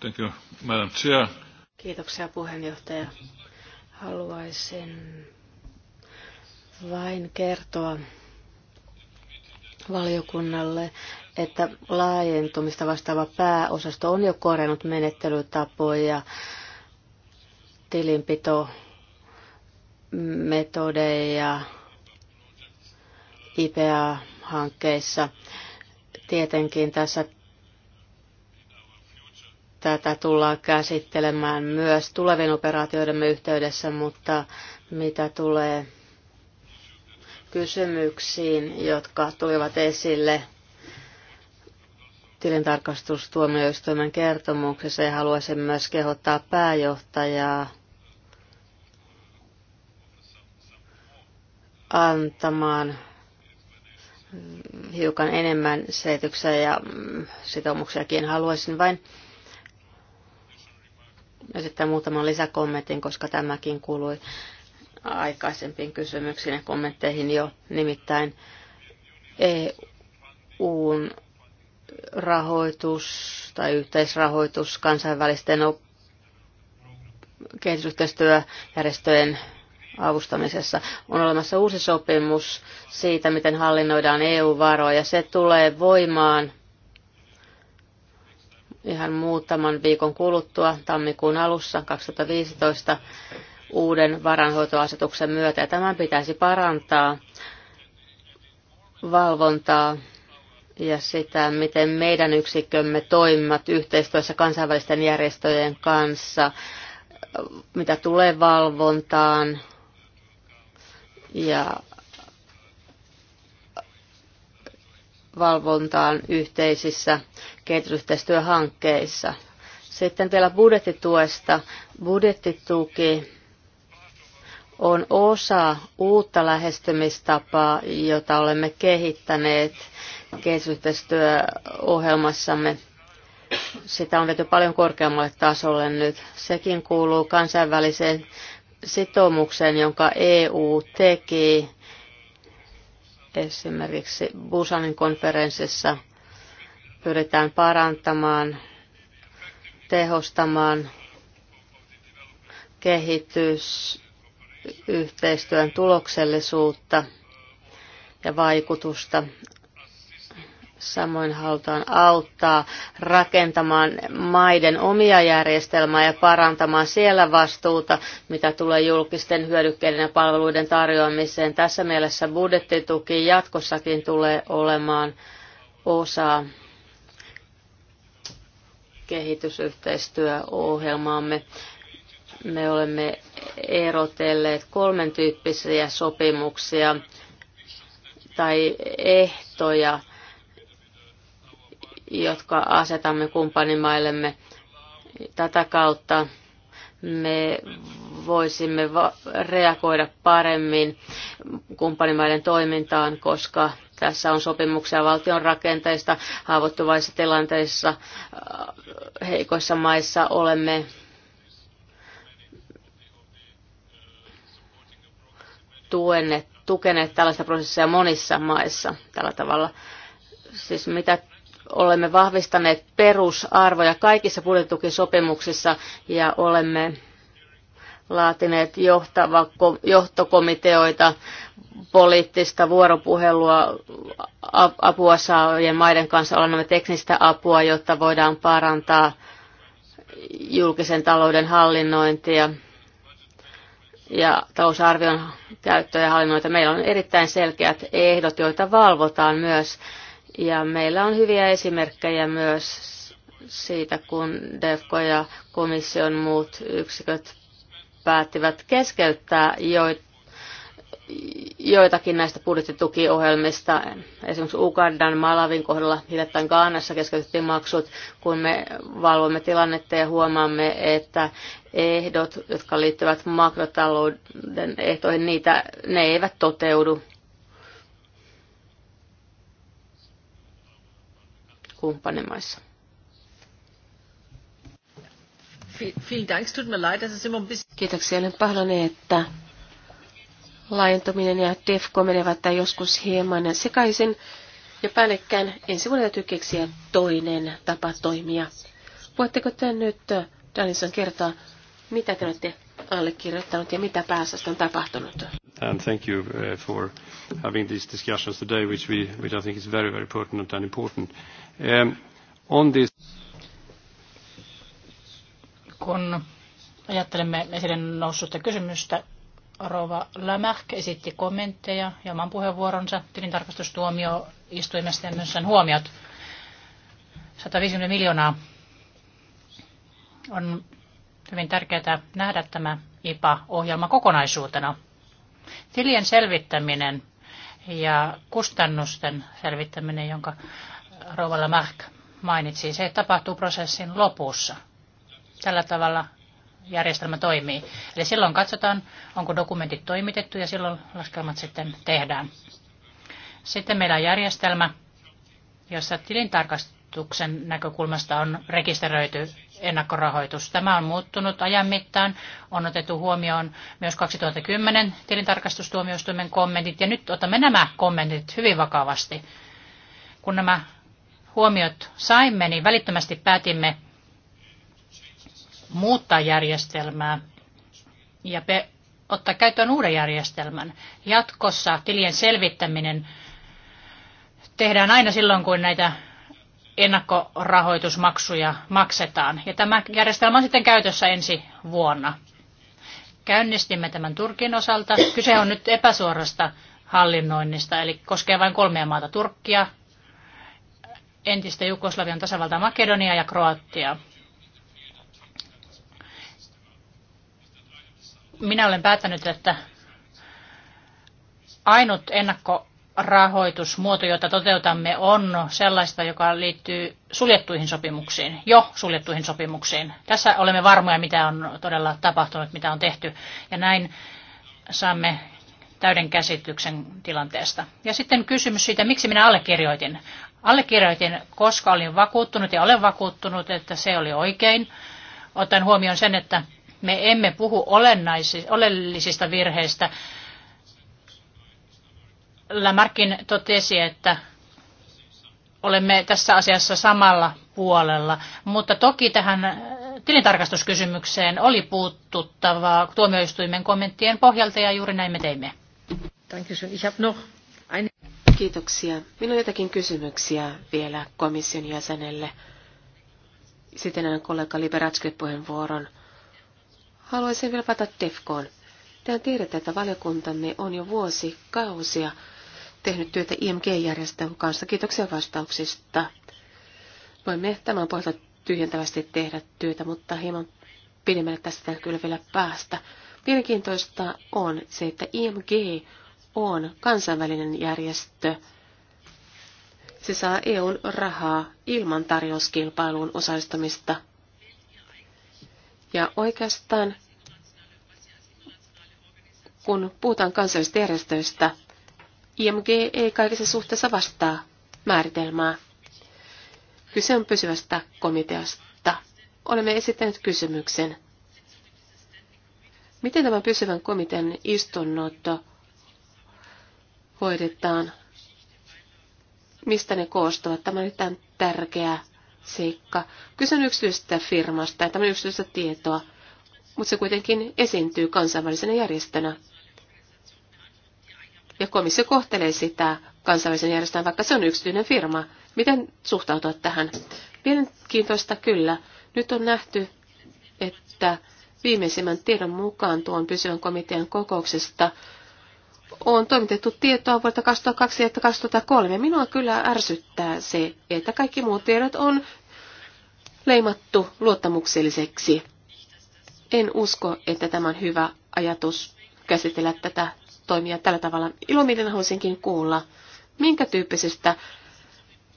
Thank you, Madam Chair. Kiitoksia puheenjohtaja. Haluaisin vain kertoa valiokunnalle, että laajentumista vastaava pääosasto on jo korjannut menettelytapoja, tilinpito, metodeja IPA-hankkeissa. Tietenkin tässä tätä tullaan käsittelemään myös tulevien operaatioidemme yhteydessä, mutta mitä tulee kysymyksiin, jotka tulivat esille tilintarkastustuomioistuimen kertomuksessa ja haluaisin myös kehottaa pääjohtajaa antamaan hiukan enemmän selityksiä ja sitoumuksiakin. Haluaisin vain esittää muutaman lisäkommentin, koska tämäkin kuului aikaisempiin kysymyksiin ja kommentteihin jo, nimittäin EUn rahoitus tai yhteisrahoitus kansainvälisten kehitysyhteistyöjärjestöjen avustamisessa. On olemassa uusi sopimus siitä, miten hallinnoidaan EU-varoja. Se tulee voimaan ihan muutaman viikon kuluttua tammikuun alussa 2015 uuden varanhoitoasetuksen myötä. Ja tämän pitäisi parantaa valvontaa ja sitä, miten meidän yksikkömme toimivat yhteistyössä kansainvälisten järjestöjen kanssa, mitä tulee valvontaan ja valvontaan yhteisissä kehitysyhteistyöhankkeissa. Sitten vielä budjettituesta. Budjettituki on osa uutta lähestymistapaa, jota olemme kehittäneet kehitysyhteistyöohjelmassamme. Sitä on viety paljon korkeammalle tasolle nyt. Sekin kuuluu kansainväliseen sitoumukseen, jonka EU teki esimerkiksi Busanin konferenssissa. Pyritään parantamaan, tehostamaan kehitys yhteistyön tuloksellisuutta ja vaikutusta. Samoin halutaan auttaa rakentamaan maiden omia järjestelmää ja parantamaan siellä vastuuta, mitä tulee julkisten hyödykkeiden ja palveluiden tarjoamiseen. Tässä mielessä budjettituki jatkossakin tulee olemaan osa kehitysyhteistyöohjelmaamme. Me olemme erotelleet kolmen tyyppisiä sopimuksia tai ehtoja, jotka asetamme kumppanimaillemme. Tätä kautta me voisimme reagoida paremmin kumppanimaiden toimintaan, koska tässä on sopimuksia valtion rakenteista, haavoittuvaisissa tilanteissa, heikoissa maissa olemme tuenneet, tukeneet tällaista prosessia monissa maissa tällä tavalla. Siis mitä olemme vahvistaneet perusarvoja kaikissa budjettitukisopimuksissa ja olemme laatineet johtava, johtokomiteoita, poliittista vuoropuhelua apua saavien maiden kanssa, olemme teknistä apua, jotta voidaan parantaa julkisen talouden hallinnointia ja talousarvion käyttöä ja hallinnoita. Meillä on erittäin selkeät ehdot, joita valvotaan myös. Ja meillä on hyviä esimerkkejä myös siitä, kun DEFCO ja komission muut yksiköt päättivät keskeyttää joit, joitakin näistä budjettitukiohjelmista. Esimerkiksi Ugandan, Malavin kohdalla hiljattain Kaanassa keskeytettiin maksut, kun me valvomme tilannetta ja huomaamme, että ehdot, jotka liittyvät makrotalouden ehtoihin, niitä, ne eivät toteudu. kumppanimaissa. Kiitoksia. Olen pahoillani, että laajentuminen ja DEFCO menevät tai joskus hieman sekaisin ja päällekkäin. Ensi vuonna täytyy keksiä toinen tapa toimia. Voitteko te nyt, Danielson, kertoa, mitä te olette allekirjoittanut ja mitä päässä on tapahtunut? And thank you uh, for having these discussions today, which, we, which I think is very, very pertinent and important. Um, on this... Kun ajattelemme esille noussutta kysymystä Rova Lämähk esitti kommentteja ja oman puheenvuoronsa tilintarkastustuomioistuimesta ja myös sen huomiot. 150 miljoonaa on hyvin tärkeää nähdä tämä IPA-ohjelma kokonaisuutena. Tilien selvittäminen ja kustannusten selvittäminen, jonka Rovalla Mähk mainitsi, se tapahtuu prosessin lopussa. Tällä tavalla järjestelmä toimii. Eli silloin katsotaan, onko dokumentit toimitettu ja silloin laskelmat sitten tehdään. Sitten meillä on järjestelmä, jossa tilintarkastuksen näkökulmasta on rekisteröity ennakkorahoitus. Tämä on muuttunut ajan mittaan. On otettu huomioon myös 2010 tilintarkastustuomioistuimen kommentit ja nyt otamme nämä kommentit hyvin vakavasti. Kun nämä huomiot saimme, niin välittömästi päätimme muuttaa järjestelmää ja ottaa käyttöön uuden järjestelmän. Jatkossa tilien selvittäminen tehdään aina silloin, kun näitä ennakkorahoitusmaksuja maksetaan. Ja tämä järjestelmä on sitten käytössä ensi vuonna. Käynnistimme tämän Turkin osalta. Kyse on nyt epäsuorasta hallinnoinnista, eli koskee vain kolmea maata Turkkia, entistä Jugoslavian tasavaltaa Makedonia ja Kroatia. minä olen päättänyt, että ainut ennakkorahoitusmuoto, jota toteutamme, on sellaista, joka liittyy suljettuihin sopimuksiin, jo suljettuihin sopimuksiin. Tässä olemme varmoja, mitä on todella tapahtunut, mitä on tehty, ja näin saamme täyden käsityksen tilanteesta. Ja sitten kysymys siitä, miksi minä allekirjoitin. Allekirjoitin, koska olin vakuuttunut ja olen vakuuttunut, että se oli oikein, ottaen huomioon sen, että me emme puhu oleellisista virheistä. Lamarkin totesi, että olemme tässä asiassa samalla puolella, mutta toki tähän tilintarkastuskysymykseen oli puuttuttavaa tuomioistuimen kommenttien pohjalta ja juuri näin me teimme. Kiitoksia. Minulla on jotakin kysymyksiä vielä komission jäsenelle. Sitten kollega Liberatskin puheenvuoron. Haluaisin vielä palata DEFCOon. Tehän tiedätte, että valiokuntamme on jo vuosikausia tehnyt työtä IMG-järjestön kanssa. Kiitoksia vastauksista. Voimme tämän pohjalta tyhjentävästi tehdä työtä, mutta hieman pidemmälle tästä kyllä vielä päästä. Mielenkiintoista on se, että IMG on kansainvälinen järjestö. Se saa EUn rahaa ilman tarjouskilpailuun osallistumista ja oikeastaan, kun puhutaan kansallisista järjestöistä, IMG ei kaikessa suhteessa vastaa määritelmää. Kyse on pysyvästä komiteasta. Olemme esittäneet kysymyksen. Miten tämän pysyvän komitean istunnot hoidetaan? Mistä ne koostuvat? Tämä on erittäin tärkeä seikka. Kyse on yksityisestä firmasta ja tämmöinen yksityistä tietoa, mutta se kuitenkin esiintyy kansainvälisenä järjestönä. Ja komissio kohtelee sitä kansainvälisen järjestön, vaikka se on yksityinen firma. Miten suhtautua tähän? Mielenkiintoista kyllä. Nyt on nähty, että viimeisimmän tiedon mukaan tuon pysyvän komitean kokouksesta on toimitettu tietoa vuodelta 2002 ja 2003. Minua kyllä ärsyttää se, että kaikki muut tiedot on leimattu luottamukselliseksi. En usko, että tämä on hyvä ajatus käsitellä tätä toimia tällä tavalla. Ilomielinen haluaisinkin kuulla, minkä tyyppisestä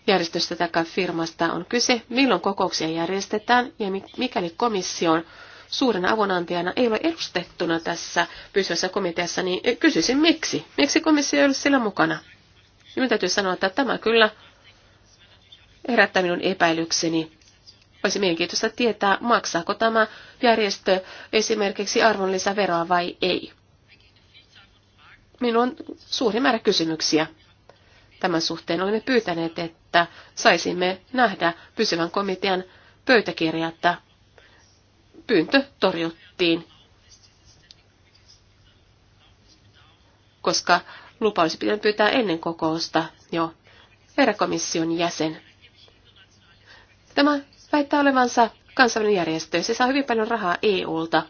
järjestöstä tai firmasta on kyse, milloin kokouksia järjestetään ja mikäli komission suurena avunantajana ei ole edustettuna tässä pysyvässä komiteassa, niin kysyisin miksi? Miksi komissio ei ole sillä mukana? Minun täytyy sanoa, että tämä kyllä herättää minun epäilykseni. Olisi mielenkiintoista tietää, maksaako tämä järjestö esimerkiksi arvonlisäveroa vai ei. Minulla on suuri määrä kysymyksiä. Tämän suhteen olemme pyytäneet, että saisimme nähdä pysyvän komitean pöytäkirjat pyyntö torjuttiin, koska lupa olisi pitänyt pyytää ennen kokousta jo verkomission jäsen. Tämä väittää olevansa kansainvälinen järjestö se saa hyvin paljon rahaa EUlta.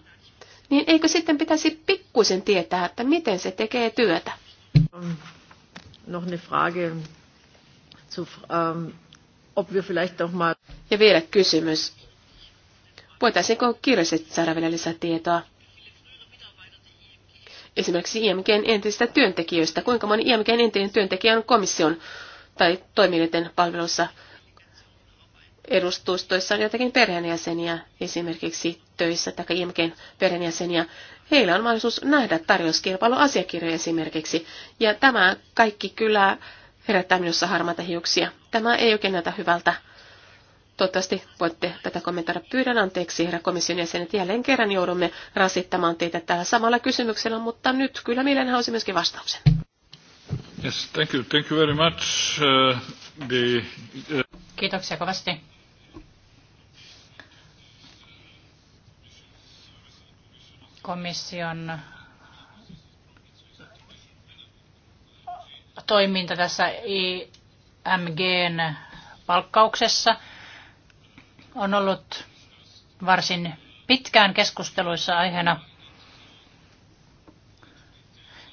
Niin eikö sitten pitäisi pikkuisen tietää, että miten se tekee työtä? Noch ne Frage zu, ähm, ob wir vielleicht doch mal... Ja vielä kysymys Voitaisiinko kirjallisesti saada vielä tietoa, Esimerkiksi IMGn entisistä työntekijöistä. Kuinka moni IMGn entinen työntekijä on komission tai toimijoiden palvelussa edustustoissa on jotakin perheenjäseniä esimerkiksi töissä tai IMGn perheenjäseniä. Heillä on mahdollisuus nähdä tarjouskilpailuasiakirjoja esimerkiksi. Ja tämä kaikki kyllä herättää minussa harmaita hiuksia. Tämä ei oikein näytä hyvältä. Toivottavasti voitte tätä kommentoida. Pyydän anteeksi, herra komission jäsenet. Jälleen kerran joudumme rasittamaan teitä tällä samalla kysymyksellä, mutta nyt kyllä mielen hausi myöskin vastauksen. Yes, thank you. Thank you very much. Uh, the, uh... Kiitoksia kovasti. Komission toiminta tässä IMGn palkkauksessa – on ollut varsin pitkään keskusteluissa aiheena.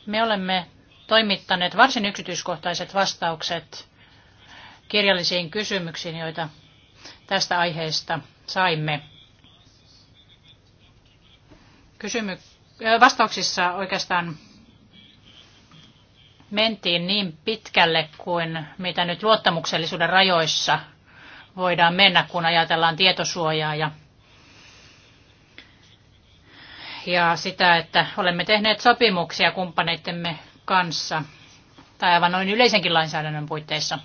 Me olemme toimittaneet varsin yksityiskohtaiset vastaukset kirjallisiin kysymyksiin, joita tästä aiheesta saimme. Kysymy- vastauksissa oikeastaan mentiin niin pitkälle kuin mitä nyt luottamuksellisuuden rajoissa voidaan mennä, kun ajatellaan tietosuojaa ja, ja sitä, että olemme tehneet sopimuksia kumppaneittemme kanssa tai aivan noin yleisenkin lainsäädännön puitteissa.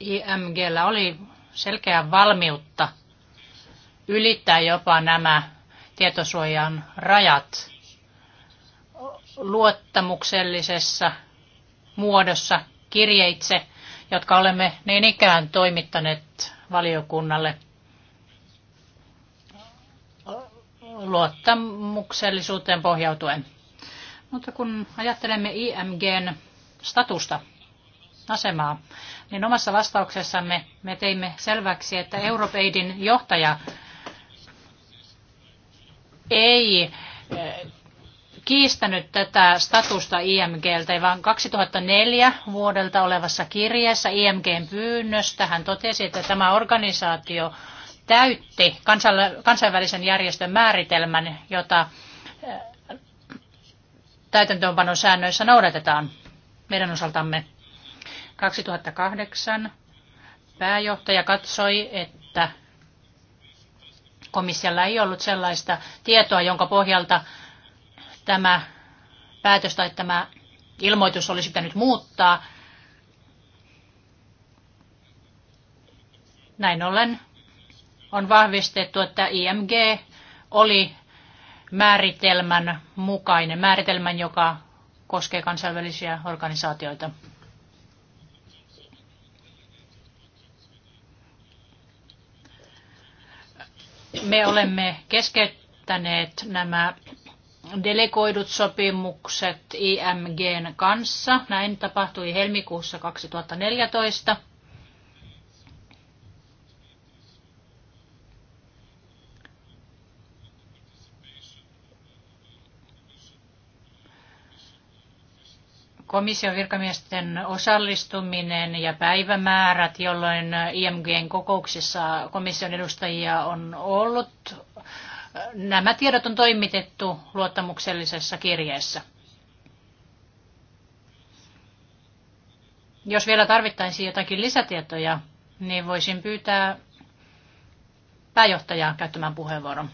IMGllä oli selkeää valmiutta ylittää jopa nämä tietosuojan rajat luottamuksellisessa muodossa kirjeitse, jotka olemme niin ikään toimittaneet valiokunnalle. luottamuksellisuuteen pohjautuen. Mutta kun ajattelemme IMGn statusta, asemaa, niin omassa vastauksessamme me teimme selväksi, että Europeidin johtaja ei eh, kiistänyt tätä statusta IMGltä, vaan 2004 vuodelta olevassa kirjeessä IMGn pyynnöstä hän totesi, että tämä organisaatio täytti kansainvälisen järjestön määritelmän, jota eh, täytäntöönpanon säännöissä noudatetaan meidän osaltamme. 2008 pääjohtaja katsoi, että komissiolla ei ollut sellaista tietoa, jonka pohjalta tämä päätös tai tämä ilmoitus olisi pitänyt muuttaa. Näin ollen on vahvistettu, että IMG oli määritelmän mukainen, määritelmän, joka koskee kansainvälisiä organisaatioita. Me olemme keskeyttäneet nämä delegoidut sopimukset IMGn kanssa. Näin tapahtui helmikuussa 2014. komission virkamiesten osallistuminen ja päivämäärät, jolloin IMGn kokouksissa komission edustajia on ollut, nämä tiedot on toimitettu luottamuksellisessa kirjeessä. Jos vielä tarvittaisiin jotakin lisätietoja, niin voisin pyytää pääjohtajaa käyttämään puheenvuoron.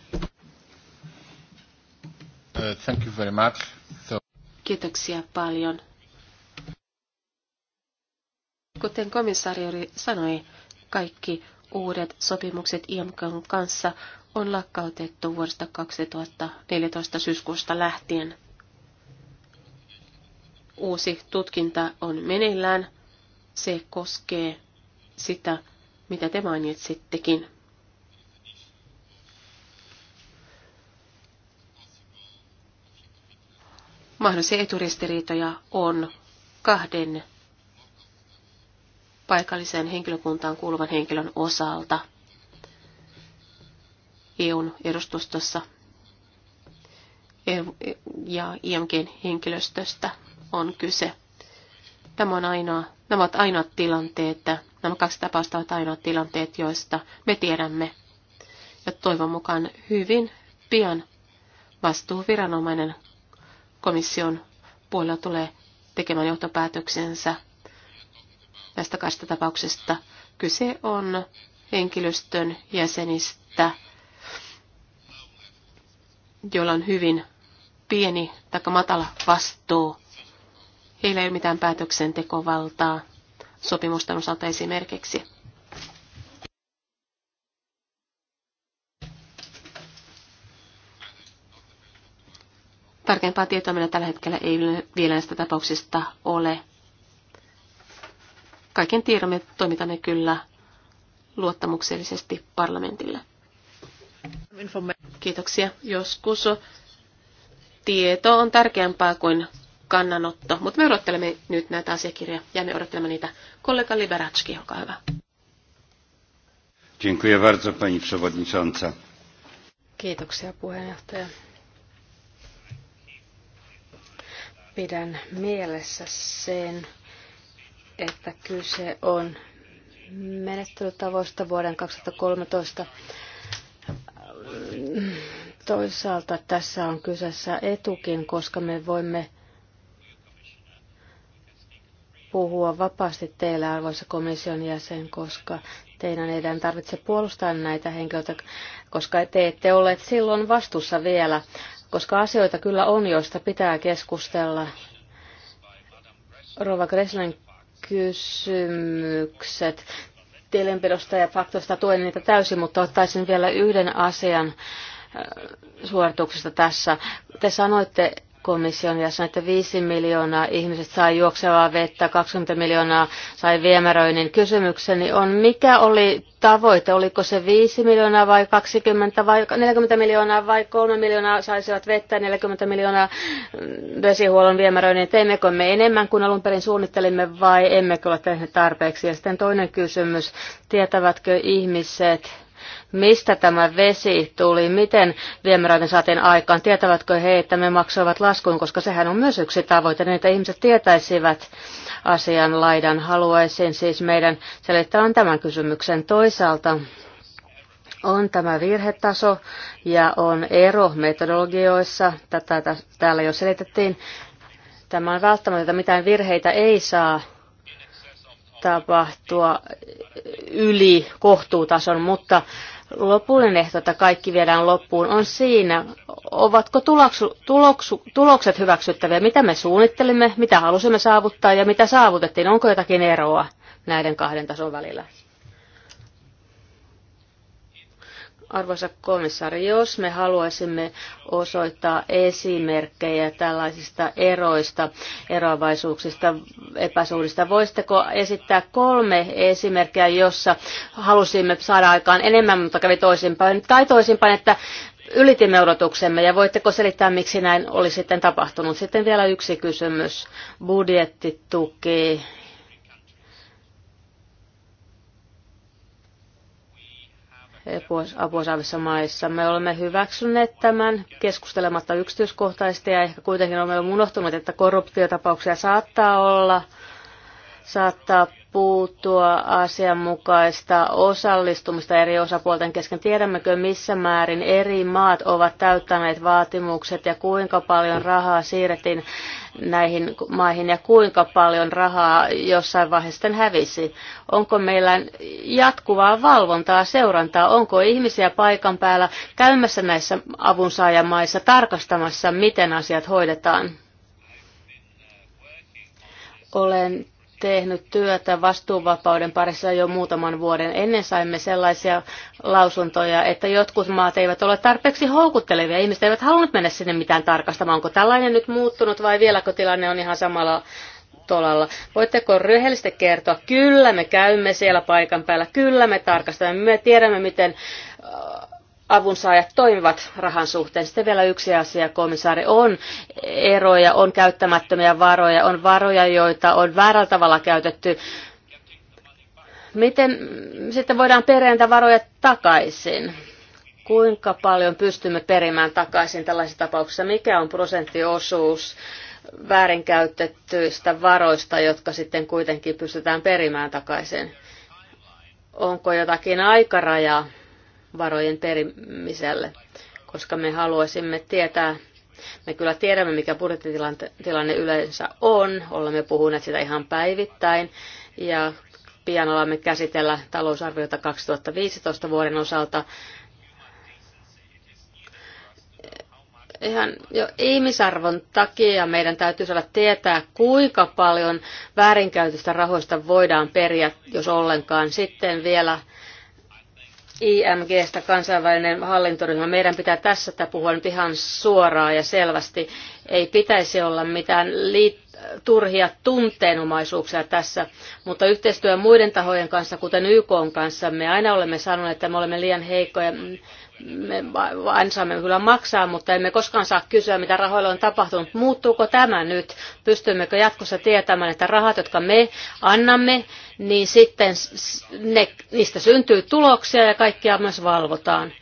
Uh, thank you very much. So... Kiitoksia paljon. Kuten komissaari sanoi, kaikki uudet sopimukset IMK kanssa on lakkautettu vuodesta 2014 syyskuusta lähtien. Uusi tutkinta on meneillään. Se koskee sitä, mitä te mainitsittekin. Mahdollisia eturistiriitoja on kahden paikalliseen henkilökuntaan kuuluvan henkilön osalta – EUn edustustossa e- ja IMGn henkilöstöstä on kyse. Tämä on ainoa, nämä ovat ainoat tilanteet, nämä kaksi tapausta ovat ainoat tilanteet, joista me tiedämme. Ja toivon mukaan hyvin pian vastuuviranomainen komission puolella tulee tekemään johtopäätöksensä tästä kahdesta tapauksesta. Kyse on henkilöstön jäsenistä, joilla on hyvin pieni tai matala vastuu. Heillä ei ole mitään päätöksentekovaltaa sopimusten osalta esimerkiksi. Tarkempaa tietoa meillä tällä hetkellä ei vielä näistä tapauksista ole. Kaiken tiedon me toimitamme kyllä luottamuksellisesti parlamentille. Kiitoksia. Joskus tieto on tärkeämpää kuin kannanotto, mutta me odottelemme nyt näitä asiakirjoja ja me odottelemme niitä. Kollega Liberatski, olkaa hyvä. Dziękuję bardzo, pani przewodnicząca. Kiitoksia puheenjohtaja. Pidän mielessä sen, että kyse on menettelytavoista vuoden 2013 toisaalta tässä on kyseessä etukin, koska me voimme puhua vapaasti teille, arvoisa komission jäsen, koska teidän ei tarvitse puolustaa näitä henkilöitä, koska te ette olleet silloin vastuussa vielä, koska asioita kyllä on, joista pitää keskustella. Rova Greslen kysymykset tilinpidosta ja faktoista tuen niitä täysin, mutta ottaisin vielä yhden asian äh, suorituksesta tässä. Te sanoitte, komission ja sanoi, että 5 miljoonaa ihmiset sai juoksevaa vettä, 20 miljoonaa sai viemäröinnin. Kysymykseni on, mikä oli tavoite? Oliko se 5 miljoonaa vai 20 vai 40 miljoonaa vai 3 miljoonaa saisivat vettä, 40 miljoonaa mm, vesihuollon viemäröinnin? Teimmekö me enemmän kuin alun perin suunnittelimme vai emmekö ole tehneet tarpeeksi? Ja sitten toinen kysymys, tietävätkö ihmiset, mistä tämä vesi tuli, miten viemäröiden saatiin aikaan, tietävätkö he, että me maksoivat laskun, koska sehän on myös yksi tavoite, niin että ihmiset tietäisivät asian laidan. Haluaisin siis meidän selittävän tämän kysymyksen toisaalta on tämä virhetaso ja on ero metodologioissa. Tätä täällä jo selitettiin. Tämä on välttämätöntä, mitään virheitä ei saa tapahtua yli kohtuutason, mutta lopullinen ehto, että kaikki viedään loppuun, on siinä, ovatko tuloksu, tuloksu, tulokset hyväksyttäviä, mitä me suunnittelimme, mitä halusimme saavuttaa ja mitä saavutettiin, onko jotakin eroa näiden kahden tason välillä. Arvoisa komissaari, jos me haluaisimme osoittaa esimerkkejä tällaisista eroista, eroavaisuuksista, epäsuhdista, voisitteko esittää kolme esimerkkiä, jossa halusimme saada aikaan enemmän, mutta kävi toisinpäin, tai toisinpäin, että ylitimme odotuksemme, ja voitteko selittää, miksi näin oli sitten tapahtunut? Sitten vielä yksi kysymys, budjettituki apua saavissa maissa. Me olemme hyväksyneet tämän keskustelematta yksityiskohtaisesti ja ehkä kuitenkin olemme unohtuneet, että korruptiotapauksia saattaa olla – saattaa puuttua asianmukaista osallistumista eri osapuolten kesken. Tiedämmekö, missä määrin eri maat ovat täyttäneet vaatimukset ja kuinka paljon rahaa siirrettiin näihin maihin ja kuinka paljon rahaa jossain vaiheessa sitten hävisi. Onko meillä jatkuvaa valvontaa, seurantaa? Onko ihmisiä paikan päällä käymässä näissä avunsaajamaissa tarkastamassa, miten asiat hoidetaan? Olen tehnyt työtä vastuuvapauden parissa jo muutaman vuoden. Ennen saimme sellaisia lausuntoja, että jotkut maat eivät ole tarpeeksi houkuttelevia. Ihmiset eivät halunnut mennä sinne mitään tarkastamaan. Onko tällainen nyt muuttunut vai vieläkö tilanne on ihan samalla tolalla. Voitteko rehellisesti kertoa, kyllä me käymme siellä paikan päällä, kyllä me tarkastamme, me tiedämme miten avunsaajat toimivat rahan suhteen. Sitten vielä yksi asia, komissaari, on eroja, on käyttämättömiä varoja, on varoja, joita on väärällä tavalla käytetty. Miten sitten voidaan periä varoja takaisin? Kuinka paljon pystymme perimään takaisin tällaisissa tapauksissa? Mikä on prosenttiosuus väärinkäytettyistä varoista, jotka sitten kuitenkin pystytään perimään takaisin? Onko jotakin aikarajaa? varojen perimiselle, koska me haluaisimme tietää, me kyllä tiedämme, mikä budjettitilanne yleensä on, olemme puhuneet sitä ihan päivittäin, ja pian alamme käsitellä talousarviota 2015 vuoden osalta. Ihan jo ihmisarvon takia meidän täytyy saada tietää, kuinka paljon väärinkäytöstä rahoista voidaan periä, jos ollenkaan. Sitten vielä IMGstä kansainvälinen hallintoryhmä. Meidän pitää tässä puhua nyt ihan suoraan ja selvästi. Ei pitäisi olla mitään liit- turhia tunteenomaisuuksia tässä, mutta yhteistyö muiden tahojen kanssa, kuten YK kanssa, me aina olemme sanoneet, että me olemme liian heikkoja me vain saamme kyllä maksaa, mutta emme koskaan saa kysyä, mitä rahoilla on tapahtunut. Muuttuuko tämä nyt? Pystymmekö jatkossa tietämään, että rahat, jotka me annamme, niin sitten ne, niistä syntyy tuloksia ja kaikkia myös valvotaan?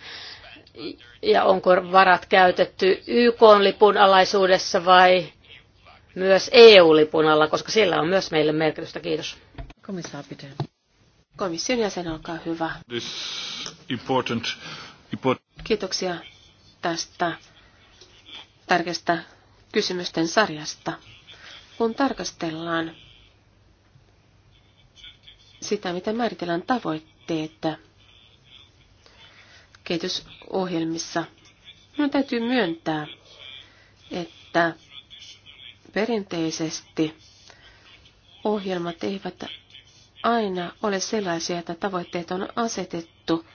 Ja onko varat käytetty YK-lipun alaisuudessa vai myös EU-lipun alla, koska sillä on myös meille merkitystä. Kiitos. Komission jäsen, olkaa hyvä. This important Kiitoksia tästä tärkeästä kysymysten sarjasta. Kun tarkastellaan sitä, miten määritellään tavoitteet kehitysohjelmissa, minun täytyy myöntää, että perinteisesti ohjelmat eivät aina ole sellaisia, että tavoitteet on asetettu –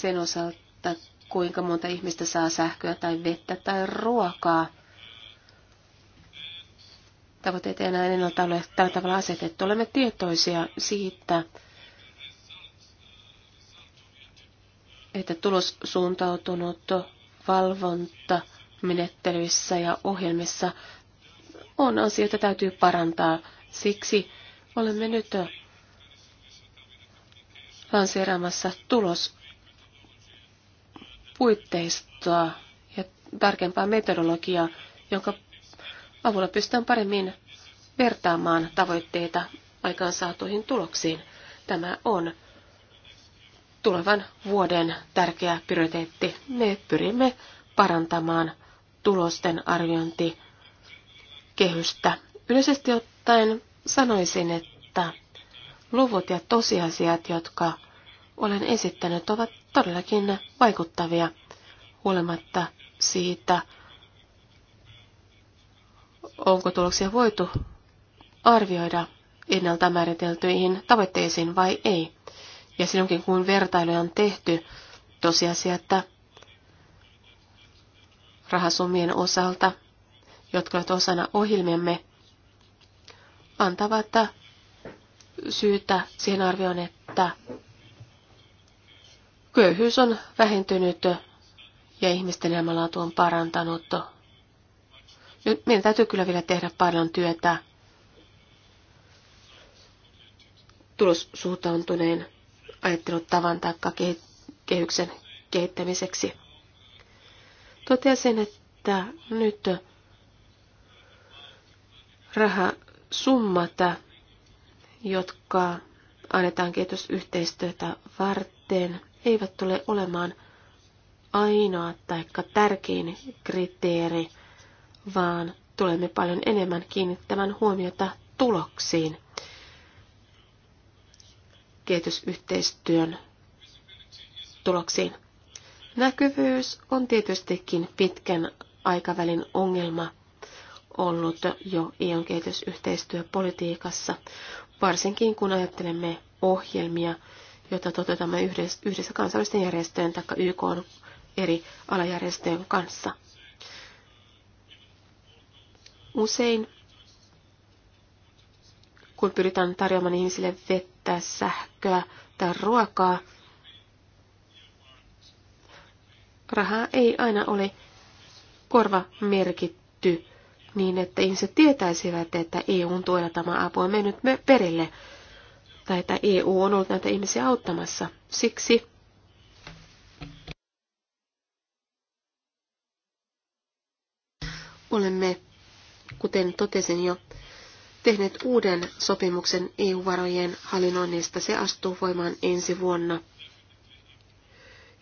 sen osalta, kuinka monta ihmistä saa sähköä tai vettä tai ruokaa. Tavoitteet enää ennalta ole tällä tavalla asetettu. Olemme tietoisia siitä, että tulossuuntautunut valvonta menettelyissä ja ohjelmissa on asioita täytyy parantaa. Siksi olemme nyt lanseeraamassa tulos puitteistoa ja tarkempaa metodologiaa, jonka avulla pystytään paremmin vertaamaan tavoitteita aikaansaatuihin tuloksiin. Tämä on tulevan vuoden tärkeä prioriteetti. Me pyrimme parantamaan tulosten arviointikehystä. Yleisesti ottaen sanoisin, että luvut ja tosiasiat, jotka olen esittänyt, ovat todellakin vaikuttavia huolimatta siitä, onko tuloksia voitu arvioida ennalta määriteltyihin tavoitteisiin vai ei. Ja silloinkin kun vertailuja on tehty, tosiasia, että rahasummien osalta, jotka ovat osana ohjelmiamme, antavat syytä siihen arvioon, että Köyhyys on vähentynyt ja ihmisten elämänlaatu on parantanut. meidän täytyy kyllä vielä tehdä paljon työtä tulossuuntautuneen ajattelutavan tai kehyksen kehittämiseksi. Totesin, että nyt rahasummat, jotka annetaan kehitysyhteistyötä varten, eivät tule olemaan ainoa tai tärkein kriteeri, vaan tulemme paljon enemmän kiinnittämään huomiota tuloksiin kehitysyhteistyön tuloksiin. Näkyvyys on tietystikin pitkän aikavälin ongelma ollut jo ion e kehitysyhteistyöpolitiikassa, varsinkin kun ajattelemme ohjelmia, jota toteutamme yhdessä kansallisten järjestöjen tai YK eri alajärjestöjen kanssa. Usein, kun pyritään tarjoamaan ihmisille vettä, sähköä tai ruokaa, rahaa ei aina ole korva merkitty niin, että ihmiset tietäisivät, että EUn tuella tämä apu on mennyt perille tai että EU e on ollut näitä ihmisiä auttamassa. Siksi olemme, kuten totesin jo, tehneet uuden sopimuksen EU-varojen hallinnoinnista. Se astuu voimaan ensi vuonna.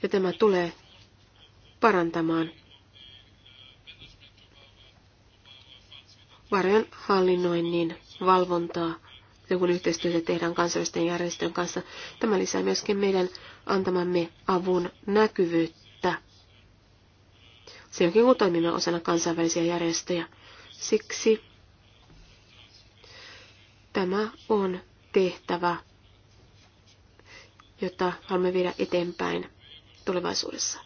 Ja tämä tulee parantamaan varojen hallinnoinnin valvontaa kun yhteistyötä tehdään kansallisten järjestöjen kanssa. Tämä lisää myöskin meidän antamamme avun näkyvyyttä. onkin kun toimimme osana kansainvälisiä järjestöjä. Siksi tämä on tehtävä, jota haluamme viedä eteenpäin tulevaisuudessa.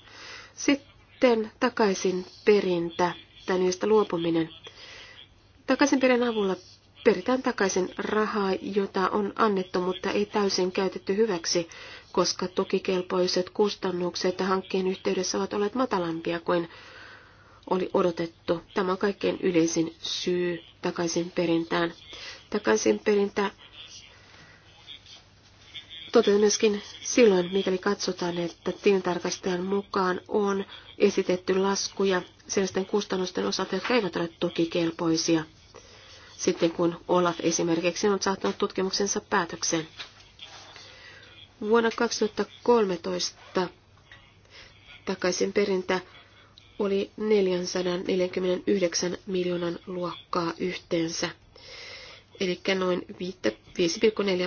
Sitten takaisin perintä tai niistä luopuminen. Takaisin perin avulla peritään takaisin rahaa, jota on annettu, mutta ei täysin käytetty hyväksi, koska tukikelpoiset kustannukset hankkeen yhteydessä ovat olleet matalampia kuin oli odotettu. Tämä on kaikkein yleisin syy takaisin perintään. Takaisin perintä toteutuu myöskin silloin, mikäli katsotaan, että tilintarkastajan mukaan on esitetty laskuja sellaisten kustannusten osalta, jotka eivät ole tukikelpoisia – sitten kun Olaf esimerkiksi on saattanut tutkimuksensa päätökseen. Vuonna 2013 takaisin perintä oli 449 miljoonan luokkaa yhteensä, eli noin 5,4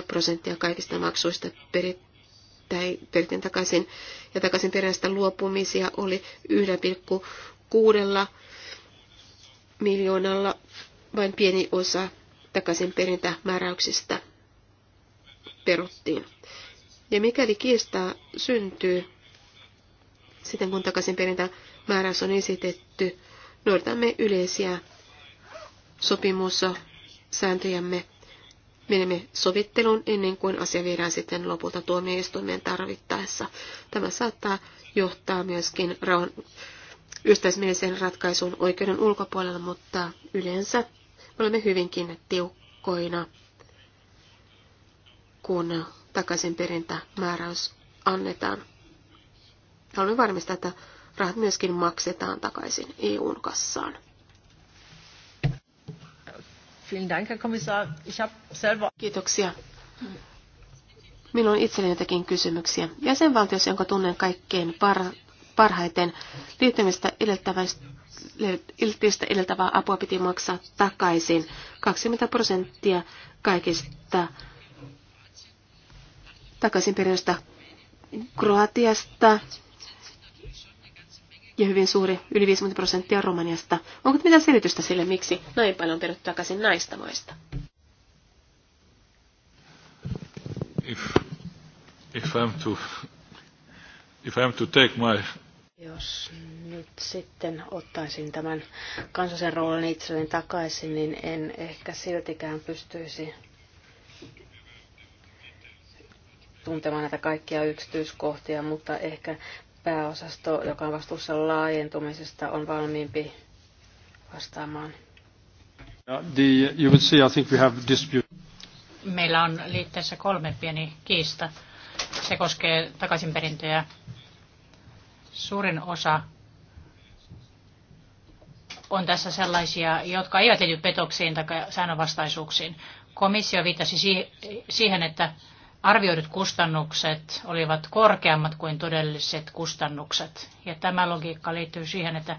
prosenttia kaikista maksuista perintä tai perintä takaisin, ja takaisin perinnästä luopumisia oli 1,6 miljoonalla vain pieni osa perintämääräyksistä peruttiin. Ja mikäli kiistaa syntyy, sitten kun perintämääräys on esitetty, noudatamme yleisiä sopimussääntöjämme. Menemme sovitteluun ennen kuin asia viedään sitten lopulta tuomioistuimeen tarvittaessa. Tämä saattaa johtaa myöskin rauhan ystäismieliseen ratkaisuun oikeuden ulkopuolella, mutta yleensä me olemme hyvinkin tiukkoina, kun takaisinperintämääräys annetaan. Haluamme varmistaa, että rahat myöskin maksetaan takaisin EUn kassaan. Kiitoksia. Minulla on itselleni jotakin kysymyksiä. Jäsenvaltiossa, jonka tunnen kaikkein par, parhaiten liittymistä edeltävästä iltistä edeltävää apua piti maksaa takaisin. 20 prosenttia kaikista takaisinperinnöstä Kroatiasta ja hyvin suuri, yli 50 prosenttia Romaniasta. Onko mitään selitystä sille, miksi näin paljon on peritty takaisin näistä maista? If, if I'm to, if I'm to take my jos nyt sitten ottaisin tämän kansallisen roolin itselleni takaisin, niin en ehkä siltikään pystyisi tuntemaan näitä kaikkia yksityiskohtia, mutta ehkä pääosasto, joka on vastuussa laajentumisesta, on valmiimpi vastaamaan. Uh, Meillä on liitteessä kolme pieni kiista. Se koskee takaisinperintöjä Suurin osa on tässä sellaisia, jotka eivät liity petoksiin tai säännönvastaisuuksiin. Komissio viittasi siihen, että arvioidut kustannukset olivat korkeammat kuin todelliset kustannukset. Ja tämä logiikka liittyy siihen, että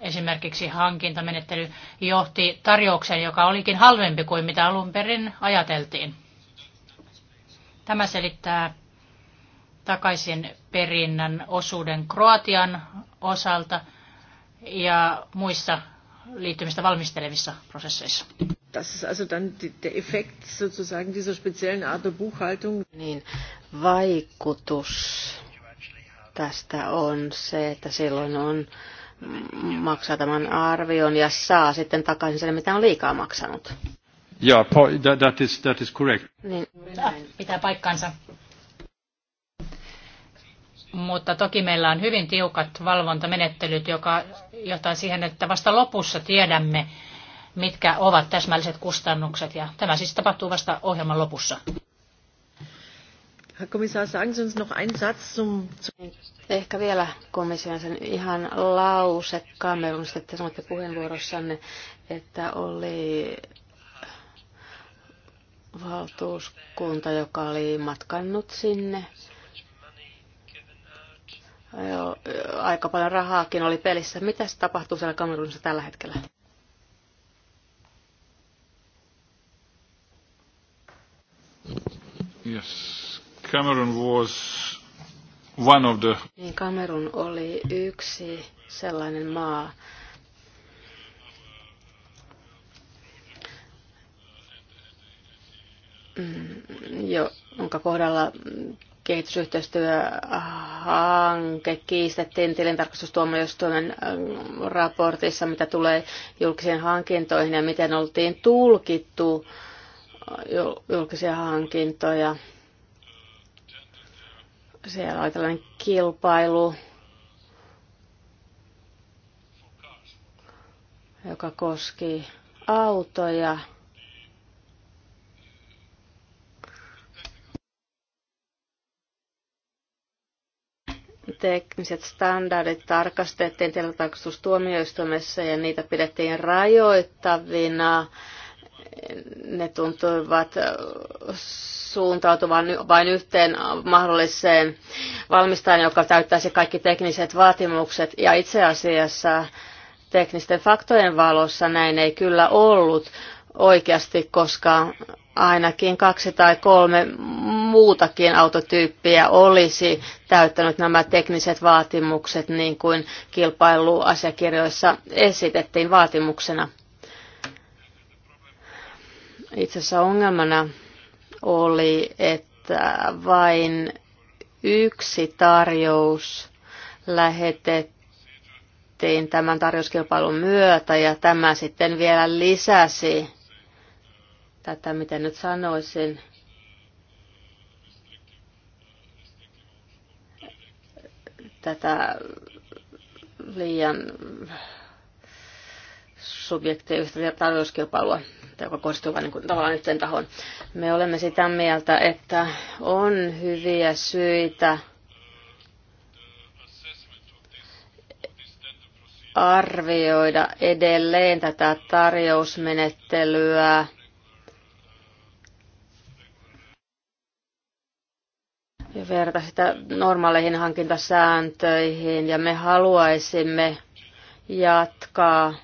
esimerkiksi hankintamenettely johti tarjoukseen, joka olikin halvempi kuin mitä alun perin ajateltiin. Tämä selittää takaisin perinnän osuuden Kroatian osalta ja muissa liittymistä valmistelevissa prosesseissa. Das ist also dann der Effekt sozusagen dieser speziellen Art der Buchhaltung. Niin, vaikutus tästä on se, että silloin on mm, maksaa tämän arvion ja saa sitten takaisin sen, mitä on liikaa maksanut. Yeah, that is, that is correct. Niin, ah, pitää paikkansa mutta toki meillä on hyvin tiukat valvontamenettelyt, joka johtaa siihen, että vasta lopussa tiedämme, mitkä ovat täsmälliset kustannukset. Ja tämä siis tapahtuu vasta ohjelman lopussa. Herr Kommissar, sagen Sie uns noch einen Satz zum... Ehkä vielä komission sen ihan lause Kamerunista, että sanoitte puheenvuorossanne, että oli valtuuskunta, joka oli matkannut sinne Joo, aika paljon rahaakin oli pelissä. Mitä tapahtuu siellä Kamerunissa tällä hetkellä? Yes. Cameron was one of the... Niin Kamerun oli yksi sellainen maa, mm, jo, jonka kohdalla kehitysyhteistyö ah, hanke kiistettiin tilintarkastustuomioistuimen raportissa, mitä tulee julkisiin hankintoihin ja miten oltiin tulkittu julkisia hankintoja. Siellä oli tällainen kilpailu, joka koski autoja. tekniset standardit tarkastettiin tilintarkastustuomioistuimessa ja niitä pidettiin rajoittavina. Ne tuntuivat suuntautuvan vain yhteen mahdolliseen valmistajan, joka täyttäisi kaikki tekniset vaatimukset. Ja itse asiassa teknisten faktojen valossa näin ei kyllä ollut oikeasti, koska ainakin kaksi tai kolme muutakin autotyyppiä olisi täyttänyt nämä tekniset vaatimukset, niin kuin kilpailuasiakirjoissa esitettiin vaatimuksena. Itse asiassa ongelmana oli, että vain yksi tarjous lähetettiin tämän tarjouskilpailun myötä ja tämä sitten vielä lisäsi tätä, mitä nyt sanoisin, tätä liian subjektiivista tarjouskilpailua, joka kohdistuu vain niin tavallaan yhteen tahoon. Me olemme sitä mieltä, että on hyviä syitä arvioida edelleen tätä tarjousmenettelyä verrata sitä normaaleihin hankintasääntöihin ja me haluaisimme jatkaa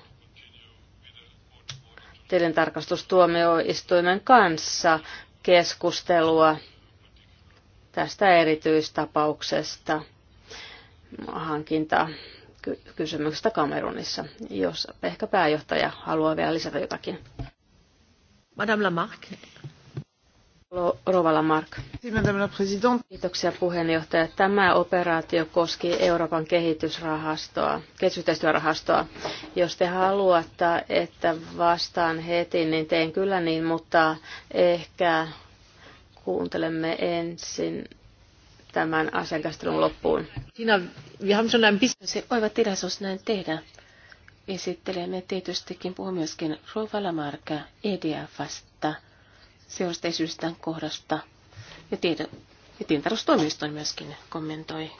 tilintarkastustuomioistuimen kanssa keskustelua tästä erityistapauksesta hankinta Kamerunissa, jos ehkä pääjohtaja haluaa vielä lisätä jotakin. Madame Lamarck. Rovala Mark. Kiitoksia puheenjohtaja. Tämä operaatio koski Euroopan kehitysrahastoa, kehitysyhteistyörahastoa. Jos te haluatte, että vastaan heti, niin teen kyllä niin, mutta ehkä kuuntelemme ensin tämän asiakastelun loppuun. Siinä oiva tilaisuus näin tehdä. Esittelemme tietystikin puhu myöskin Rovalamarka EDFstä seurasta esitystään kohdasta. Ja, tieto, ja tilintarkastustoimisto myöskin kommentoi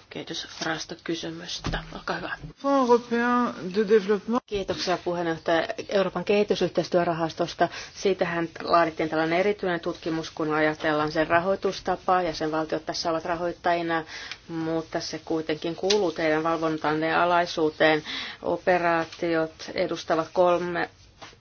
kysymystä. Olkaa hyvä. Kiitoksia puheenjohtaja Euroopan kehitysyhteistyörahastosta. Siitähän laadittiin tällainen erityinen tutkimus, kun ajatellaan sen rahoitustapaa ja sen valtiot tässä ovat rahoittajina, mutta se kuitenkin kuuluu teidän valvontanne alaisuuteen. Operaatiot edustavat kolme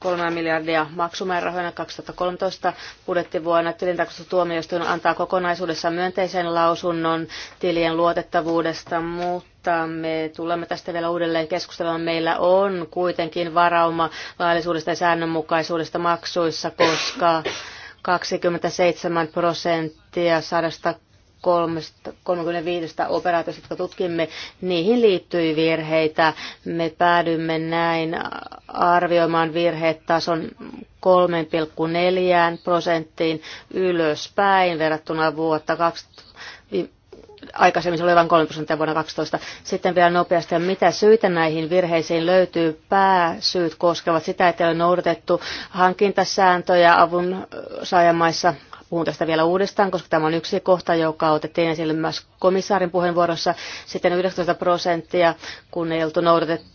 3 miljardia maksumäärärahoina 2013 budjettivuonna. Tilintarkastustuomioistuin antaa kokonaisuudessaan myönteisen lausunnon tilien luotettavuudesta, mutta me tulemme tästä vielä uudelleen keskustelemaan. Meillä on kuitenkin varauma laillisuudesta ja säännönmukaisuudesta maksuissa, koska 27 prosenttia 100 35 operaatiosta, jotka tutkimme, niihin liittyi virheitä. Me päädymme näin arvioimaan virhetason 3,4 prosenttiin ylöspäin verrattuna vuotta 2020 aikaisemmin se oli vain 3 prosenttia vuonna 12. Sitten vielä nopeasti, mitä syitä näihin virheisiin löytyy? Pääsyyt koskevat sitä, että ei ole noudatettu hankintasääntöjä avun saajamaissa Puhun tästä vielä uudestaan, koska tämä on yksi kohta, joka otettiin esille myös komissaarin puheenvuorossa. Sitten 19 prosenttia, kun ei oltu noudatettu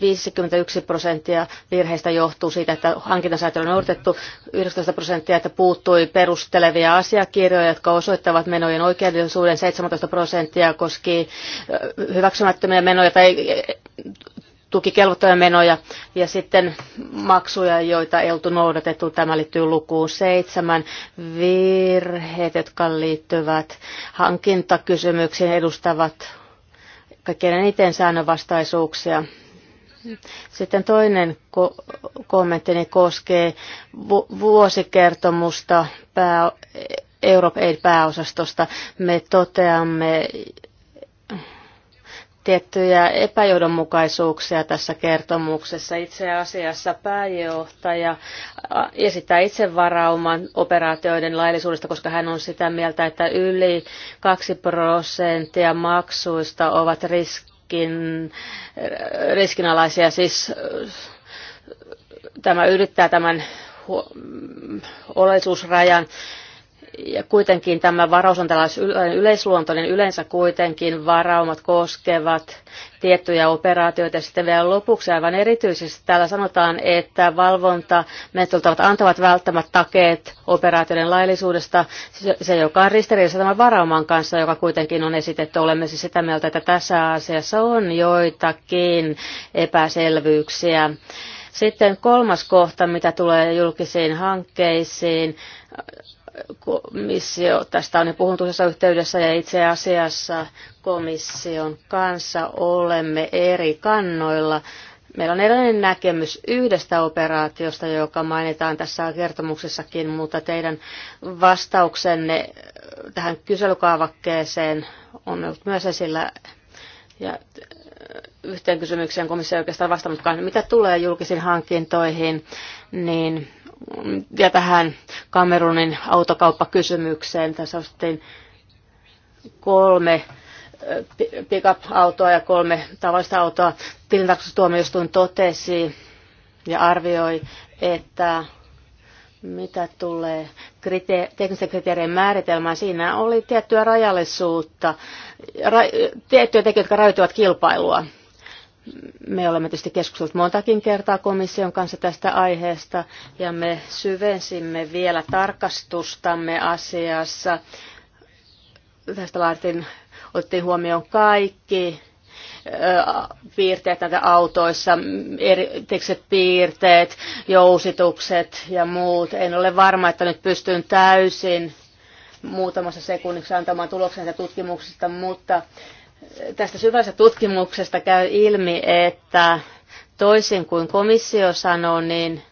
51 prosenttia virheistä johtuu siitä, että hankintasäätely on noudatettu, 19 prosenttia, että puuttui perustelevia asiakirjoja, jotka osoittavat menojen oikeudellisuuden, 17 prosenttia koski hyväksymättömiä menoja tai tukikelvottomia menoja ja sitten maksuja, joita ei oltu noudatettu. Tämä liittyy lukuun seitsemän. Virheet, jotka liittyvät hankintakysymyksiin, edustavat kaikkein eniten säännönvastaisuuksia. Sitten toinen ko- kommenttini koskee vu- vuosikertomusta pää- Europe Aid pääosastosta. Me toteamme tiettyjä epäjohdonmukaisuuksia tässä kertomuksessa. Itse asiassa pääjohtaja esittää itse varauman operaatioiden laillisuudesta, koska hän on sitä mieltä, että yli 2 prosenttia maksuista ovat riskin, riskinalaisia. Siis tämä ylittää tämän mm, oleellisuusrajan ja kuitenkin tämä varaus on tällainen yleisluontoinen, yleensä kuitenkin varaumat koskevat tiettyjä operaatioita. Ja sitten vielä lopuksi aivan erityisesti täällä sanotaan, että valvonta valvontamenettelytavat antavat välttämättä takeet operaatioiden laillisuudesta, se joka on ristiriidassa tämän varauman kanssa, joka kuitenkin on esitetty. Olemme siis sitä mieltä, että tässä asiassa on joitakin epäselvyyksiä. Sitten kolmas kohta, mitä tulee julkisiin hankkeisiin, komissio, tästä on jo puhunut tuossa yhteydessä ja itse asiassa komission kanssa olemme eri kannoilla. Meillä on erilainen näkemys yhdestä operaatiosta, joka mainitaan tässä kertomuksessakin, mutta teidän vastauksenne tähän kyselykaavakkeeseen on ollut myös esillä. Ja yhteen kysymykseen komissio ei oikeastaan vastannutkaan. Mitä tulee julkisiin hankintoihin, niin ja tähän Kamerunin autokauppakysymykseen. Tässä on kolme pickup-autoa ja kolme tavallista autoa. Tilintarkastustuomioistuin totesi ja arvioi, että mitä tulee krite- teknisten kriteerien määritelmään, siinä oli tiettyä rajallisuutta, ra- tiettyjä tekijöitä, jotka rajoittivat kilpailua. Me olemme tietysti keskustelleet montakin kertaa komission kanssa tästä aiheesta ja me syvensimme vielä tarkastustamme asiassa. Tästä varten otettiin huomioon kaikki piirteet näitä autoissa, erityiset piirteet, jousitukset ja muut. En ole varma, että nyt pystyn täysin muutamassa sekunnissa antamaan tuloksen tutkimuksista, mutta Tästä syvästä tutkimuksesta käy ilmi, että toisin kuin komissio sanoo, niin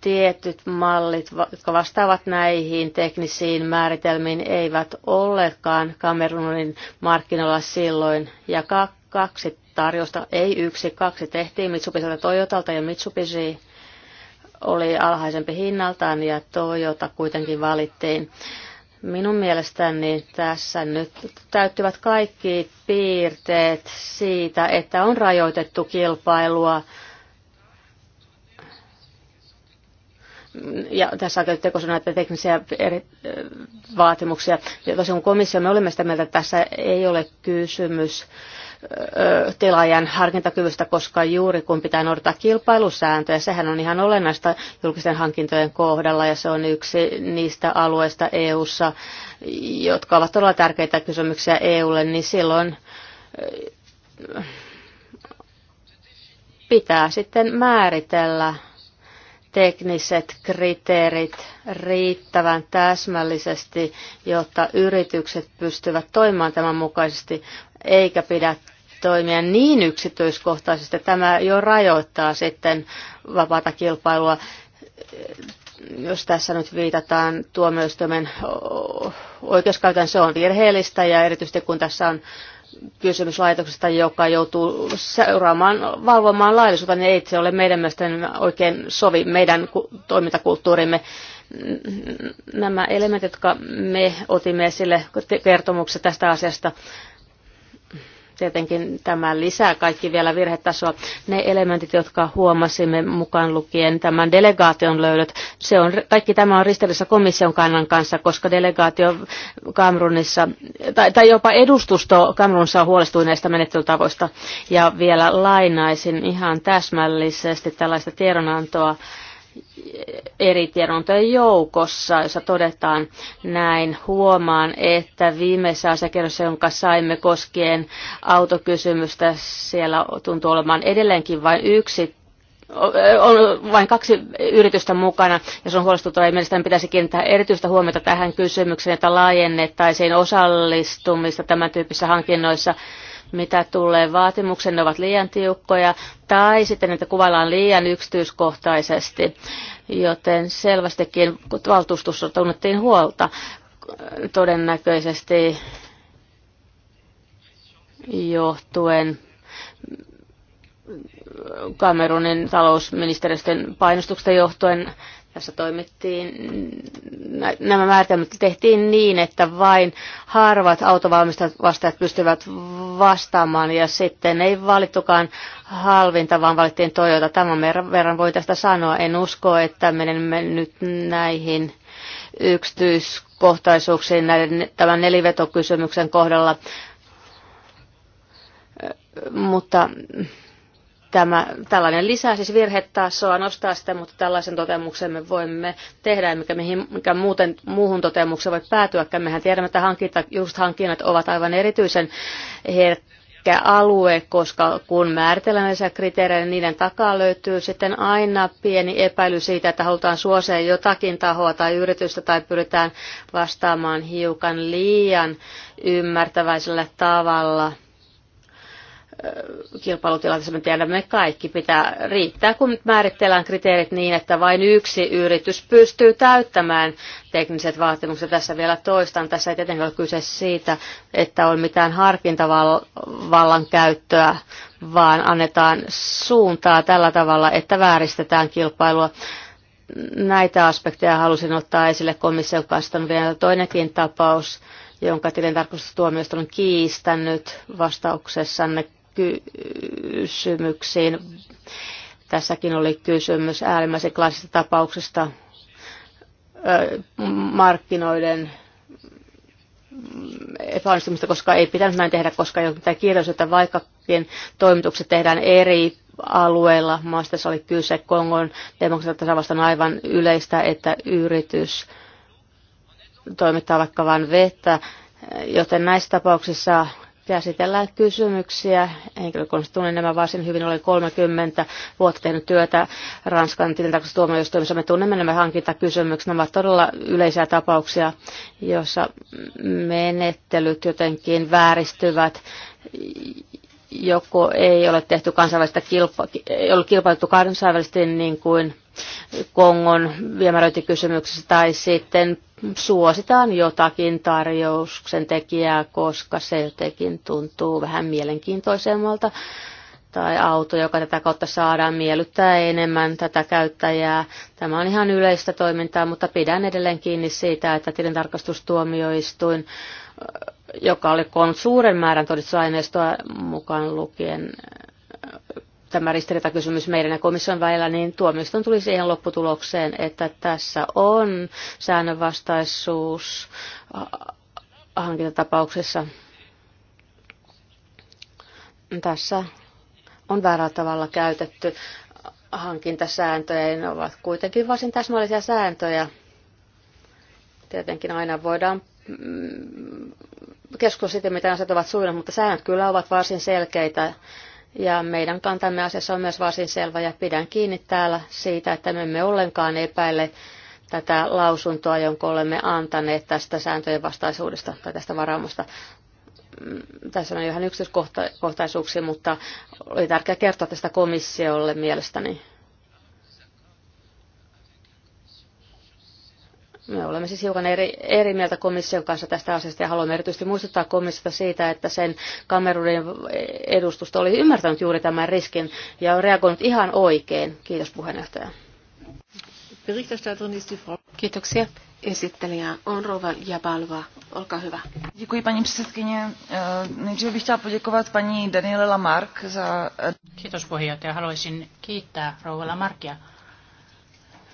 tietyt mallit, jotka vastaavat näihin teknisiin määritelmiin, eivät ollekaan Kamerunin markkinoilla silloin. Ja kaksi tarjosta ei yksi, kaksi tehtiin Mitsubisilta Toyotalta ja Mitsubishi oli alhaisempi hinnaltaan ja Toyota kuitenkin valittiin. Minun mielestäni tässä nyt täyttyvät kaikki piirteet siitä, että on rajoitettu kilpailua. Ja tässä on käytetty näitä teknisiä eri vaatimuksia. Ja tosiaan komissio, me olemme sitä mieltä, että tässä ei ole kysymys tilaajan harkintakyvystä, koska juuri kun pitää noudattaa kilpailusääntöjä, sehän on ihan olennaista julkisten hankintojen kohdalla ja se on yksi niistä alueista EU:ssa, jotka ovat todella tärkeitä kysymyksiä EUlle, niin silloin pitää sitten määritellä tekniset kriteerit riittävän täsmällisesti, jotta yritykset pystyvät toimimaan tämän mukaisesti, eikä pidä toimia niin yksityiskohtaisesti, että tämä jo rajoittaa sitten vapaata kilpailua. Jos tässä nyt viitataan tuomioistuimen oikeuskäytön, se on virheellistä ja erityisesti kun tässä on kysymys laitoksesta, joka joutuu seuraamaan, valvomaan laillisuutta, niin ei se ole meidän mielestä oikein sovi meidän toimintakulttuurimme. Nämä elementit, jotka me otimme esille kertomuksessa tästä asiasta, Tietenkin tämä lisää kaikki vielä virhetasoa. Ne elementit, jotka huomasimme mukaan lukien tämän delegaation löydöt, se on, kaikki tämä on ristelyssä komission kannan kanssa, koska delegaatio Kamrunissa, tai, tai jopa edustusto Kamrunissa on huolestuneista menettelytavoista. Ja vielä lainaisin ihan täsmällisesti tällaista tiedonantoa eri tiedontojen joukossa, jossa todetaan näin. Huomaan, että viimeisessä asiakirjassa, jonka saimme koskien autokysymystä, siellä tuntuu olemaan edelleenkin vain yksi on vain kaksi yritystä mukana, ja se on huolestuttavaa, ja mielestäni pitäisi kiinnittää erityistä huomiota tähän kysymykseen, että laajennettaisiin osallistumista tämän tyyppisissä hankinnoissa mitä tulee vaatimuksen, ne ovat liian tiukkoja, tai sitten niitä kuvaillaan liian yksityiskohtaisesti, joten selvästikin valtuustossa tunnettiin huolta todennäköisesti johtuen Kamerunin talousministeristön painostuksesta johtuen tässä toimittiin, nämä määritelmät tehtiin niin, että vain harvat autovalmistajat vastaajat pystyvät vastaamaan ja sitten ei valittukaan halvinta, vaan valittiin Toyota. Tämän verran voi tästä sanoa. En usko, että menemme nyt näihin yksityiskohtaisuuksiin näiden, tämän nelivetokysymyksen kohdalla. Mutta Tämä, tällainen lisää siis virhetasoa, nostaa sitä, mutta tällaisen totemuksen me voimme tehdä, mikä, mihin, mikä muuten, muuhun totemukseen voi päätyä. Mehän tiedämme, että hankinta, just hankinnat ovat aivan erityisen herkkä alue, koska kun määritellään näitä kriteerejä, niin niiden takaa löytyy sitten aina pieni epäily siitä, että halutaan suosia jotakin tahoa tai yritystä tai pyritään vastaamaan hiukan liian ymmärtäväisellä tavalla – kilpailutilanteessa me tiedämme kaikki pitää riittää, kun määritellään kriteerit niin, että vain yksi yritys pystyy täyttämään tekniset vaatimukset. Tässä vielä toistan, tässä ei tietenkään ole kyse siitä, että on mitään harkintavallan käyttöä, vaan annetaan suuntaa tällä tavalla, että vääristetään kilpailua. Näitä aspekteja halusin ottaa esille komission kanssa. On vielä toinenkin tapaus, jonka tilintarkastustuomioistuin on kiistänyt vastauksessanne kysymyksiin. Tässäkin oli kysymys äärimmäisen klassisesta tapauksesta markkinoiden epäonnistumista, koska ei pitänyt näin tehdä, koska ei ole mitään kirjoista, että vaikkakin toimitukset tehdään eri alueilla, maasta oli kyse Kongon demokratian vastaan aivan yleistä, että yritys toimittaa vaikka vain vettä, joten näissä tapauksissa käsitellään kysymyksiä. Henkilökohtaisesti tunnen nämä varsin hyvin. Olen 30 vuotta tehnyt työtä Ranskan tilintarkastustuomioistuimessa. Me tunnemme nämä hankintakysymykset. Nämä ovat todella yleisiä tapauksia, joissa menettelyt jotenkin vääristyvät joko ei ole tehty kansainvälistä kilpa, ei ole kilpailtu kansainvälisesti niin kuin Kongon viemäröintikysymyksessä tai sitten suositaan jotakin tarjouksen tekijää, koska se jotenkin tuntuu vähän mielenkiintoisemmalta. Tai auto, joka tätä kautta saadaan miellyttää enemmän tätä käyttäjää. Tämä on ihan yleistä toimintaa, mutta pidän edelleen kiinni siitä, että tilintarkastustuomioistuin, joka oli koonnut suuren määrän todistusaineistoa mukaan lukien tämä ristiriitakysymys meidän ja komission välillä, niin tuomioistuin tuli siihen lopputulokseen, että tässä on säännönvastaisuus äh, hankintatapauksessa. Tässä on väärällä tavalla käytetty hankintasääntöjä, ne ovat kuitenkin varsin täsmällisiä sääntöjä. Tietenkin aina voidaan mm, keskustella siitä, mitä asiat ovat sujuneet, mutta säännöt kyllä ovat varsin selkeitä ja meidän kantamme asiassa on myös varsin selvä ja pidän kiinni täällä siitä, että me emme ollenkaan epäile tätä lausuntoa, jonka olemme antaneet tästä sääntöjen vastaisuudesta tai tästä varaumasta. Mm, tässä on ihan yksityiskohtaisuuksia, mutta oli tärkeää kertoa tästä komissiolle mielestäni. Me olemme siis hiukan eri, eri mieltä komission kanssa tästä asiasta ja haluamme erityisesti muistuttaa komissiota siitä, että sen Kamerunin edustusta oli ymmärtänyt juuri tämän riskin ja on reagoinut ihan oikein. Kiitos puheenjohtaja. Kiitoksia. Esittelijä on Rova Jabalva. Olkaa hyvä. Děkuji paní předsedkyně. Eh, nejdříve bych chtěla poděkovat paní Daniele Lamarck za... Kiitos puheenjohtaja. Haluaisin kiittää Rova Lamarckia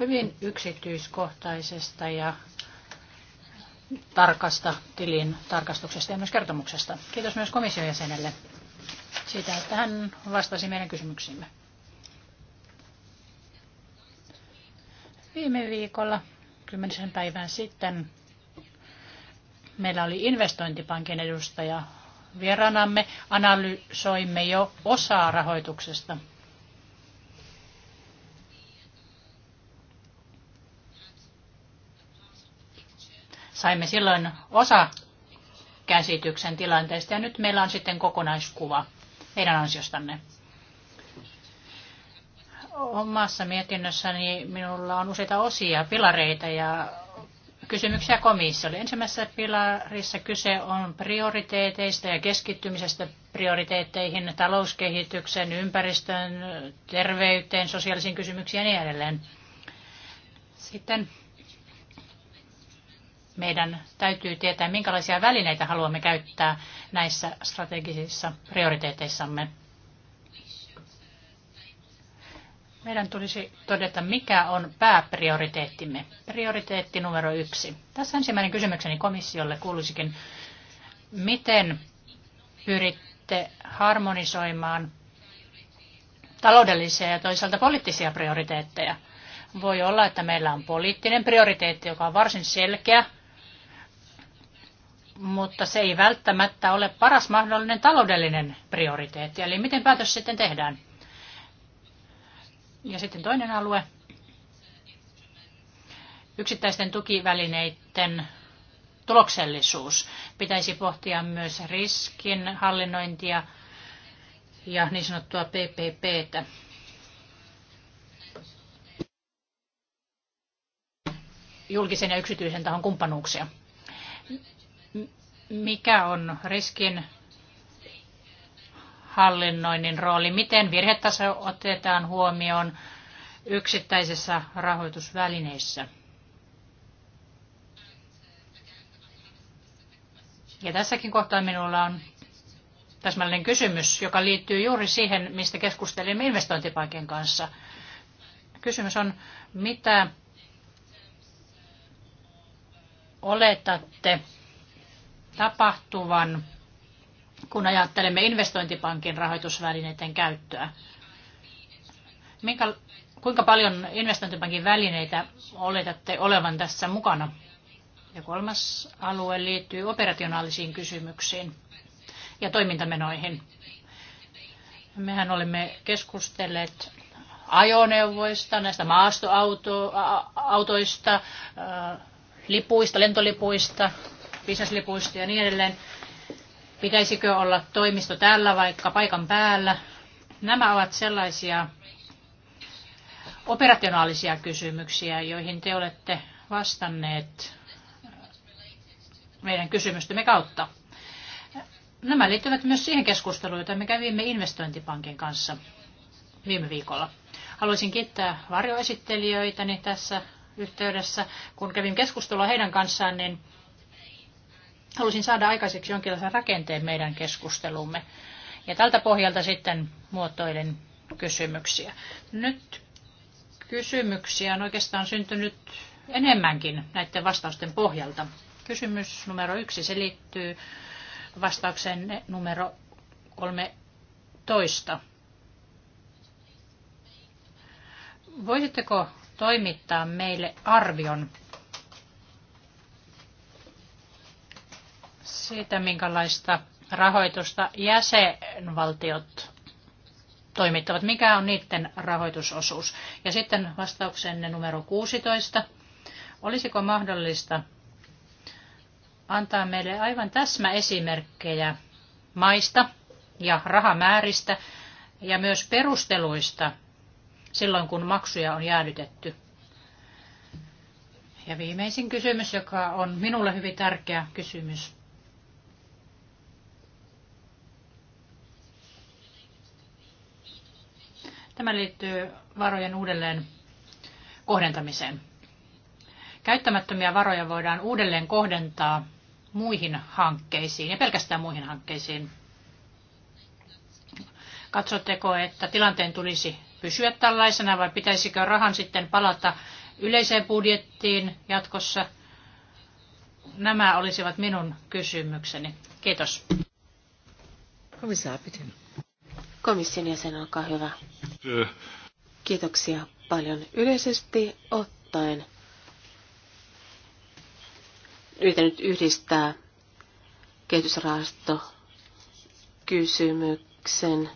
hyvin yksityiskohtaisesta ja tarkasta tilin tarkastuksesta ja myös kertomuksesta. Kiitos myös komission jäsenelle siitä, että hän vastasi meidän kysymyksiimme. Viime viikolla, kymmenisen päivän sitten, meillä oli investointipankin edustaja vieraanamme. Analysoimme jo osaa rahoituksesta – Saimme silloin osa käsityksen tilanteesta ja nyt meillä on sitten kokonaiskuva meidän ansiostanne. Omassa mietinnössäni minulla on useita osia, pilareita ja kysymyksiä komissiolle. Ensimmäisessä pilarissa kyse on prioriteeteista ja keskittymisestä prioriteetteihin, talouskehityksen, ympäristön, terveyteen, sosiaalisiin kysymyksiin ja niin edelleen. Sitten meidän täytyy tietää, minkälaisia välineitä haluamme käyttää näissä strategisissa prioriteeteissamme. Meidän tulisi todeta, mikä on pääprioriteettimme. Prioriteetti numero yksi. Tässä ensimmäinen kysymykseni komissiolle kuuluisikin, miten pyritte harmonisoimaan taloudellisia ja toisaalta poliittisia prioriteetteja. Voi olla, että meillä on poliittinen prioriteetti, joka on varsin selkeä, mutta se ei välttämättä ole paras mahdollinen taloudellinen prioriteetti. Eli miten päätös sitten tehdään? Ja sitten toinen alue. Yksittäisten tukivälineiden tuloksellisuus. Pitäisi pohtia myös riskin hallinnointia ja niin sanottua PPPtä. Julkisen ja yksityisen tahon kumppanuuksia mikä on riskin hallinnoinnin rooli, miten virhetaso otetaan huomioon yksittäisessä rahoitusvälineissä. Ja tässäkin kohtaa minulla on täsmällinen kysymys, joka liittyy juuri siihen, mistä keskustelimme investointipankin kanssa. Kysymys on, mitä oletatte tapahtuvan, kun ajattelemme investointipankin rahoitusvälineiden käyttöä? Minkä, kuinka paljon investointipankin välineitä oletatte olevan tässä mukana? Ja kolmas alue liittyy operationaalisiin kysymyksiin ja toimintamenoihin. Mehän olemme keskustelleet ajoneuvoista, näistä maastoautoista, lipuista, lentolipuista, visaslipuista ja niin edelleen. Pitäisikö olla toimisto täällä vaikka paikan päällä? Nämä ovat sellaisia operationaalisia kysymyksiä, joihin te olette vastanneet meidän kysymystemme kautta. Nämä liittyvät myös siihen keskusteluun, jota me kävimme investointipankin kanssa viime viikolla. Haluaisin kiittää varjoesittelijöitäni tässä yhteydessä. Kun kävin keskustelua heidän kanssaan, niin Halusin saada aikaiseksi jonkinlaisen rakenteen meidän keskustelumme. Ja tältä pohjalta sitten muotoilen kysymyksiä. Nyt kysymyksiä on oikeastaan syntynyt enemmänkin näiden vastausten pohjalta. Kysymys numero yksi, se liittyy vastaukseen numero 13. Voisitteko toimittaa meille arvion siitä, minkälaista rahoitusta jäsenvaltiot toimittavat. Mikä on niiden rahoitusosuus? Ja sitten vastauksenne numero 16. Olisiko mahdollista antaa meille aivan täsmä esimerkkejä maista ja rahamääristä ja myös perusteluista silloin, kun maksuja on jäädytetty? Ja viimeisin kysymys, joka on minulle hyvin tärkeä kysymys. Tämä liittyy varojen uudelleen kohdentamiseen. Käyttämättömiä varoja voidaan uudelleen kohdentaa muihin hankkeisiin ja pelkästään muihin hankkeisiin. Katsotteko, että tilanteen tulisi pysyä tällaisena vai pitäisikö rahan sitten palata yleiseen budjettiin jatkossa? Nämä olisivat minun kysymykseni. Kiitos. Komissaari bitte. Komission jäsen, olkaa hyvä. Kiitoksia paljon yleisesti ottaen. Yritän nyt yhdistää kehitysrahasto kysymyksen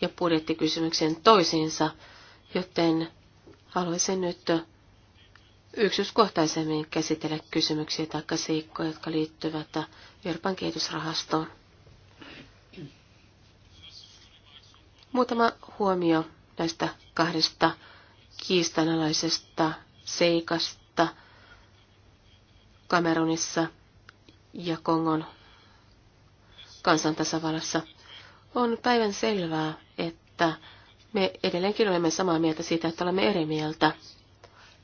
ja budjettikysymyksen toisiinsa, joten haluaisin nyt yksityiskohtaisemmin käsitellä kysymyksiä tai seikkoja, jotka liittyvät Euroopan kehitysrahastoon. Muutama huomio näistä kahdesta kiistanalaisesta seikasta Kamerunissa ja Kongon kansantasavallassa. On päivän selvää, että me edelleenkin olemme samaa mieltä siitä, että olemme eri mieltä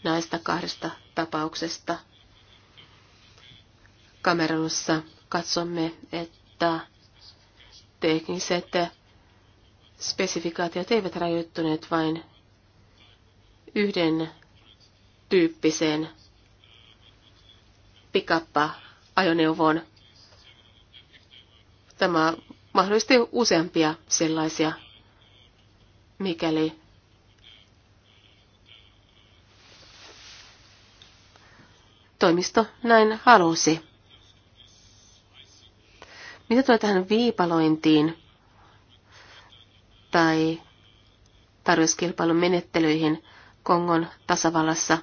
näistä kahdesta tapauksesta. Kamerunissa katsomme, että tekniset spesifikaatiot eivät rajoittuneet vain yhden tyyppiseen pikappa-ajoneuvoon. Tämä mahdollisesti useampia sellaisia, mikäli toimisto näin halusi. Mitä tulee tähän viipalointiin, tai tarjouskilpailun menettelyihin Kongon tasavallassa.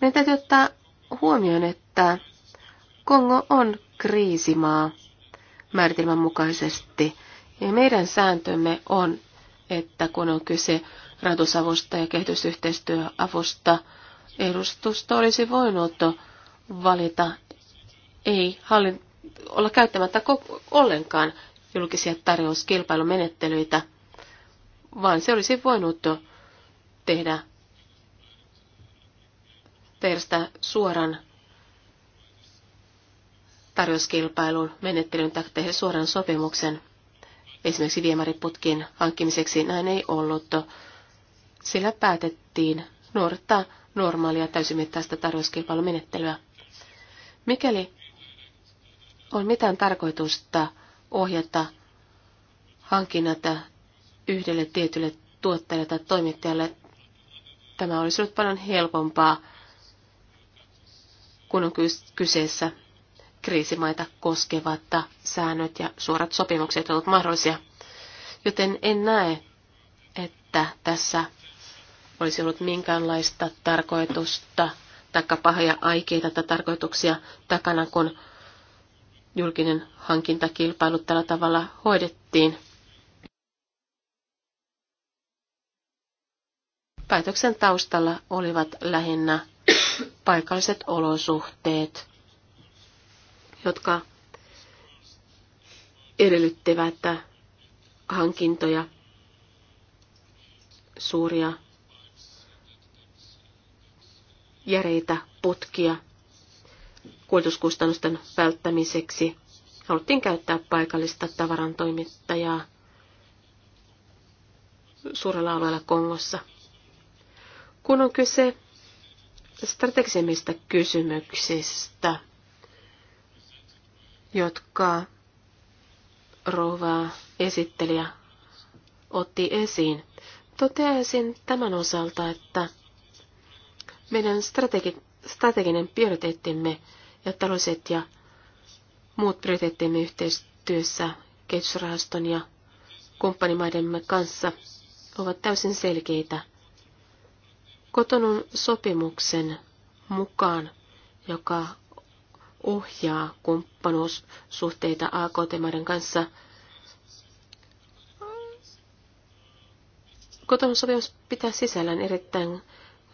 Meidän täytyy ottaa huomioon, että Kongo on kriisimaa määritelmän mukaisesti. Ja meidän sääntömme on, että kun on kyse rahoitusavusta ja kehitysyhteistyöavusta, edustusta olisi voinut valita ei hallin, olla käyttämättä ollenkaan julkisia tarjouskilpailumenettelyitä – vaan se olisi voinut tehdä tehdä suoran tarjouskilpailun menettelyn tai tehdä suoran sopimuksen esimerkiksi viemäriputkin hankkimiseksi. Näin ei ollut. Sillä päätettiin nuorta normaalia täysimittaista tarjouskilpailumenettelyä. Mikäli on mitään tarkoitusta ohjata hankinnat yhdelle tietylle tuottajalle tai toimittajalle. Tämä olisi ollut paljon helpompaa, kun on kyseessä kriisimaita koskevat säännöt ja suorat sopimukset ovat mahdollisia. Joten en näe, että tässä olisi ollut minkäänlaista tarkoitusta tai pahoja aikeita tai tarkoituksia takana, kun julkinen hankintakilpailu tällä tavalla hoidettiin. Päätöksen taustalla olivat lähinnä paikalliset olosuhteet, jotka edellyttivät hankintoja, suuria järeitä putkia kuljetuskustannusten välttämiseksi. Haluttiin käyttää paikallista tavarantoimittajaa suurella alueella Kongossa – kun on kyse strategisemmista kysymyksistä, jotka rouva esittelijä otti esiin. Toteaisin tämän osalta, että meidän strategi- strateginen prioriteettimme ja talouset ja muut prioriteettimme yhteistyössä kehitysrahaston ja kumppanimaidemme kanssa ovat täysin selkeitä – Kotonun sopimuksen mukaan, joka ohjaa kumppanuussuhteita AKT-maiden kanssa. Kotonun sopimus pitää sisällään erittäin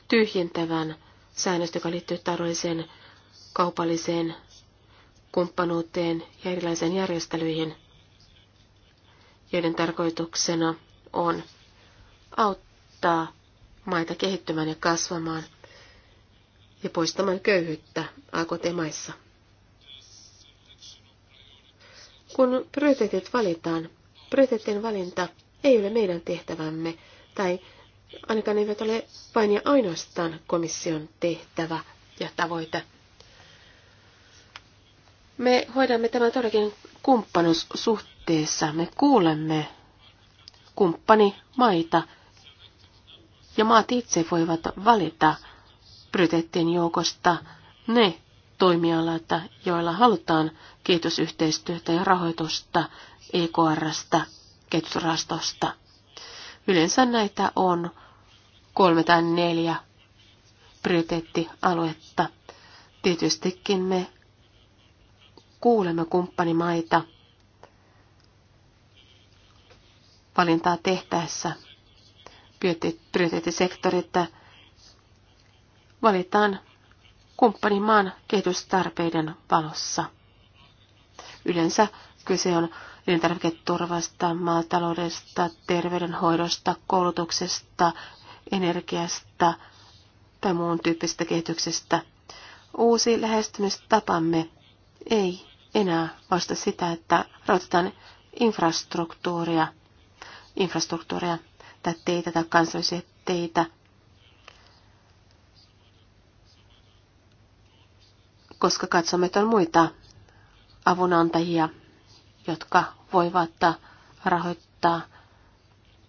tyhjentävän säännöstä, joka liittyy taloudelliseen, kaupalliseen kumppanuuteen ja erilaisiin järjestelyihin, joiden tarkoituksena on auttaa maita kehittymään ja kasvamaan ja poistamaan köyhyyttä AKT-maissa. Kun prioriteetit valitaan, prioriteettien valinta ei ole meidän tehtävämme, tai ainakaan ne eivät ole vain ja ainoastaan komission tehtävä ja tavoite. Me hoidamme tämän todellakin kumppanuussuhteessa. Me kuulemme kumppanimaita ja maat itse voivat valita prioriteettien joukosta ne toimialat, joilla halutaan kehitysyhteistyötä ja rahoitusta EKRstä, kehitysrahastosta. Yleensä näitä on kolme tai neljä prioriteettialuetta. Tietystikin me kuulemme kumppanimaita valintaa tehtäessä että valitaan kumppanimaan kehitystarpeiden valossa. Yleensä kyse on elintarviketurvasta, maataloudesta, terveydenhoidosta, koulutuksesta, energiasta tai muun tyyppisestä kehityksestä. Uusi lähestymistapamme ei enää vasta sitä, että rautetaan infrastruktuuria. infrastruktuuria tai teitä tai kansallisia teitä. Koska katsomme, että on muita avunantajia, jotka voivat rahoittaa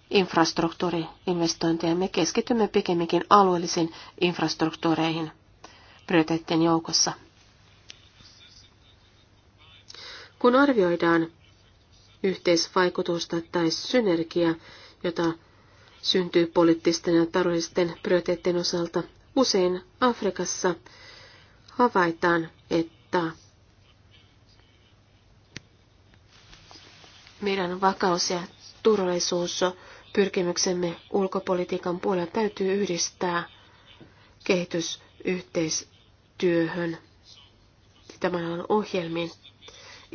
infrastruktuuriinvestointeja. Me keskitymme pikemminkin alueellisiin infrastruktuureihin prioriteettien joukossa. Kun arvioidaan yhteisvaikutusta tai synergiaa, jota syntyy poliittisten ja taloudellisten prioriteettien osalta. Usein Afrikassa havaitaan, että meidän vakaus ja turvallisuus pyrkimyksemme ulkopolitiikan puolella täytyy yhdistää kehitysyhteistyöhön. Tämän on ohjelmiin.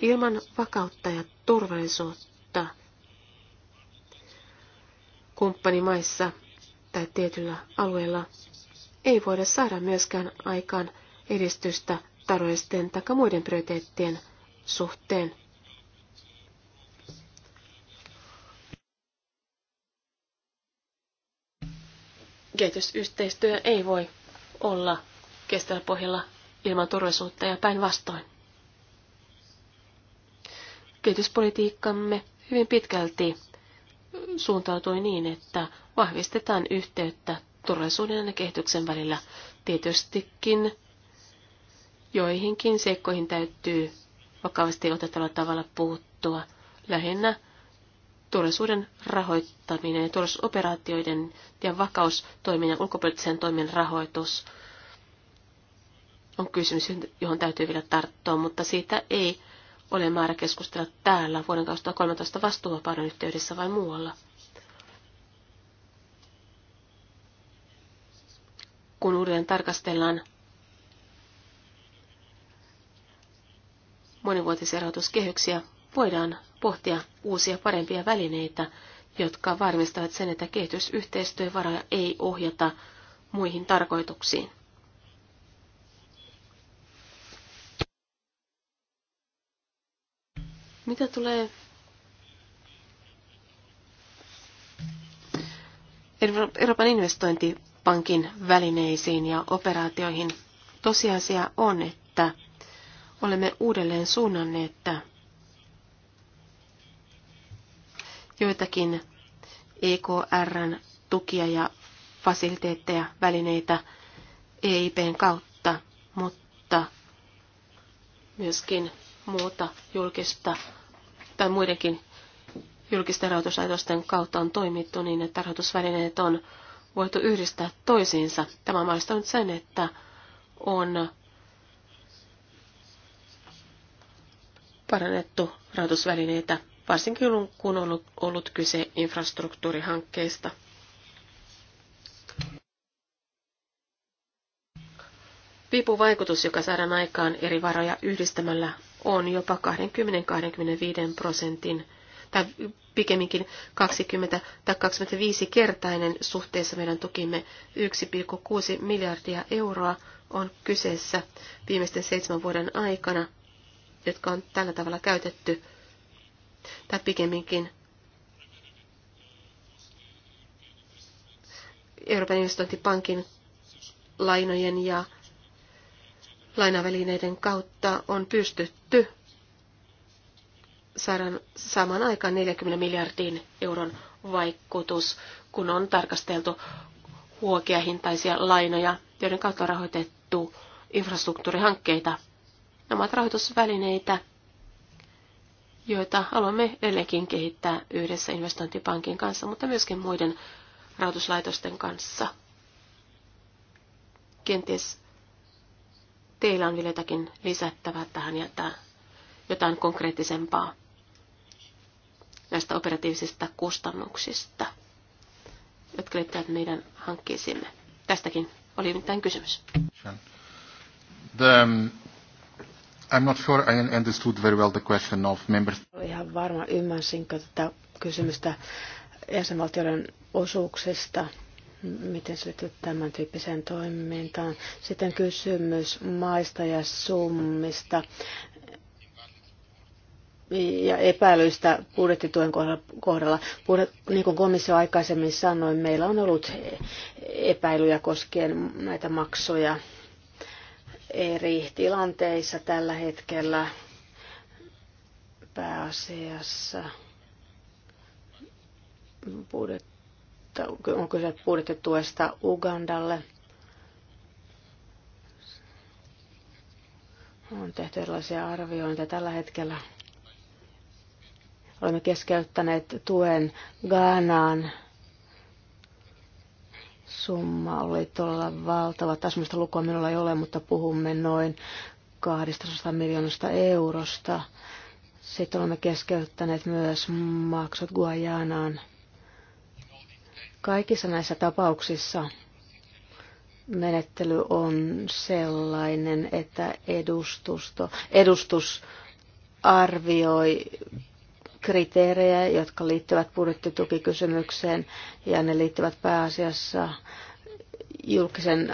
Ilman vakautta ja turvallisuutta kumppanimaissa tai tietyllä alueella ei voida saada myöskään aikaan edistystä taloudellisten tai muiden prioriteettien suhteen. Kehitysyhteistyö ei voi olla kestävällä pohjalla ilman turvallisuutta ja päinvastoin. Kehityspolitiikkamme hyvin pitkälti suuntautui niin, että vahvistetaan yhteyttä turvallisuuden ja kehityksen välillä. Tietystikin joihinkin seikkoihin täytyy vakavasti otettavalla tavalla puuttua. Lähinnä turvallisuuden rahoittaminen ja turvallisuusoperaatioiden ja vakaustoiminnan ulkopoliittisen toimien rahoitus on kysymys, johon täytyy vielä tarttua, mutta siitä ei ole määrä keskustella täällä vuoden 2013 vastuuvapauden yhteydessä vai muualla. Kun uudelleen tarkastellaan monivuotisia rahoituskehyksiä, voidaan pohtia uusia parempia välineitä, jotka varmistavat sen, että kehitysyhteistyövaroja ei ohjata muihin tarkoituksiin. Mitä tulee Euroopan investointipankin välineisiin ja operaatioihin, tosiasia on, että olemme uudelleen suunnanneet että joitakin EKRn tukia ja fasiliteetteja, välineitä EIPn kautta, mutta myöskin muuta julkista tai muidenkin julkisten rahoituslaitosten kautta on toimittu niin, että rahoitusvälineet on voitu yhdistää toisiinsa. Tämä on mahdollistanut sen, että on parannettu rahoitusvälineitä, varsinkin kun on ollut kyse infrastruktuurihankkeista. Vipuvaikutus, joka saadaan aikaan eri varoja yhdistämällä, on jopa 20-25 prosentin tai pikemminkin 20 tai 25 kertainen suhteessa meidän tukimme 1,6 miljardia euroa on kyseessä viimeisten seitsemän vuoden aikana, jotka on tällä tavalla käytetty, tai pikemminkin Euroopan investointipankin lainojen ja lainavälineiden kautta on pystytty saadaan saman aikaan 40 miljardin euron vaikutus, kun on tarkasteltu huokeahintaisia lainoja, joiden kautta on rahoitettu infrastruktuurihankkeita. Nämä ovat rahoitusvälineitä, joita haluamme edelleenkin kehittää yhdessä investointipankin kanssa, mutta myöskin muiden rahoituslaitosten kanssa. Kenties teillä on vielä jotakin lisättävää tähän ja jotain konkreettisempaa näistä operatiivisista kustannuksista, jotka liittyvät meidän hankkeisiimme. Tästäkin oli mitään kysymys. The, um, I'm not sure I understood very well the question of members. Ihan varma ymmärsinkö tätä kysymystä jäsenvaltioiden osuuksista miten se liittyy tämän tyyppiseen toimintaan. Sitten kysymys maista ja summista ja epäilyistä budjettituen kohdalla. Niin kuin komissio aikaisemmin sanoi, meillä on ollut epäilyjä koskien näitä maksuja eri tilanteissa tällä hetkellä pääasiassa budjetti on kyse budjettituesta Ugandalle. On tehty erilaisia arviointeja tällä hetkellä. Olemme keskeyttäneet tuen Ghanaan. Summa oli todella valtava. Täsmällistä lukua minulla ei ole, mutta puhumme noin 200 miljoonasta eurosta. Sitten olemme keskeyttäneet myös maksut Guajanaan. Kaikissa näissä tapauksissa menettely on sellainen, että edustusto, edustus arvioi kriteerejä, jotka liittyvät budjettitukikysymykseen, ja ne liittyvät pääasiassa julkisen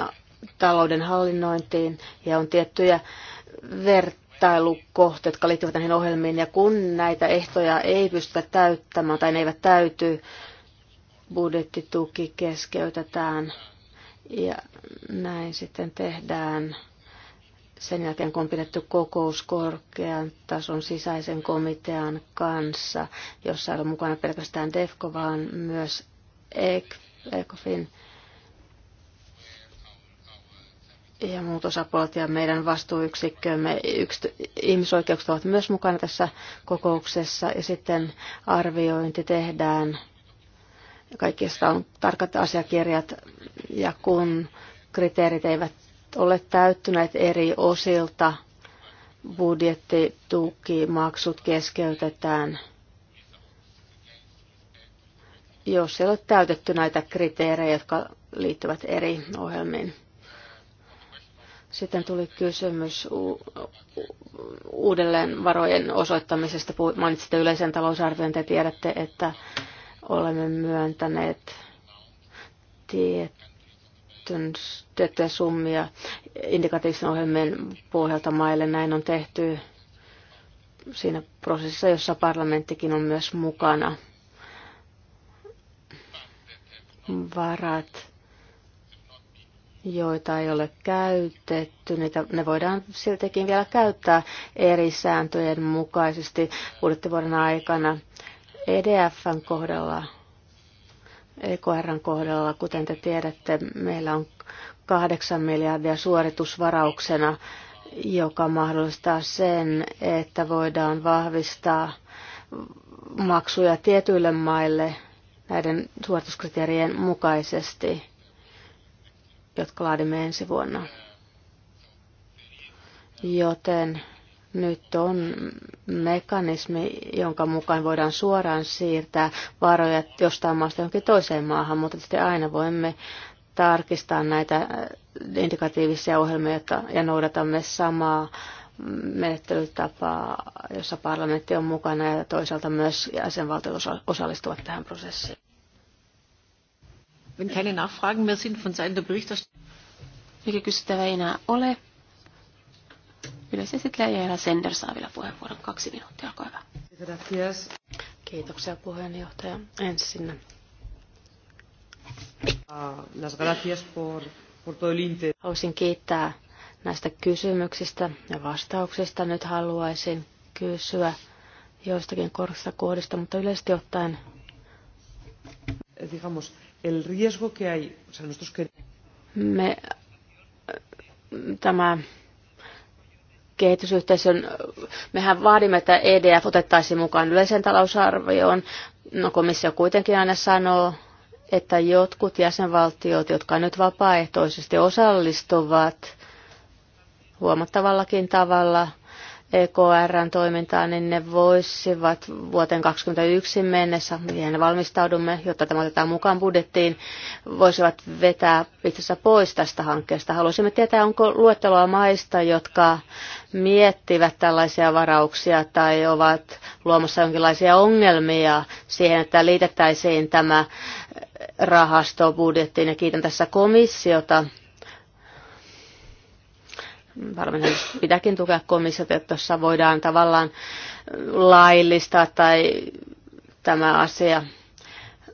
talouden hallinnointiin, ja on tiettyjä vertailukohtia, jotka liittyvät näihin ohjelmiin, ja kun näitä ehtoja ei pystytä täyttämään tai ne eivät täyty, budjettituki keskeytetään ja näin sitten tehdään sen jälkeen, kun on pidetty kokous korkean tason sisäisen komitean kanssa, jossa ei ole mukana pelkästään DEFCO, vaan myös ECOFIN e ja muut osapuolet ja meidän vastuuyksikkömme. Ihmisoikeukset ovat myös mukana tässä kokouksessa ja sitten arviointi tehdään Kaikista on tarkat asiakirjat ja kun kriteerit eivät ole täyttyneet eri osilta, maksut keskeytetään jos ei ole täytetty näitä kriteerejä, jotka liittyvät eri ohjelmiin. Sitten tuli kysymys uudelleen varojen osoittamisesta. Mainitsitte yleisen talousarvion, te tiedätte, että olemme myöntäneet tietyn, tiettyjä summia indikatiivisten ohjelmien pohjalta maille. Näin on tehty siinä prosessissa, jossa parlamenttikin on myös mukana. Varat, joita ei ole käytetty, niitä, ne voidaan siltikin vielä käyttää eri sääntöjen mukaisesti budjettivuoden aikana EDFn kohdalla, EKRn kohdalla, kuten te tiedätte, meillä on 8 miljardia suoritusvarauksena, joka mahdollistaa sen, että voidaan vahvistaa maksuja tietyille maille näiden suorituskriteerien mukaisesti, jotka laadimme ensi vuonna. Joten nyt on mekanismi, jonka mukaan voidaan suoraan siirtää varoja jostain maasta johonkin toiseen maahan, mutta sitten aina voimme tarkistaa näitä indikatiivisia ohjelmia ja noudatamme samaa menettelytapaa, jossa parlamentti on mukana ja toisaalta myös jäsenvaltiot osallistuvat tähän prosessiin. Wenn keine Nachfragen mehr sind von Seiten der Berichterstattung. Mikä kysyttävä ei enää ole, Yleisesittelijä Jaira Sender saa vielä puheenvuoron. Kaksi minuuttia, olkaa hyvä. Kiitos. Kiitoksia puheenjohtaja. Ensin. Ah, las gracias por, por todo el inter... Haluaisin kiittää näistä kysymyksistä ja vastauksista. Nyt haluaisin kysyä joistakin korkeista kohdista, mutta yleisesti ottaen... Eh, digamos, el riesgo que hay, o sea, Me, eh, tämä kehitysyhteisön, mehän vaadimme, että EDF otettaisiin mukaan yleiseen talousarvioon. No komissio kuitenkin aina sanoo, että jotkut jäsenvaltiot, jotka nyt vapaaehtoisesti osallistuvat huomattavallakin tavalla – EKRn toimintaan niin ne voisivat vuoteen 2021 mennessä, mihin valmistaudumme, jotta tämä otetaan mukaan budjettiin, voisivat vetää itse asiassa pois tästä hankkeesta. Haluaisimme tietää, onko luetteloa maista, jotka miettivät tällaisia varauksia tai ovat luomassa jonkinlaisia ongelmia siihen, että liitettäisiin tämä rahasto budjettiin. Ja kiitän tässä komissiota Varmaan pitääkin tukea komissiot, että tuossa voidaan tavallaan laillistaa tai tämä asia.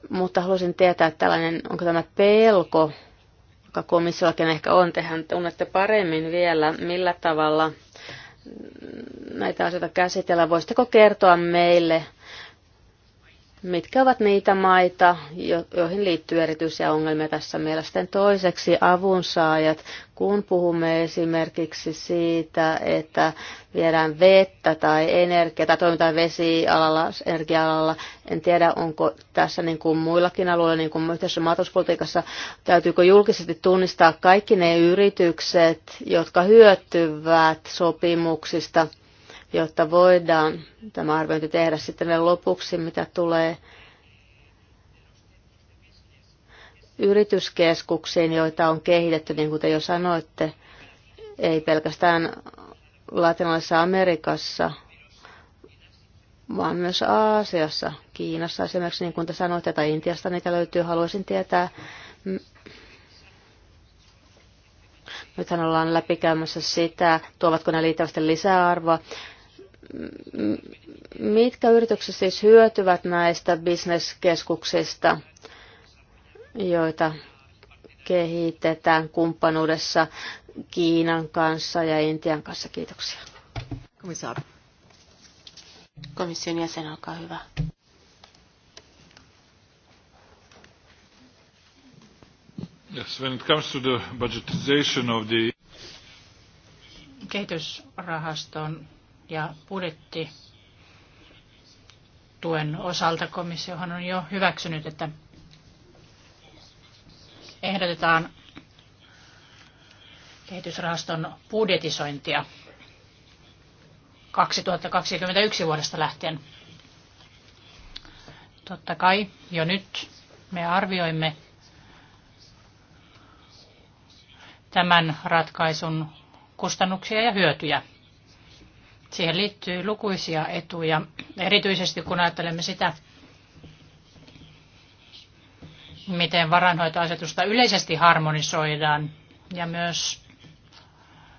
Mutta haluaisin tietää, että tällainen, onko tämä pelko, joka komissiollakin ehkä on, tehän tunnette paremmin vielä, millä tavalla näitä asioita käsitellään. Voisitteko kertoa meille mitkä ovat niitä maita, joihin liittyy erityisiä ongelmia tässä mielessä. toiseksi avunsaajat, kun puhumme esimerkiksi siitä, että viedään vettä tai energiaa tai toimitaan vesialalla, energia-alalla, en tiedä onko tässä niin kuin muillakin alueilla, niin kuin yhteisössä maatalouspolitiikassa, täytyykö julkisesti tunnistaa kaikki ne yritykset, jotka hyötyvät sopimuksista – jotta voidaan tämä arviointi tehdä sitten vielä lopuksi, mitä tulee yrityskeskuksiin, joita on kehitetty, niin kuin te jo sanoitte, ei pelkästään Latinalaisessa Amerikassa, vaan myös Aasiassa, Kiinassa esimerkiksi, niin kuin te sanoitte, tai Intiasta niitä löytyy. Haluaisin tietää, nythän ollaan läpikäymässä sitä, tuovatko ne liittävästi lisäarvoa mitkä yritykset siis hyötyvät näistä bisneskeskuksista, joita kehitetään kumppanuudessa Kiinan kanssa ja Intian kanssa? Kiitoksia. Komissaari. Komission jäsen, olkaa hyvä. Yes, when it comes to the budgetization of the kehitysrahaston ja budjetti tuen osalta komissiohan on jo hyväksynyt, että ehdotetaan kehitysrahaston budjetisointia 2021 vuodesta lähtien. Totta kai jo nyt me arvioimme tämän ratkaisun kustannuksia ja hyötyjä. Siihen liittyy lukuisia etuja, erityisesti kun ajattelemme sitä, miten varainhoitoasetusta yleisesti harmonisoidaan ja myös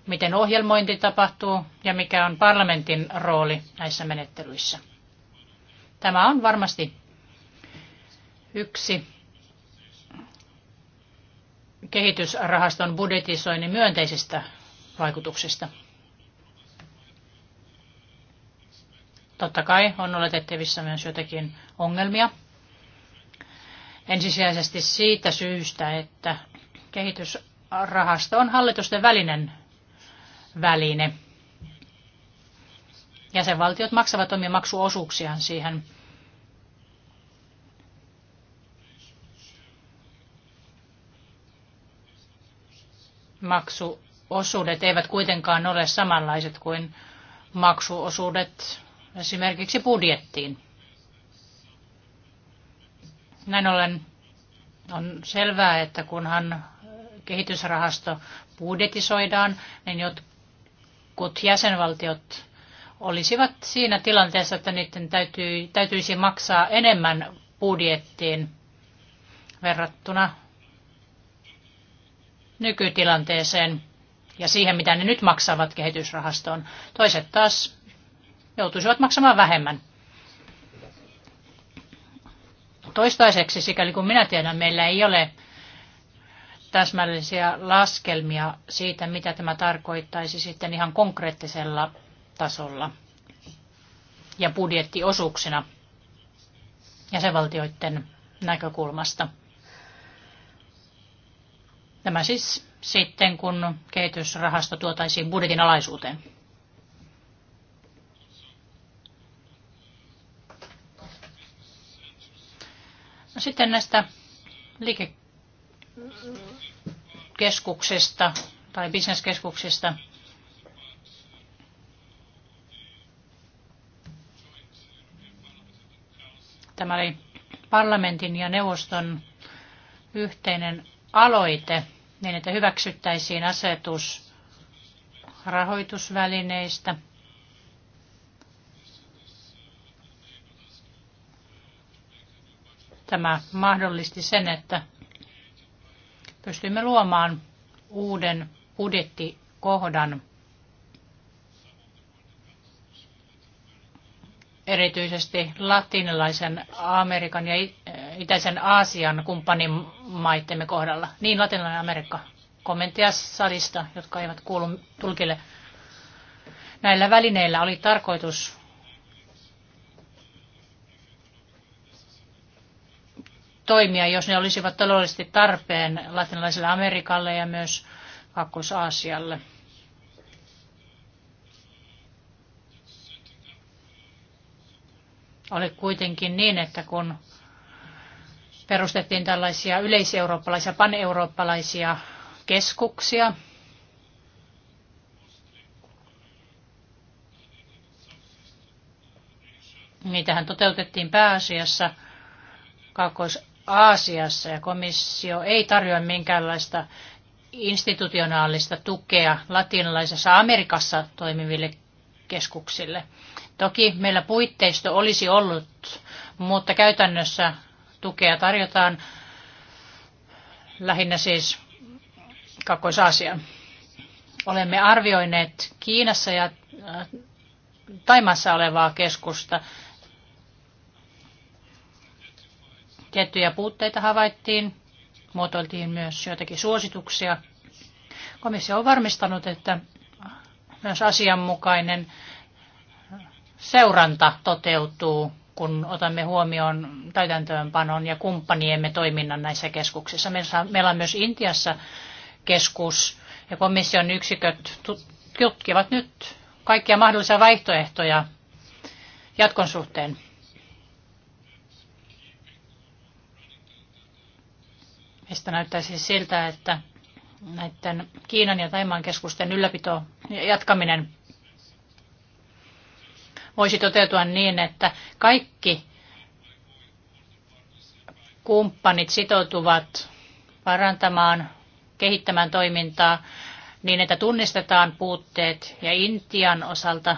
miten ohjelmointi tapahtuu ja mikä on parlamentin rooli näissä menettelyissä. Tämä on varmasti yksi kehitysrahaston budjetisoinnin myönteisistä vaikutuksista. Totta kai on oletettavissa myös jotakin ongelmia. Ensisijaisesti siitä syystä, että kehitysrahasto on hallitusten välinen väline. Jäsenvaltiot maksavat omia maksuosuuksiaan siihen. Maksuosuudet eivät kuitenkaan ole samanlaiset kuin maksuosuudet esimerkiksi budjettiin. Näin ollen on selvää, että kunhan kehitysrahasto budjetisoidaan, niin jotkut jäsenvaltiot olisivat siinä tilanteessa, että niiden täytyy, täytyisi maksaa enemmän budjettiin verrattuna nykytilanteeseen ja siihen, mitä ne nyt maksavat kehitysrahastoon. Toiset taas joutuisivat maksamaan vähemmän. Toistaiseksi, sikäli kuin minä tiedän, meillä ei ole täsmällisiä laskelmia siitä, mitä tämä tarkoittaisi sitten ihan konkreettisella tasolla ja budjettiosuuksina jäsenvaltioiden näkökulmasta. Tämä siis sitten, kun kehitysrahasto tuotaisiin budjetin alaisuuteen. No sitten näistä liikekeskuksesta tai bisneskeskuksista. Tämä oli parlamentin ja neuvoston yhteinen aloite niin, että hyväksyttäisiin asetus rahoitusvälineistä – Tämä mahdollisti sen, että pystymme luomaan uuden budjettikohdan erityisesti latinalaisen Amerikan ja itäisen Aasian kumppanimaittemme kohdalla. Niin, latinalainen Amerikka. Kommentteja salista, jotka eivät kuulu tulkille. Näillä välineillä oli tarkoitus toimia, jos ne olisivat taloudellisesti tarpeen latinalaiselle Amerikalle ja myös Kakkois-Aasialle. Oli kuitenkin niin, että kun perustettiin tällaisia yleiseurooppalaisia, paneurooppalaisia keskuksia, niitähän toteutettiin pääasiassa Kaakkois- Aasiassa ja komissio ei tarjoa minkäänlaista institutionaalista tukea latinalaisessa Amerikassa toimiville keskuksille. Toki meillä puitteisto olisi ollut, mutta käytännössä tukea tarjotaan lähinnä siis kakkois Olemme arvioineet Kiinassa ja äh, Taimassa olevaa keskusta Tiettyjä puutteita havaittiin, muotoiltiin myös joitakin suosituksia. Komissio on varmistanut, että myös asianmukainen seuranta toteutuu, kun otamme huomioon täytäntöönpanon ja kumppaniemme toiminnan näissä keskuksissa. Meillä on myös Intiassa keskus ja komission yksiköt tutkivat nyt kaikkia mahdollisia vaihtoehtoja jatkon suhteen. mistä näyttäisi siis siltä, että näiden Kiinan ja Taimaan keskusten ylläpito ja jatkaminen voisi toteutua niin, että kaikki kumppanit sitoutuvat parantamaan, kehittämään toimintaa niin, että tunnistetaan puutteet. Ja Intian osalta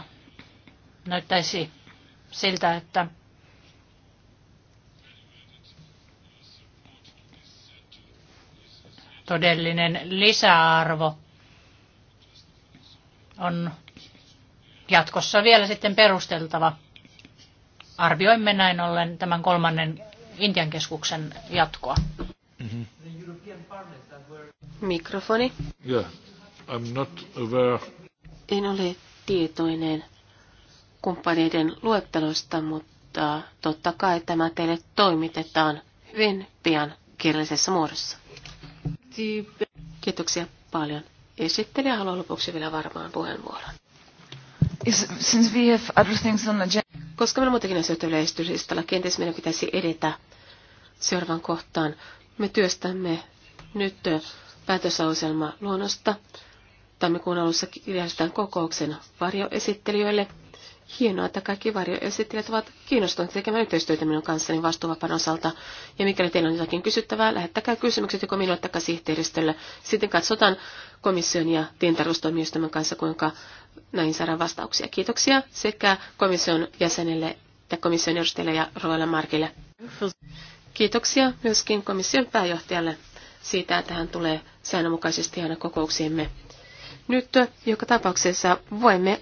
näyttäisi siltä, että todellinen lisäarvo on jatkossa vielä sitten perusteltava. Arvioimme näin ollen tämän kolmannen Intian keskuksen jatkoa. Mm-hmm. Mikrofoni. Yeah. I'm not aware. En ole tietoinen kumppaneiden luettelosta, mutta totta kai tämä teille toimitetaan hyvin pian kirjallisessa muodossa. Kiitoksia paljon. Esittelijä haluaa lopuksi vielä varmaan puheenvuoron. Since we have other things on the Koska meillä muutenkin asioita yleistyslistalla, kenties meidän pitäisi edetä seuraavan kohtaan. Me työstämme nyt päätösauselma luonnosta. Tammikuun alussa järjestetään kokouksen varjoesittelijöille – hienoa, että kaikki varjoesittelijät ovat kiinnostuneet tekemään yhteistyötä minun kanssani vastuuvapan osalta. Ja mikäli teillä on jotakin kysyttävää, lähettäkää kysymykset joko minulle tai sihteeristölle. Sitten katsotaan komission ja tientarvostoimijoistamme kanssa, kuinka näihin saadaan vastauksia. Kiitoksia sekä komission jäsenelle ja komission edustajalle ja Roella Markille. Kiitoksia myöskin komission pääjohtajalle siitä, että hän tulee säännönmukaisesti aina kokouksiimme. Nyt joka tapauksessa voimme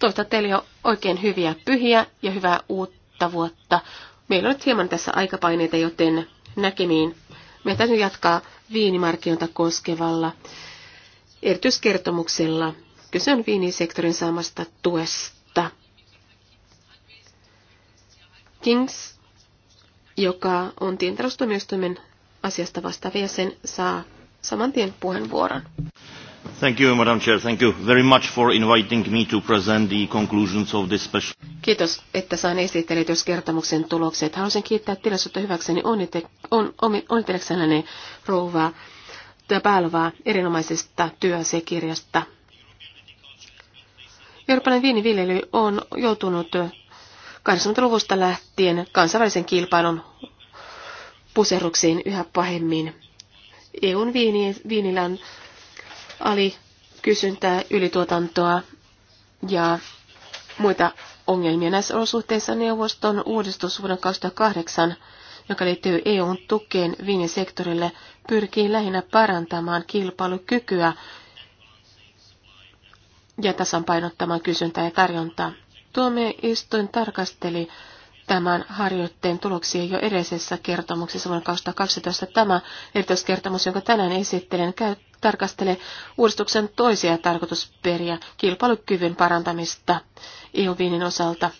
toivottaa teille oikein hyviä pyhiä ja hyvää uutta vuotta. Meillä on nyt hieman tässä aikapaineita, joten näkemiin. Meidän täytyy jatkaa viinimarkkinoita koskevalla erityiskertomuksella. Kyse on viinisektorin saamasta tuesta. Kings, joka on tientaloustuomioistuimen asiasta vastaava jäsen, saa saman tien puheenvuoron. Kiitos, että sain jos kertomuksen tulokset. Haluaisin kiittää tilaisuutta hyväkseni onnittelekseni on, rouvaa Tabalvaa erinomaisesta työasiakirjasta. Eurooppalainen viiniviljely on joutunut 80-luvusta lähtien kansainvälisen kilpailun puserruksiin yhä pahemmin. EUn viinilän viinillä on alikysyntää, ylituotantoa ja muita ongelmia. Näissä olosuhteissa neuvoston uudistus vuoden 2008, joka liittyy EUn tukeen viinisektorille, pyrkii lähinnä parantamaan kilpailukykyä ja tasapainottamaan kysyntää ja tarjontaa. Tuomioistuin tarkasteli tämän harjoitteen tuloksia jo edellisessä kertomuksessa vuonna 2012. Tämä erityiskertomus, jonka tänään esittelen, käy tarkastele uudistuksen toisia tarkoitusperiä kilpailukyvyn parantamista EU-viinin osalta.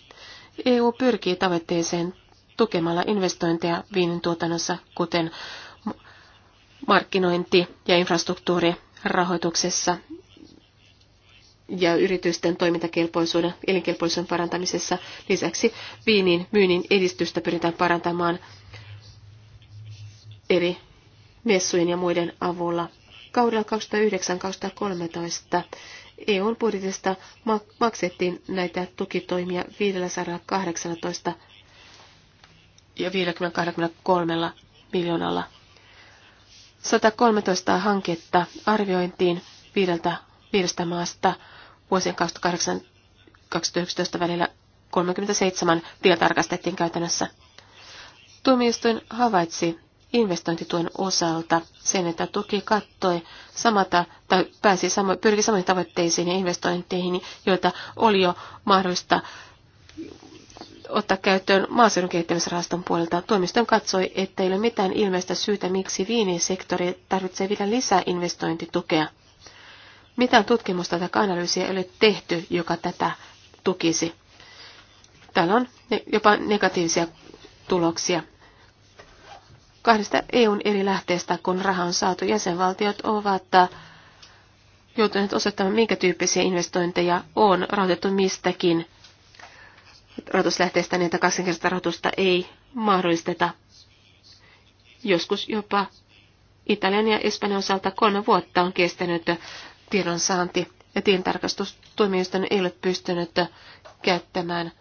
EU pyrkii tavoitteeseen tukemalla investointeja viinin tuotannossa, kuten markkinointi- ja infrastruktuurirahoituksessa ja yritysten toimintakelpoisuuden, elinkelpoisuuden parantamisessa. Lisäksi viinin myynnin edistystä pyritään parantamaan eri messujen ja muiden avulla. Kaudella 2009-2013 EUn budjetista maksettiin näitä tukitoimia 518 ja 53 miljoonalla. 113 hanketta arviointiin viideltä, viidestä maasta vuosien 2008-2019 välillä 37 tila tarkastettiin käytännössä. Tuomioistuin havaitsi, investointituen osalta sen, että tuki kattoi samata, tai pääsi samo, pyrki samoihin tavoitteisiin ja investointeihin, joita oli jo mahdollista ottaa käyttöön maaseudun kehittämisrahaston puolelta. Toimiston katsoi, että ei ole mitään ilmeistä syytä, miksi viinisektori tarvitsee vielä lisää investointitukea. Mitään tutkimusta tai analyysiä ei ole tehty, joka tätä tukisi. Täällä on jopa negatiivisia tuloksia kahdesta EUn eri lähteestä, kun raha on saatu. Jäsenvaltiot ovat äh, joutuneet osoittamaan, minkä tyyppisiä investointeja on rahoitettu mistäkin rahoituslähteestä, niin että kaksinkertaista rahoitusta ei mahdollisteta. Joskus jopa Italian ja Espanjan osalta kolme vuotta on kestänyt tiedonsaanti ja tilintarkastustuomioistuin ei ole pystynyt käyttämään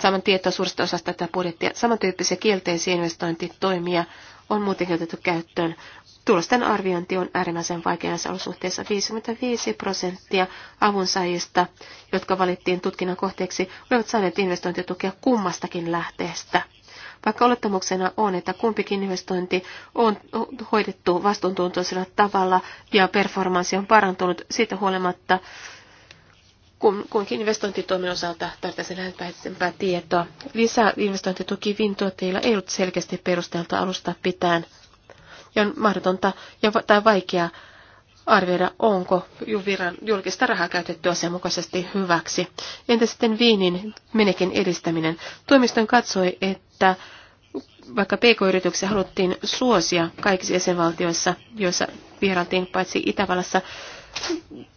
saman tietoa suurista osasta tätä budjettia. Samantyyppisiä kielteisiä investointitoimia on muutenkin otettu käyttöön. Tulosten arviointi on äärimmäisen vaikeassa olosuhteessa. 55 prosenttia avunsaajista, jotka valittiin tutkinnan kohteeksi, olivat saaneet investointitukea kummastakin lähteestä. Vaikka olettamuksena on, että kumpikin investointi on hoidettu vastuuntuntoisella tavalla ja performanssi on parantunut, siitä huolimatta kunkin investointitoimen osalta tarvitaan lähempää tietoa. Lisää investointituki vintuotteilla ei ollut selkeästi perusteltu alusta pitään. Ja on mahdotonta ja, tai vaikea arvioida, onko viran julkista rahaa käytetty asianmukaisesti hyväksi. Entä sitten viinin menekin edistäminen? Tuomiston katsoi, että vaikka pk-yrityksiä haluttiin suosia kaikissa jäsenvaltioissa, joissa vierailtiin paitsi Itävallassa,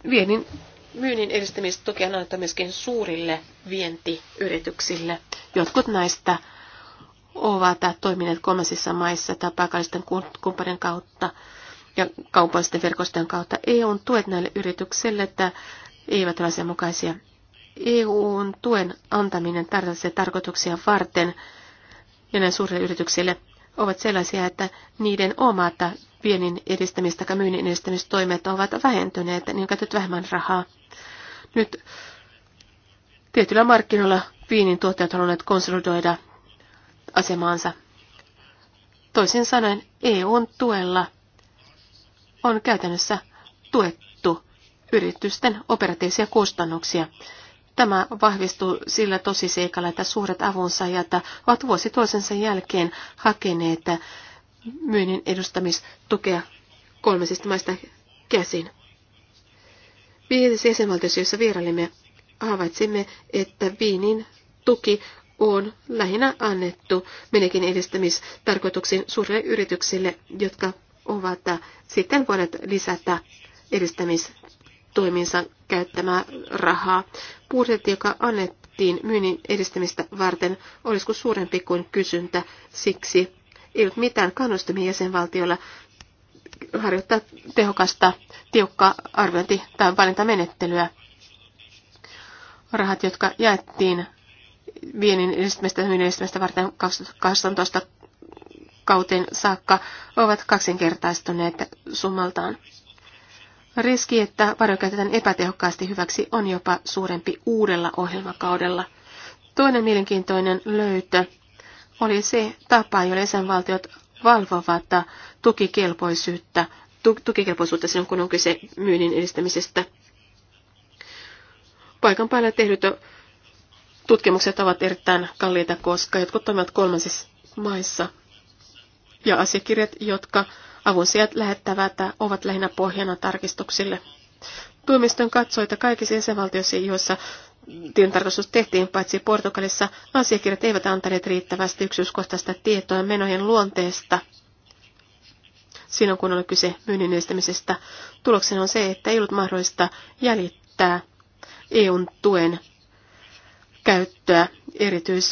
viennin myynnin edistämistukea annetaan myöskin suurille vientiyrityksille. Jotkut näistä ovat toimineet kolmansissa maissa tai paikallisten kumppanien kautta ja kaupallisten verkostojen kautta. EUn tuet näille yrityksille, että eivät ole asianmukaisia. EUn tuen antaminen tällaisia tarkoituksia varten ja näille suurille yrityksille ovat sellaisia, että niiden omat viennin edistämistä tai myynnin edistämistoimet ovat vähentyneet, niin on käytetty vähemmän rahaa. Nyt tietyillä markkinoilla viinin tuottajat halunneet konsolidoida asemaansa. Toisin sanoen EUn tuella on käytännössä tuettu yritysten operatiivisia kustannuksia. Tämä vahvistuu sillä tosiseikalla, että suuret avunsaajat ovat vuosi toisensa jälkeen hakeneet myynnin edustamistukea kolmesista maista käsin. Viidessä jäsenvaltiossa, jossa vierailimme, havaitsimme, että viinin tuki on lähinnä annettu menekin edistämistarkoituksiin suurille yrityksille, jotka ovat sitten voineet lisätä edistämistoiminsa käyttämää rahaa. Budjetti, joka annettiin myynnin edistämistä varten, olisiko suurempi kuin kysyntä, siksi ei ollut mitään kannustamia jäsenvaltiolla harjoittaa tehokasta, tiukkaa arviointi- tai valintamenettelyä. Rahat, jotka jaettiin viennin edistämistä ja myynnin edistämistä varten 2018 kauteen saakka, ovat kaksinkertaistuneet summaltaan. Riski, että varoja käytetään epätehokkaasti hyväksi, on jopa suurempi uudella ohjelmakaudella. Toinen mielenkiintoinen löytö oli se tapa, jolla jäsenvaltiot valvovat tukikelpoisuutta, tukikelpoisuutta silloin, kun on kyse myynnin edistämisestä. Paikan päällä tehdyt tutkimukset ovat erittäin kalliita, koska jotkut toimivat kolmansissa maissa. Ja asiakirjat, jotka avunsijat lähettävät, ovat lähinnä pohjana tarkistuksille. Tuomiston katsoi, että kaikissa jäsenvaltioissa, joissa tilintarkastus tehtiin paitsi Portugalissa, asiakirjat eivät antaneet riittävästi yksityiskohtaista tietoa menojen luonteesta. Silloin kun oli kyse myynnin estämisestä, tuloksena on se, että ei ollut mahdollista jäljittää EUn tuen käyttöä erityis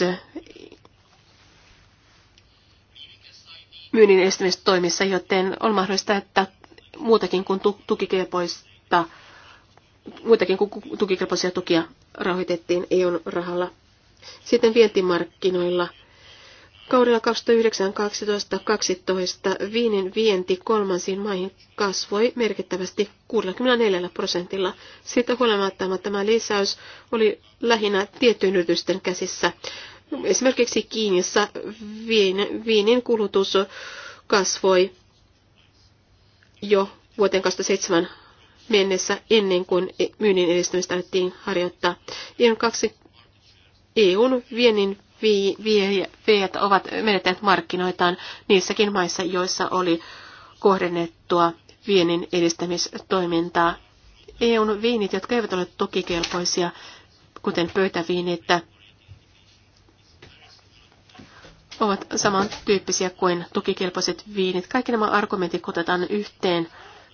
myynnin estämistoimissa, joten on mahdollista, että muutakin kuin tukikelpoista muitakin kuin tukikelpoisia tukia rahoitettiin EUn rahalla. Sitten vientimarkkinoilla. Kaudella 2009-2012 viinin vienti kolmansiin maihin kasvoi merkittävästi 64 prosentilla. Siitä huolimatta tämä lisäys oli lähinnä tiettyjen yritysten käsissä. Esimerkiksi Kiinassa viin, viinin kulutus kasvoi jo vuoteen 2007 mennessä ennen kuin myynnin edistämistä alettiin harjoittaa. EUn kaksi EUn viennin viejät ovat menettäneet markkinoitaan niissäkin maissa, joissa oli kohdennettua viennin edistämistoimintaa. EUn viinit, jotka eivät ole tukikelpoisia, kuten pöytäviinit, ovat samantyyppisiä kuin tukikelpoiset viinit. Kaikki nämä argumentit otetaan yhteen,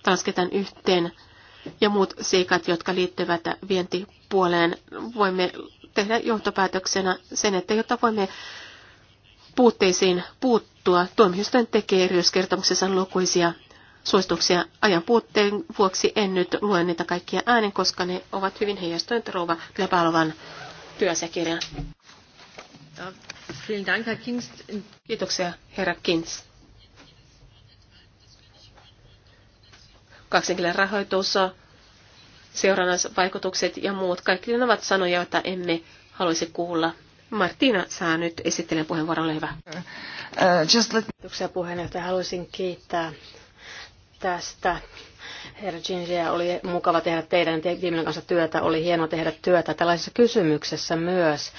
lasketaan yhteen ja muut seikat, jotka liittyvät vientipuoleen, voimme tehdä johtopäätöksenä sen, että jotta voimme puutteisiin puuttua, tuomioistuin tekee erityiskertomuksessa lukuisia suosituksia. Ajan puutteen vuoksi en nyt lue niitä kaikkia äänen, koska ne ovat hyvin heijastuneet Rouva Lepalovan työsäkirjan. Kiitoksia, herra Kins. kaksinkielinen rahoitus, seurannaisvaikutukset ja muut. Kaikki ne ovat sanoja, joita emme haluaisi kuulla. Martina saa nyt esittelen puheenvuoron, ole hyvä. Uh, let... Kiitoksia puheenjohtaja. Haluaisin kiittää tästä. Herra Ginger, oli mukava tehdä teidän viimeinen kanssa työtä. Oli hienoa tehdä työtä tällaisessa kysymyksessä myös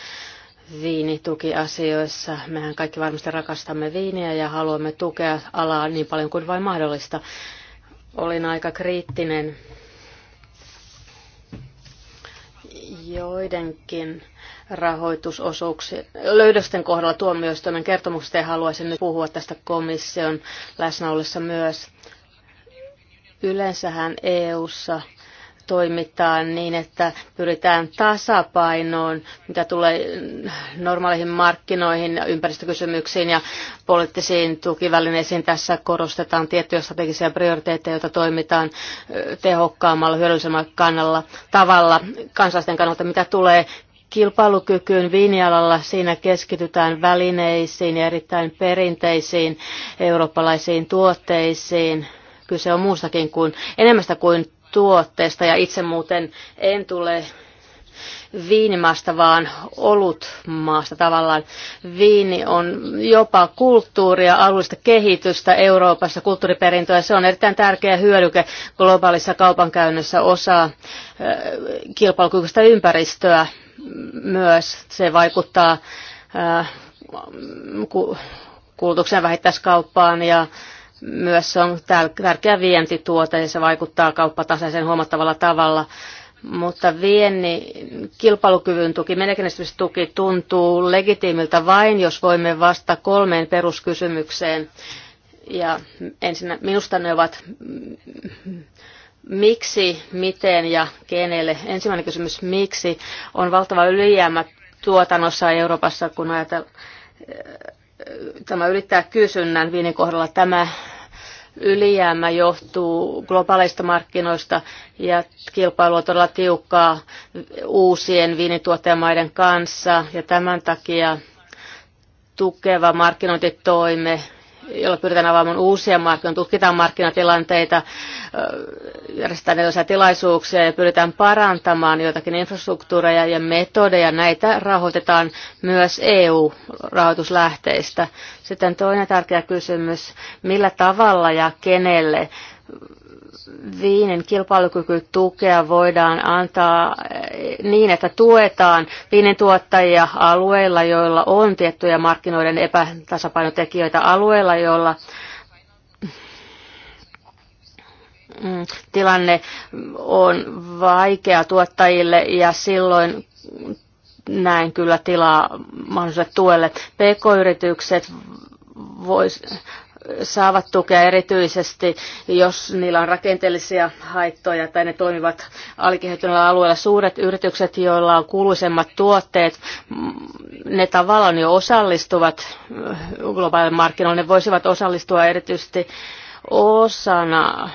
viinitukiasioissa. Mehän kaikki varmasti rakastamme viiniä ja haluamme tukea alaa niin paljon kuin vain mahdollista olin aika kriittinen joidenkin rahoitusosuuksien löydösten kohdalla tuomioistuimen kertomuksesta ja haluaisin nyt puhua tästä komission läsnä ollessa myös. Yleensähän EU:ssa ssa toimitaan niin, että pyritään tasapainoon, mitä tulee normaaleihin markkinoihin, ympäristökysymyksiin ja poliittisiin tukivälineisiin. Tässä korostetaan tiettyjä strategisia prioriteetteja, joita toimitaan tehokkaammalla, hyödyllisemmällä kannalla, tavalla kansalaisten kannalta, mitä tulee kilpailukykyyn viinialalla siinä keskitytään välineisiin ja erittäin perinteisiin eurooppalaisiin tuotteisiin. Kyse on muustakin kuin enemmästä kuin tuotteesta ja itse muuten en tule viinimaasta, vaan olutmaasta tavallaan. Viini on jopa kulttuuria, alueellista kehitystä Euroopassa, kulttuuriperintöä. Se on erittäin tärkeä hyödyke globaalissa kaupankäynnössä osa kilpailukykyistä ympäristöä myös. Se vaikuttaa kulutuksen vähittäiskauppaan ja myös se on tärkeä vientituote ja se vaikuttaa kauppataseeseen huomattavalla tavalla. Mutta vienni, kilpailukyvyn tuki, tuki tuntuu legitiimiltä vain, jos voimme vastata kolmeen peruskysymykseen. Ja ensin minusta ne ovat miksi, miten ja kenelle. Ensimmäinen kysymys, miksi, on valtava ylijäämä tuotannossa Euroopassa, kun ajatellaan tämä ylittää kysynnän viinin kohdalla. Tämä ylijäämä johtuu globaaleista markkinoista ja on todella tiukkaa uusien viinituottajamaiden kanssa ja tämän takia tukeva markkinointitoime jolla pyritään avaamaan uusia markkinoita, tutkitaan markkinatilanteita, järjestetään erilaisia tilaisuuksia ja pyritään parantamaan joitakin infrastruktuureja ja metodeja. Näitä rahoitetaan myös EU-rahoituslähteistä. Sitten toinen tärkeä kysymys, millä tavalla ja kenelle viinin kilpailukykytukea voidaan antaa eh, niin, että tuetaan viinin tuottajia alueilla, joilla on tiettyjä markkinoiden epätasapainotekijöitä, alueilla, joilla mm, tilanne on vaikea tuottajille ja silloin näin kyllä tilaa mahdolliselle tuelle. PK-yritykset vois, saavat tukea erityisesti, jos niillä on rakenteellisia haittoja tai ne toimivat alikehittyneillä alueilla. Suuret yritykset, joilla on kuuluisemmat tuotteet, mm, ne tavallaan jo osallistuvat äh, globaalille markkinoille. Ne voisivat osallistua erityisesti osana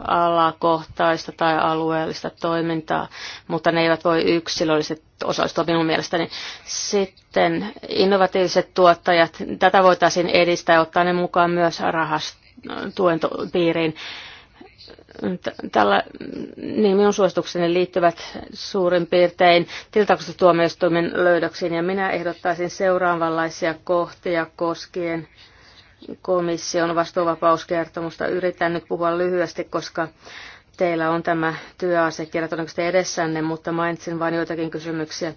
alakohtaista tai alueellista toimintaa, mutta ne eivät voi yksilöllisesti osallistua minun mielestäni. Sitten innovatiiviset tuottajat, tätä voitaisiin edistää ja ottaa ne mukaan myös rahastuen piiriin. Tällä, niin minun suositukseni liittyvät suurin piirtein tiltauksesta löydöksiin ja minä ehdottaisin seuraavanlaisia kohtia koskien komission vastuuvapauskertomusta. Yritän nyt puhua lyhyesti, koska teillä on tämä työasiakirja todennäköisesti edessänne, mutta mainitsin vain joitakin kysymyksiä.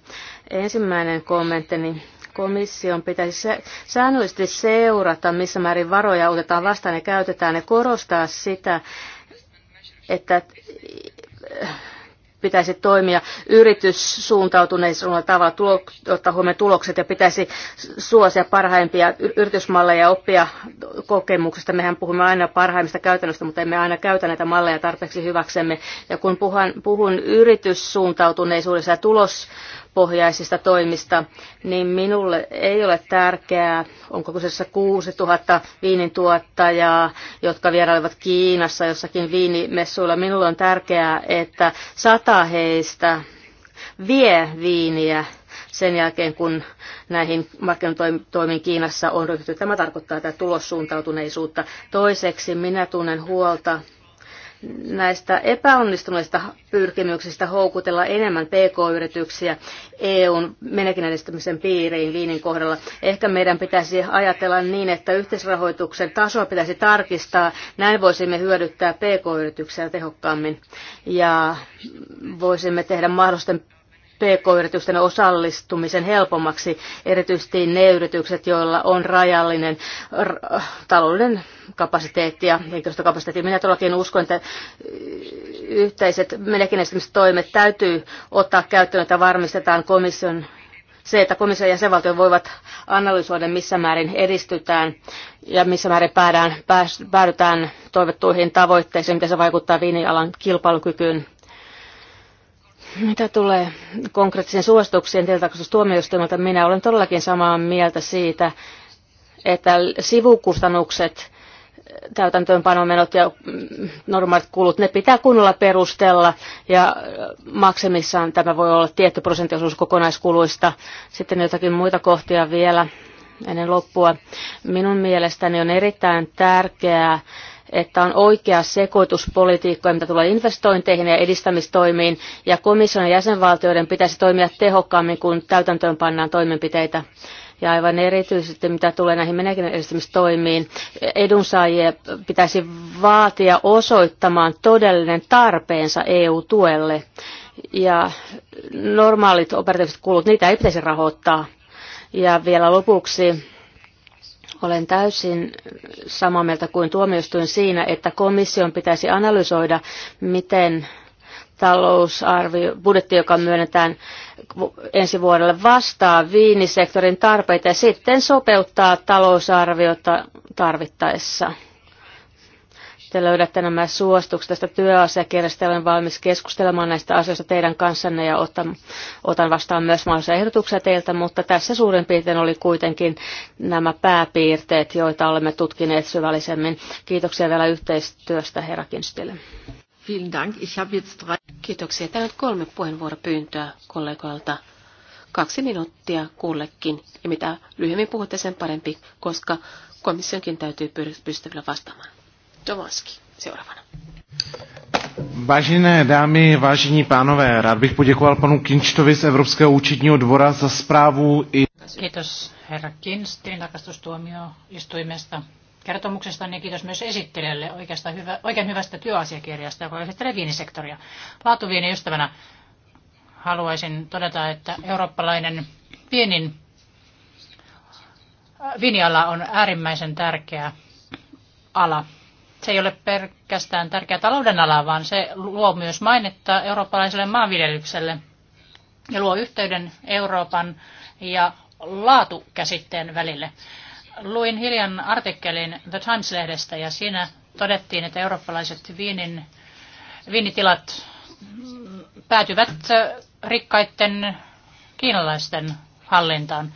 Ensimmäinen kommenttini komission pitäisi säännöllisesti seurata, missä määrin varoja otetaan vastaan ja käytetään ja korostaa sitä, että pitäisi toimia yrityssuuntautuneisella tavalla, ottaa huomioon tulokset ja pitäisi suosia parhaimpia yritysmalleja ja oppia kokemuksesta. Mehän puhumme aina parhaimmista käytännöistä, mutta emme aina käytä näitä malleja tarpeeksi hyväksemme. Ja kun puhun, puhun yrityssuuntautuneisuudessa ja tulos pohjaisista toimista, niin minulle ei ole tärkeää, onko kyseessä 6000 viinintuottajaa, jotka vierailevat Kiinassa jossakin viinimessuilla. Minulle on tärkeää, että sata heistä vie viiniä sen jälkeen, kun näihin markkinatoimiin Kiinassa on ryhtynyt Tämä tarkoittaa tätä tulossuuntautuneisuutta. Toiseksi minä tunnen huolta näistä epäonnistuneista pyrkimyksistä houkutella enemmän PK-yrityksiä EUn menekinäistämisen piiriin viinin kohdalla. Ehkä meidän pitäisi ajatella niin, että yhteisrahoituksen tasoa pitäisi tarkistaa. Näin voisimme hyödyttää PK-yrityksiä tehokkaammin ja voisimme tehdä mahdollisten pk-yritysten osallistumisen helpommaksi, erityisesti ne yritykset, joilla on rajallinen r- talouden kapasiteetti ja henkilöstökapasiteetti. Minä todellakin uskon, että yhteiset toimet täytyy ottaa käyttöön, että varmistetaan komission se, että komissio ja jäsenvaltiot voivat analysoida, missä määrin edistytään ja missä määrin päädään, pääs, päädytään toivottuihin tavoitteisiin, miten se vaikuttaa viinialan kilpailukykyyn mitä tulee konkreettisiin suosituksiin tilintarkastustuomioistuimelta, minä olen todellakin samaa mieltä siitä, että sivukustannukset, täytäntöönpanomenot ja normaalit kulut, ne pitää kunnolla perustella ja maksimissaan tämä voi olla tietty prosenttiosuus kokonaiskuluista. Sitten jotakin muita kohtia vielä ennen loppua. Minun mielestäni on erittäin tärkeää että on oikea sekoitus politiikkoja, mitä tulee investointeihin ja edistämistoimiin, ja komission ja jäsenvaltioiden pitäisi toimia tehokkaammin, kun täytäntöön pannaan toimenpiteitä. Ja aivan erityisesti mitä tulee näihin menekin edistämistoimiin, edunsaajia pitäisi vaatia osoittamaan todellinen tarpeensa EU-tuelle. Ja normaalit operatiiviset kulut, niitä ei pitäisi rahoittaa. Ja vielä lopuksi olen täysin samaa mieltä kuin tuomioistuin siinä, että komission pitäisi analysoida, miten talousarvio, budjetti, joka myönnetään ensi vuodelle, vastaa viinisektorin tarpeita ja sitten sopeuttaa talousarviota tarvittaessa te löydätte nämä suostukset tästä työasiakirjasta. Olen valmis keskustelemaan näistä asioista teidän kanssanne ja otan, otan vastaan myös mahdollisia ehdotuksia teiltä, mutta tässä suurin piirtein oli kuitenkin nämä pääpiirteet, joita olemme tutkineet syvällisemmin. Kiitoksia vielä yhteistyöstä, herra Kinstille. Kiitoksia. Täällä on kolme puheenvuoropyyntöä kollegoilta kaksi minuuttia kullekin. Ja mitä lyhyemmin puhutte, sen parempi, koska komissionkin täytyy pystyä vastaamaan. Domansky seuraavana. Vážené dámy, vážení pánové, rád bych poděkoval panu Kinčtovi z Evropského účetního dvora za zprávu i... Kiitos herra Kinstin takastustuomioistuimesta kertomuksesta ja niin kiitos myös esittelijälle oikeastaan hyvä, oikein hyvästä työasiakirjasta, joka esittelee siis viinisektoria. Laatuviini ystävänä haluaisin todeta, että eurooppalainen viinin äh, viiniala on äärimmäisen tärkeä ala se ei ole pelkästään tärkeä talouden ala, vaan se luo myös mainetta eurooppalaiselle maanviljelykselle ja luo yhteyden Euroopan ja laatukäsitteen välille. Luin hiljan artikkelin The Times-lehdestä ja siinä todettiin, että eurooppalaiset viinin, viinitilat päätyvät rikkaiden kiinalaisten hallintaan.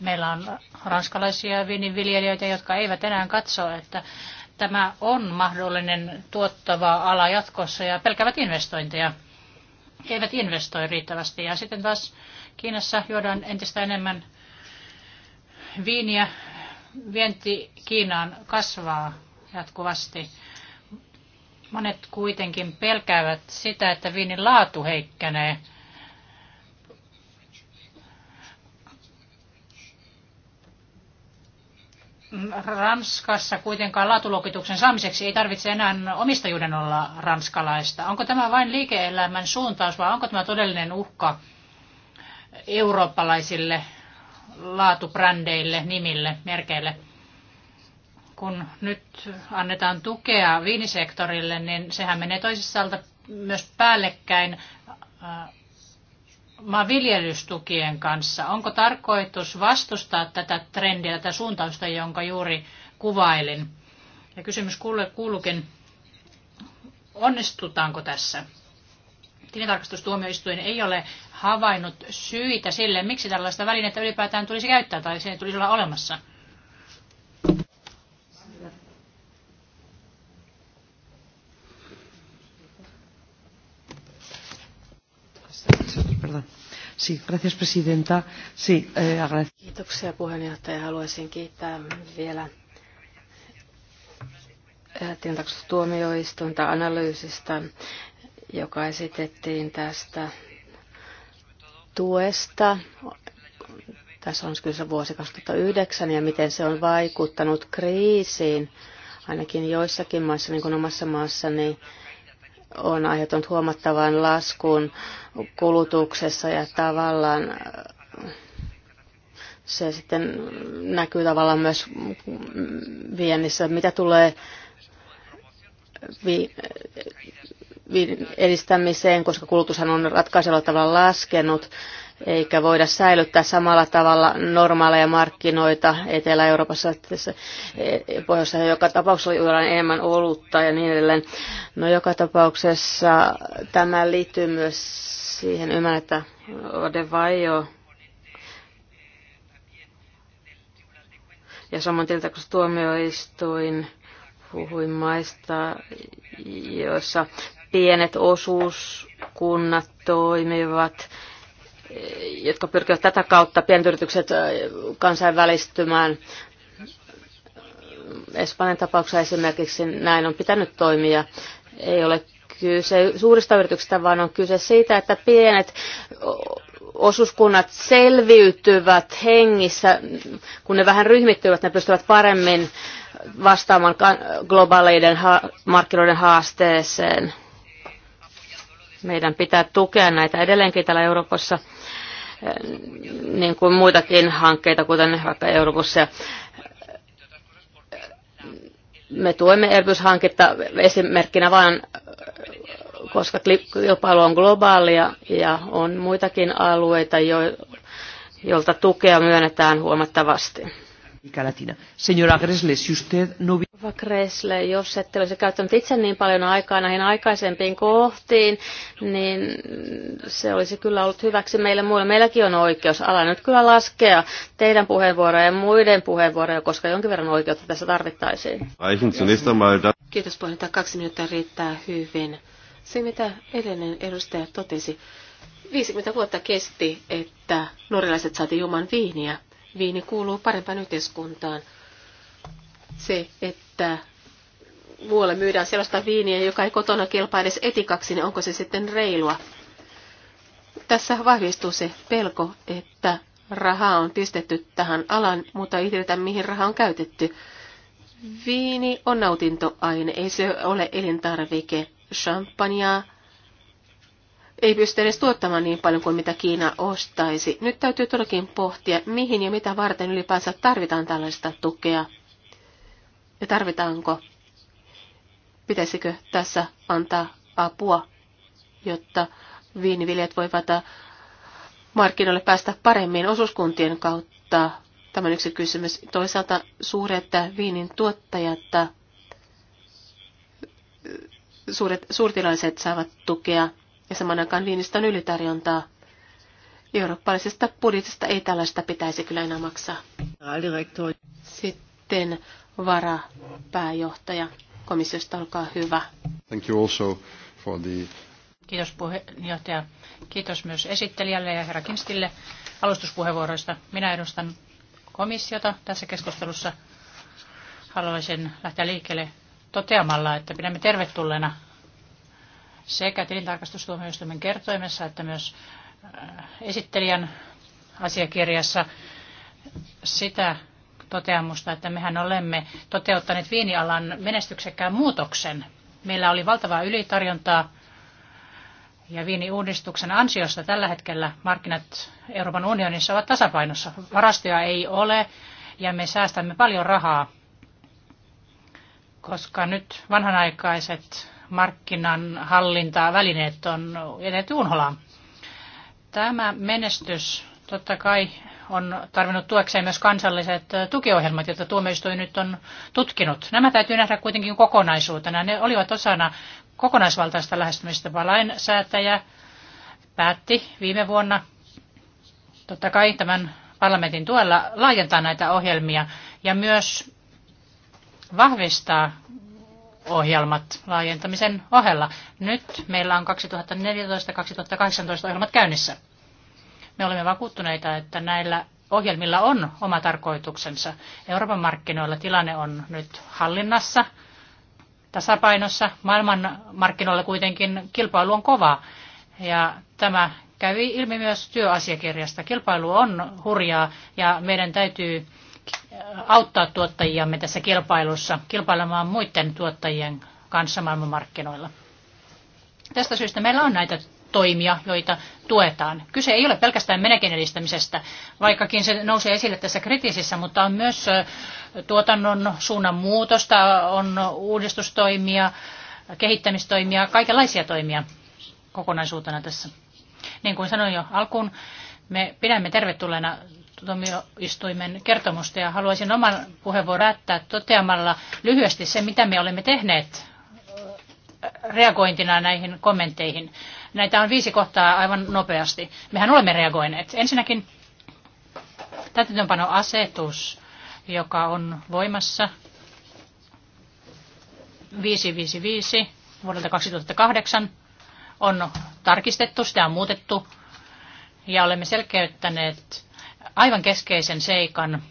Meillä on ranskalaisia viininviljelijöitä, jotka eivät enää katso, että tämä on mahdollinen tuottava ala jatkossa ja pelkävät investointeja. He eivät investoi riittävästi. Ja sitten taas Kiinassa juodaan entistä enemmän viiniä. Vienti Kiinaan kasvaa jatkuvasti. Monet kuitenkin pelkäävät sitä, että viinin laatu heikkenee – Ranskassa kuitenkaan laatulokituksen saamiseksi ei tarvitse enää omistajuuden olla ranskalaista. Onko tämä vain liike-elämän suuntaus vai onko tämä todellinen uhka eurooppalaisille laatubrändeille, nimille, merkeille? Kun nyt annetaan tukea viinisektorille, niin sehän menee toisisaalta myös päällekkäin äh, maanviljelystukien kanssa? Onko tarkoitus vastustaa tätä trendiä, tätä suuntausta, jonka juuri kuvailin? Ja kysymys kuuluukin, onnistutaanko tässä? Tilintarkastustuomioistuin ei ole havainnut syitä sille, miksi tällaista välinettä ylipäätään tulisi käyttää tai se tulisi olla olemassa arvoisa puhemies. Eh, Kiitoksia puheenjohtaja. Haluaisin kiittää vielä eh, tilintarkastustuomioistuinta analyysistä, joka esitettiin tästä tuesta. Tässä on kyllä vuosi 2009 ja miten se on vaikuttanut kriisiin, ainakin joissakin maissa, niin kuin omassa maassani. Niin on aiheuttanut huomattavan laskun kulutuksessa ja tavallaan äh, se sitten näkyy tavallaan myös viennissä. Mitä tulee vi- äh, edistämiseen, koska kulutushan on ratkaisella tavalla laskenut, eikä voida säilyttää samalla tavalla normaaleja markkinoita Etelä-Euroopassa, e, Pohjoisessa joka tapauksessa oli juuri enemmän olutta ja niin edelleen. No joka tapauksessa tämä liittyy myös siihen ymmärrän, että Vaio. ja samoin tiltä, kun tuomioistuin puhui maista, joissa pienet osuuskunnat toimivat jotka pyrkivät tätä kautta pienyritykset kansainvälistymään. Espanjan tapauksessa esimerkiksi näin on pitänyt toimia. Ei ole kyse suurista yrityksistä, vaan on kyse siitä, että pienet osuuskunnat selviytyvät hengissä, kun ne vähän ryhmittyvät, ne pystyvät paremmin vastaamaan globaaleiden markkinoiden haasteeseen. Meidän pitää tukea näitä edelleenkin täällä Euroopassa, eh, niin kuin muitakin hankkeita, kuten vaikka Euroopassa. Eh, me tuemme elvytyshanketta esimerkkinä vain, eh, koska kilpailu on globaalia ja on muitakin alueita, jo, jolta tukea myönnetään huomattavasti. Latina. Señora Gresles, si usted no Eva Kresle, jos ette olisi käyttänyt itse niin paljon aikaa näihin aikaisempiin kohtiin, niin se olisi kyllä ollut hyväksi meille muille. Meilläkin on oikeus. Ala nyt kyllä laskea teidän puheenvuoroja ja muiden puheenvuoroja, koska jonkin verran oikeutta tässä tarvittaisiin. Kiitos puheenjohtaja. Kaksi minuuttia riittää hyvin. Se, mitä edellinen edustaja totesi, 50 vuotta kesti, että norjalaiset saatiin juoman viiniä. Viini kuuluu parempaan yhteiskuntaan se, että että muualle myydään sellaista viiniä, joka ei kotona kelpaa edes etikaksi, niin onko se sitten reilua? Tässä vahvistuu se pelko, että rahaa on pistetty tähän alan, mutta ei tiedetä, mihin raha on käytetty. Viini on nautintoaine, ei se ole elintarvike. Champagnea ei pysty edes tuottamaan niin paljon kuin mitä Kiina ostaisi. Nyt täytyy todellakin pohtia, mihin ja mitä varten ylipäänsä tarvitaan tällaista tukea ja tarvitaanko, pitäisikö tässä antaa apua, jotta viiniviljat voivat äh, markkinoille päästä paremmin osuuskuntien kautta. Tämä on yksi kysymys. Toisaalta suuret viinin tuottajat, äh, suuret, suurtilaiset saavat tukea ja saman aikaan viinistä on ylitarjontaa. Eurooppalaisesta budjetista ei tällaista pitäisi kyllä enää maksaa. Sitten varapääjohtaja komissiosta, olkaa hyvä. Thank you also for the... Kiitos puheenjohtaja. Kiitos myös esittelijälle ja herra Kinstille alustuspuheenvuoroista. Minä edustan komissiota tässä keskustelussa. Haluaisin lähteä liikkeelle toteamalla, että pidämme tervetulleena sekä tilintarkastustuomioistuimen kertoimessa että myös äh, esittelijän asiakirjassa sitä toteamusta, että mehän olemme toteuttaneet viinialan menestyksekkään muutoksen. Meillä oli valtavaa ylitarjontaa ja viiniuudistuksen ansiosta tällä hetkellä markkinat Euroopan unionissa ovat tasapainossa. Varastoja ei ole ja me säästämme paljon rahaa, koska nyt vanhanaikaiset markkinan hallintavälineet on jätetty unholaan. Tämä menestys Totta kai on tarvinnut tuekseen myös kansalliset tukiohjelmat, joita tuomioistuin nyt on tutkinut. Nämä täytyy nähdä kuitenkin kokonaisuutena. Ne olivat osana kokonaisvaltaista lähestymistä. Lainsäätäjä päätti viime vuonna totta kai tämän parlamentin tuella laajentaa näitä ohjelmia ja myös vahvistaa ohjelmat laajentamisen ohella. Nyt meillä on 2014-2018 ohjelmat käynnissä. Me olemme vakuuttuneita, että näillä ohjelmilla on oma tarkoituksensa. Euroopan markkinoilla tilanne on nyt hallinnassa, tasapainossa. Maailman markkinoilla kuitenkin kilpailu on kova. Ja tämä kävi ilmi myös työasiakirjasta. Kilpailu on hurjaa ja meidän täytyy auttaa tuottajiamme tässä kilpailussa kilpailemaan muiden tuottajien kanssa maailmanmarkkinoilla. Tästä syystä meillä on näitä toimia, joita tuetaan. Kyse ei ole pelkästään menekin edistämisestä, vaikkakin se nousee esille tässä kritiisissä, mutta on myös tuotannon suunnan muutosta, on uudistustoimia, kehittämistoimia, kaikenlaisia toimia kokonaisuutena tässä. Niin kuin sanoin jo alkuun, me pidämme tervetulleena tuomioistuimen kertomusta ja haluaisin oman puheenvuoron räättää toteamalla lyhyesti se, mitä me olemme tehneet reagointina näihin kommentteihin. Näitä on viisi kohtaa aivan nopeasti. Mehän olemme reagoineet. Ensinnäkin täytäntöönpanoasetus, joka on voimassa 555 vuodelta 2008, on tarkistettu, sitä on muutettu ja olemme selkeyttäneet aivan keskeisen seikan,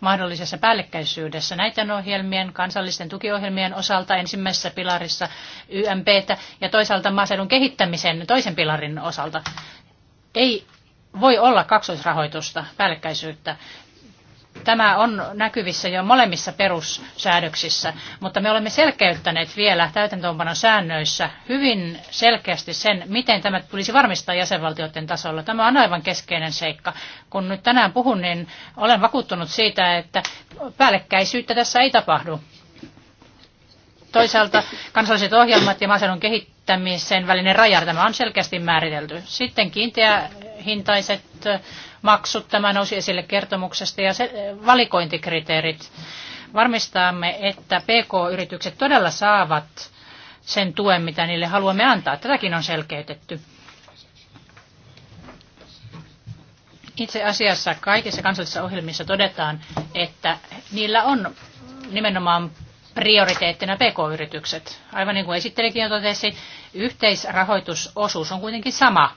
mahdollisessa päällekkäisyydessä näiden ohjelmien, kansallisten tukiohjelmien osalta ensimmäisessä pilarissa YMPtä ja toisaalta maaseudun kehittämisen toisen pilarin osalta. Ei voi olla kaksoisrahoitusta, päällekkäisyyttä. Tämä on näkyvissä jo molemmissa perussäädöksissä, mutta me olemme selkeyttäneet vielä täytäntöönpanon säännöissä hyvin selkeästi sen, miten tämä tulisi varmistaa jäsenvaltioiden tasolla. Tämä on aivan keskeinen seikka. Kun nyt tänään puhun, niin olen vakuuttunut siitä, että päällekkäisyyttä tässä ei tapahdu. Toisaalta kansalliset ohjelmat ja maaseudun kehittämisen välinen raja, tämä on selkeästi määritelty. Sitten kiinteä hintaiset maksut, tämä nousi esille kertomuksesta, ja se, valikointikriteerit. Varmistamme, että PK-yritykset todella saavat sen tuen, mitä niille haluamme antaa. Tätäkin on selkeytetty. Itse asiassa kaikissa kansallisissa ohjelmissa todetaan, että niillä on nimenomaan prioriteettina pk-yritykset. Aivan niin kuin esittelikin jo totesi, yhteisrahoitusosuus on kuitenkin sama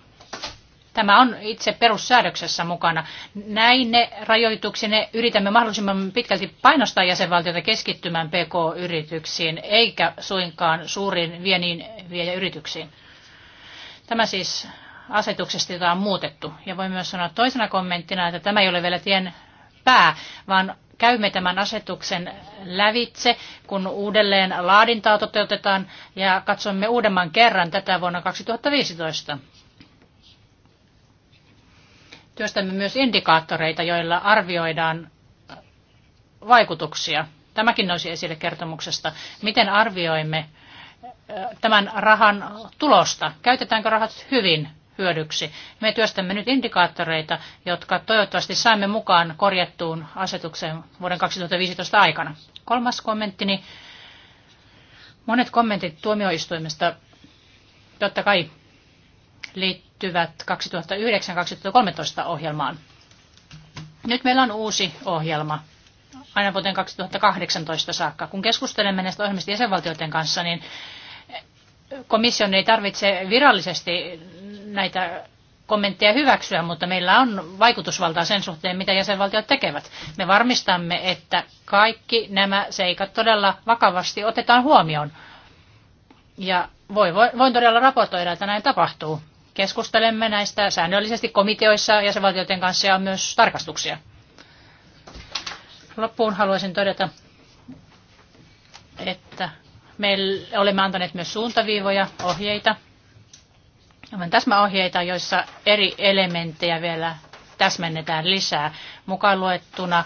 Tämä on itse perussäädöksessä mukana. Näin ne rajoituksine yritämme mahdollisimman pitkälti painostaa jäsenvaltiota keskittymään PK-yrityksiin, eikä suinkaan suuriin viejä yrityksiin. Tämä siis asetuksesta, jota on muutettu. Ja voi myös sanoa toisena kommenttina, että tämä ei ole vielä tien pää, vaan käymme tämän asetuksen lävitse, kun uudelleen laadintaa toteutetaan ja katsomme uudemman kerran tätä vuonna 2015. Työstämme myös indikaattoreita, joilla arvioidaan vaikutuksia. Tämäkin nousi esille kertomuksesta. Miten arvioimme äh, tämän rahan tulosta? Käytetäänkö rahat hyvin hyödyksi? Me työstämme nyt indikaattoreita, jotka toivottavasti saamme mukaan korjattuun asetukseen vuoden 2015 aikana. Kolmas kommenttini. Monet kommentit tuomioistuimesta totta kai liittyvät liittyvät 2009-2013 ohjelmaan. Nyt meillä on uusi ohjelma aina vuoteen 2018 saakka. Kun keskustelemme näistä ohjelmista jäsenvaltioiden kanssa, niin komission ei tarvitse virallisesti näitä kommentteja hyväksyä, mutta meillä on vaikutusvaltaa sen suhteen, mitä jäsenvaltiot tekevät. Me varmistamme, että kaikki nämä seikat todella vakavasti otetaan huomioon. Ja voi, voi, voin todella raportoida, että näin tapahtuu. Keskustelemme näistä säännöllisesti komiteoissa ja jäsenvaltioiden kanssa ja myös tarkastuksia. Loppuun haluaisin todeta, että me olemme antaneet myös suuntaviivoja, ohjeita. On täsmäohjeita, joissa eri elementtejä vielä täsmennetään lisää, mukaan luettuna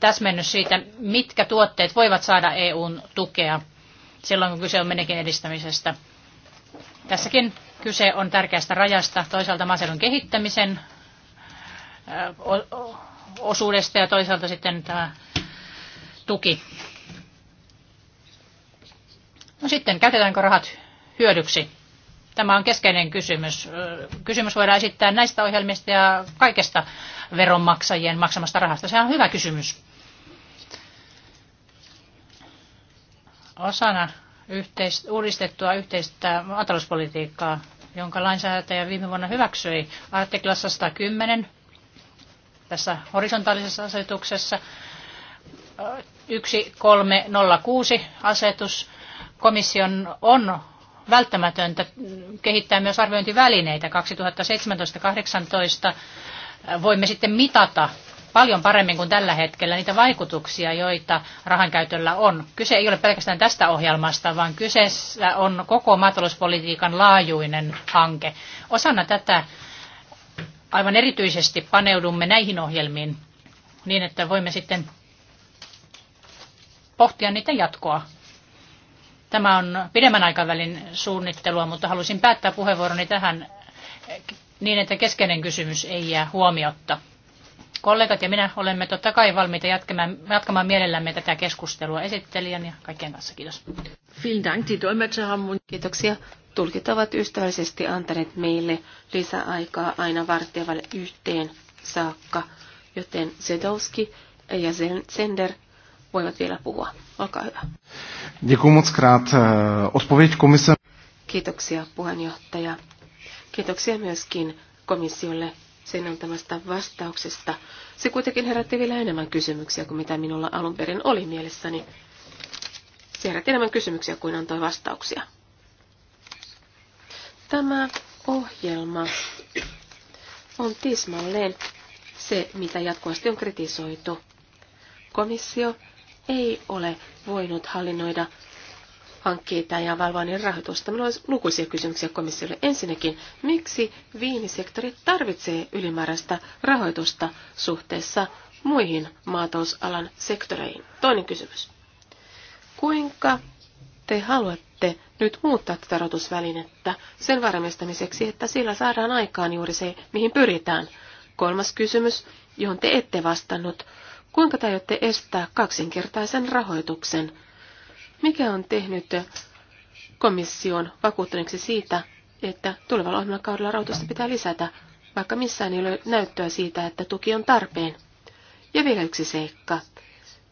täsmennys siitä, mitkä tuotteet voivat saada EUn tukea silloin, kun kyse on menekin edistämisestä. Tässäkin Kyse on tärkeästä rajasta toisaalta maaseudun kehittämisen osuudesta ja toisaalta sitten tämä tuki. No sitten, käytetäänkö rahat hyödyksi? Tämä on keskeinen kysymys. Kysymys voidaan esittää näistä ohjelmista ja kaikesta veronmaksajien maksamasta rahasta. Se on hyvä kysymys. Osana yhteis- uudistettua yhteistä maatalouspolitiikkaa, jonka lainsäätäjä viime vuonna hyväksyi artiklassa 110 tässä horisontaalisessa asetuksessa 1306 asetus. Komission on välttämätöntä kehittää myös arviointivälineitä 2017-2018. Voimme sitten mitata paljon paremmin kuin tällä hetkellä niitä vaikutuksia, joita rahankäytöllä on. Kyse ei ole pelkästään tästä ohjelmasta, vaan kyseessä on koko maatalouspolitiikan laajuinen hanke. Osana tätä aivan erityisesti paneudumme näihin ohjelmiin niin, että voimme sitten pohtia niitä jatkoa. Tämä on pidemmän aikavälin suunnittelua, mutta halusin päättää puheenvuoroni tähän niin, että keskeinen kysymys ei jää huomiotta kollegat ja minä olemme totta kai valmiita jatkamaan, jatkamaan mielellämme tätä keskustelua esittelijän ja kaikkien kanssa. Kiitos. Kiitoksia. Tulkit ovat ystävällisesti antaneet meille lisäaikaa aina vartijavalle yhteen saakka, joten Zedowski ja Sender voivat vielä puhua. Olkaa hyvä. Eh, Kiitoksia puheenjohtaja. Kiitoksia myöskin komissiolle sen antamasta vastauksesta. Se kuitenkin herätti vielä enemmän kysymyksiä kuin mitä minulla alun perin oli mielessäni. Se herätti enemmän kysymyksiä kuin antoi vastauksia. Tämä ohjelma on tismalleen se, mitä jatkuvasti on kritisoitu. Komissio ei ole voinut hallinnoida hankkeita ja valvoa niiden rahoitusta. Minulla olisi lukuisia kysymyksiä komissiolle. Ensinnäkin, miksi viinisektori tarvitsee ylimääräistä rahoitusta suhteessa muihin maatalousalan sektoreihin? Toinen kysymys. Kuinka te haluatte nyt muuttaa tätä rahoitusvälinettä sen varmistamiseksi, että sillä saadaan aikaan juuri se, mihin pyritään? Kolmas kysymys, johon te ette vastannut. Kuinka te aiotte estää kaksinkertaisen rahoituksen mikä on tehnyt komission vakuuttuneeksi siitä, että tulevalla ohjelmakaudella rahoitusta pitää lisätä, vaikka missään ei ole näyttöä siitä, että tuki on tarpeen? Ja vielä yksi seikka.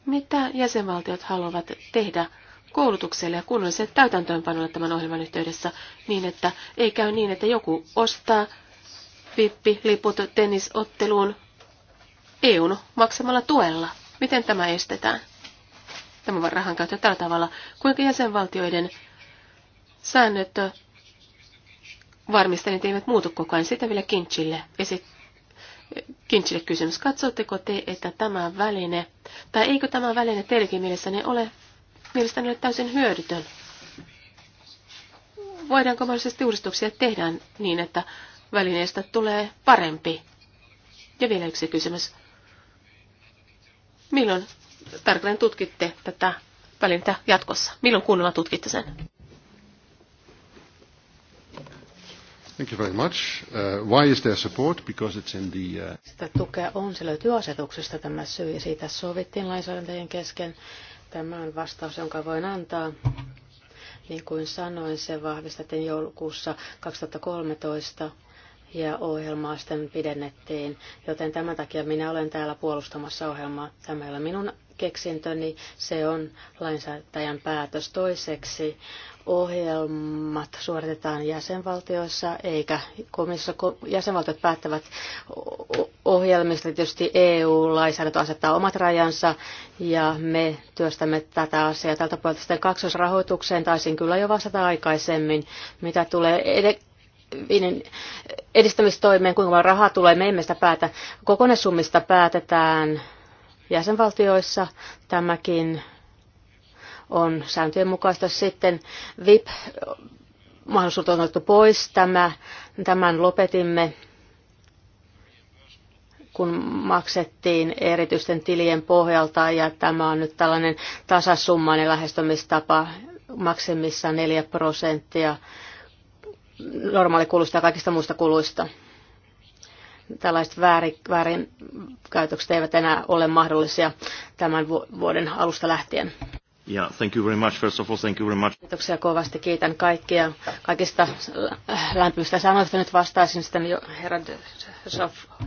Mitä jäsenvaltiot haluavat tehdä koulutukselle ja kunnolliselle täytäntöönpanolle tämän ohjelman yhteydessä niin, että ei käy niin, että joku ostaa vippi, liput tennisotteluun EUn maksamalla tuella? Miten tämä estetään? on rahan käyttö tällä tavalla, kuinka jäsenvaltioiden säännöt varmistaneet eivät muutu koko ajan. Sitä vielä Kinchille. Kinchille kysymys. Katsotteko te, että tämä väline, tai eikö tämä väline teidänkin mielessäni ole, mielestäni ole täysin hyödytön? Voidaanko mahdollisesti uudistuksia tehdä niin, että välineestä tulee parempi? Ja vielä yksi kysymys. Milloin tarkalleen tutkitte tätä välintä jatkossa? Milloin kunnolla tutkitte sen? Thank you very much. Uh, why is there support? Because it's in the... Uh... Sitä tukea on, se löytyy asetuksesta tämä syy, ja siitä sovittiin lainsäädäntöjen kesken. Tämä on vastaus, jonka voin antaa. Niin kuin sanoin, se vahvistettiin joulukuussa 2013 ja ohjelmaa sitten pidennettiin, joten tämän takia minä olen täällä puolustamassa ohjelmaa. Tämä ei ole minun keksintö, niin se on lainsäätäjän päätös. Toiseksi ohjelmat suoritetaan jäsenvaltioissa, eikä komissio, jäsenvaltiot päättävät ohjelmista. Tietysti EU-lainsäädäntö asettaa omat rajansa ja me työstämme tätä asiaa. Tältä puolelta sitten kaksoisrahoitukseen taisin kyllä jo vastata aikaisemmin, mitä tulee edistämistoimeen, kuinka paljon rahaa tulee, me emme sitä päätä. Kokonaisummista päätetään jäsenvaltioissa. Tämäkin on sääntöjen mukaista sitten VIP mahdollisuus on otettu pois. Tämä, tämän lopetimme, kun maksettiin erityisten tilien pohjalta ja tämä on nyt tällainen tasasummainen lähestymistapa maksimissa 4 prosenttia normaalikuluista ja kaikista muista kuluista tällaiset väärin, käytökset eivät enää ole mahdollisia tämän vuoden alusta lähtien. Yeah, thank you very much. First of all, thank you very much. Kiitoksia kovasti. Kiitän kaikkia kaikista lämpimistä sanoista. Nyt vastaisin sitten jo herra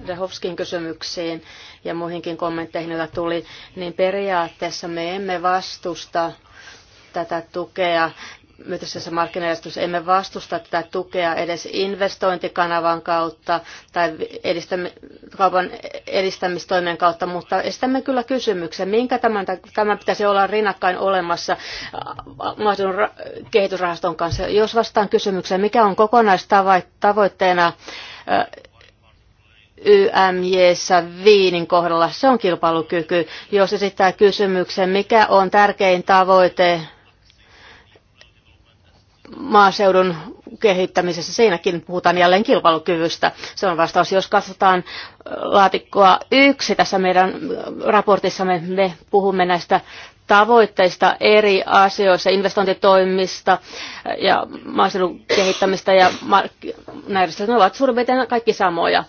Dehovskin kysymyksiin ja muihinkin kommentteihin, joita tuli. Niin periaatteessa me emme vastusta tätä tukea myönteisessä markkinajärjestössä emme vastusta tätä tukea edes investointikanavan kautta tai edistämme, kaupan edistämistoimien kautta, mutta estämme kyllä kysymyksen, minkä tämän, tämän pitäisi olla rinnakkain olemassa äh, maaseudun kehitysrahaston kanssa. Jos vastaan kysymykseen, mikä on kokonaistavoitteena äh, YMJssä Viinin kohdalla, se on kilpailukyky. Jos esittää kysymyksen, mikä on tärkein tavoite maaseudun kehittämisessä. Siinäkin puhutaan jälleen kilpailukyvystä. Se on vastaus. Jos katsotaan laatikkoa yksi tässä meidän raportissamme, me puhumme näistä tavoitteista eri asioissa, investointitoimista ja maaseudun kehittämistä ja näistä. Ne ovat suurin piirtein kaikki samoja.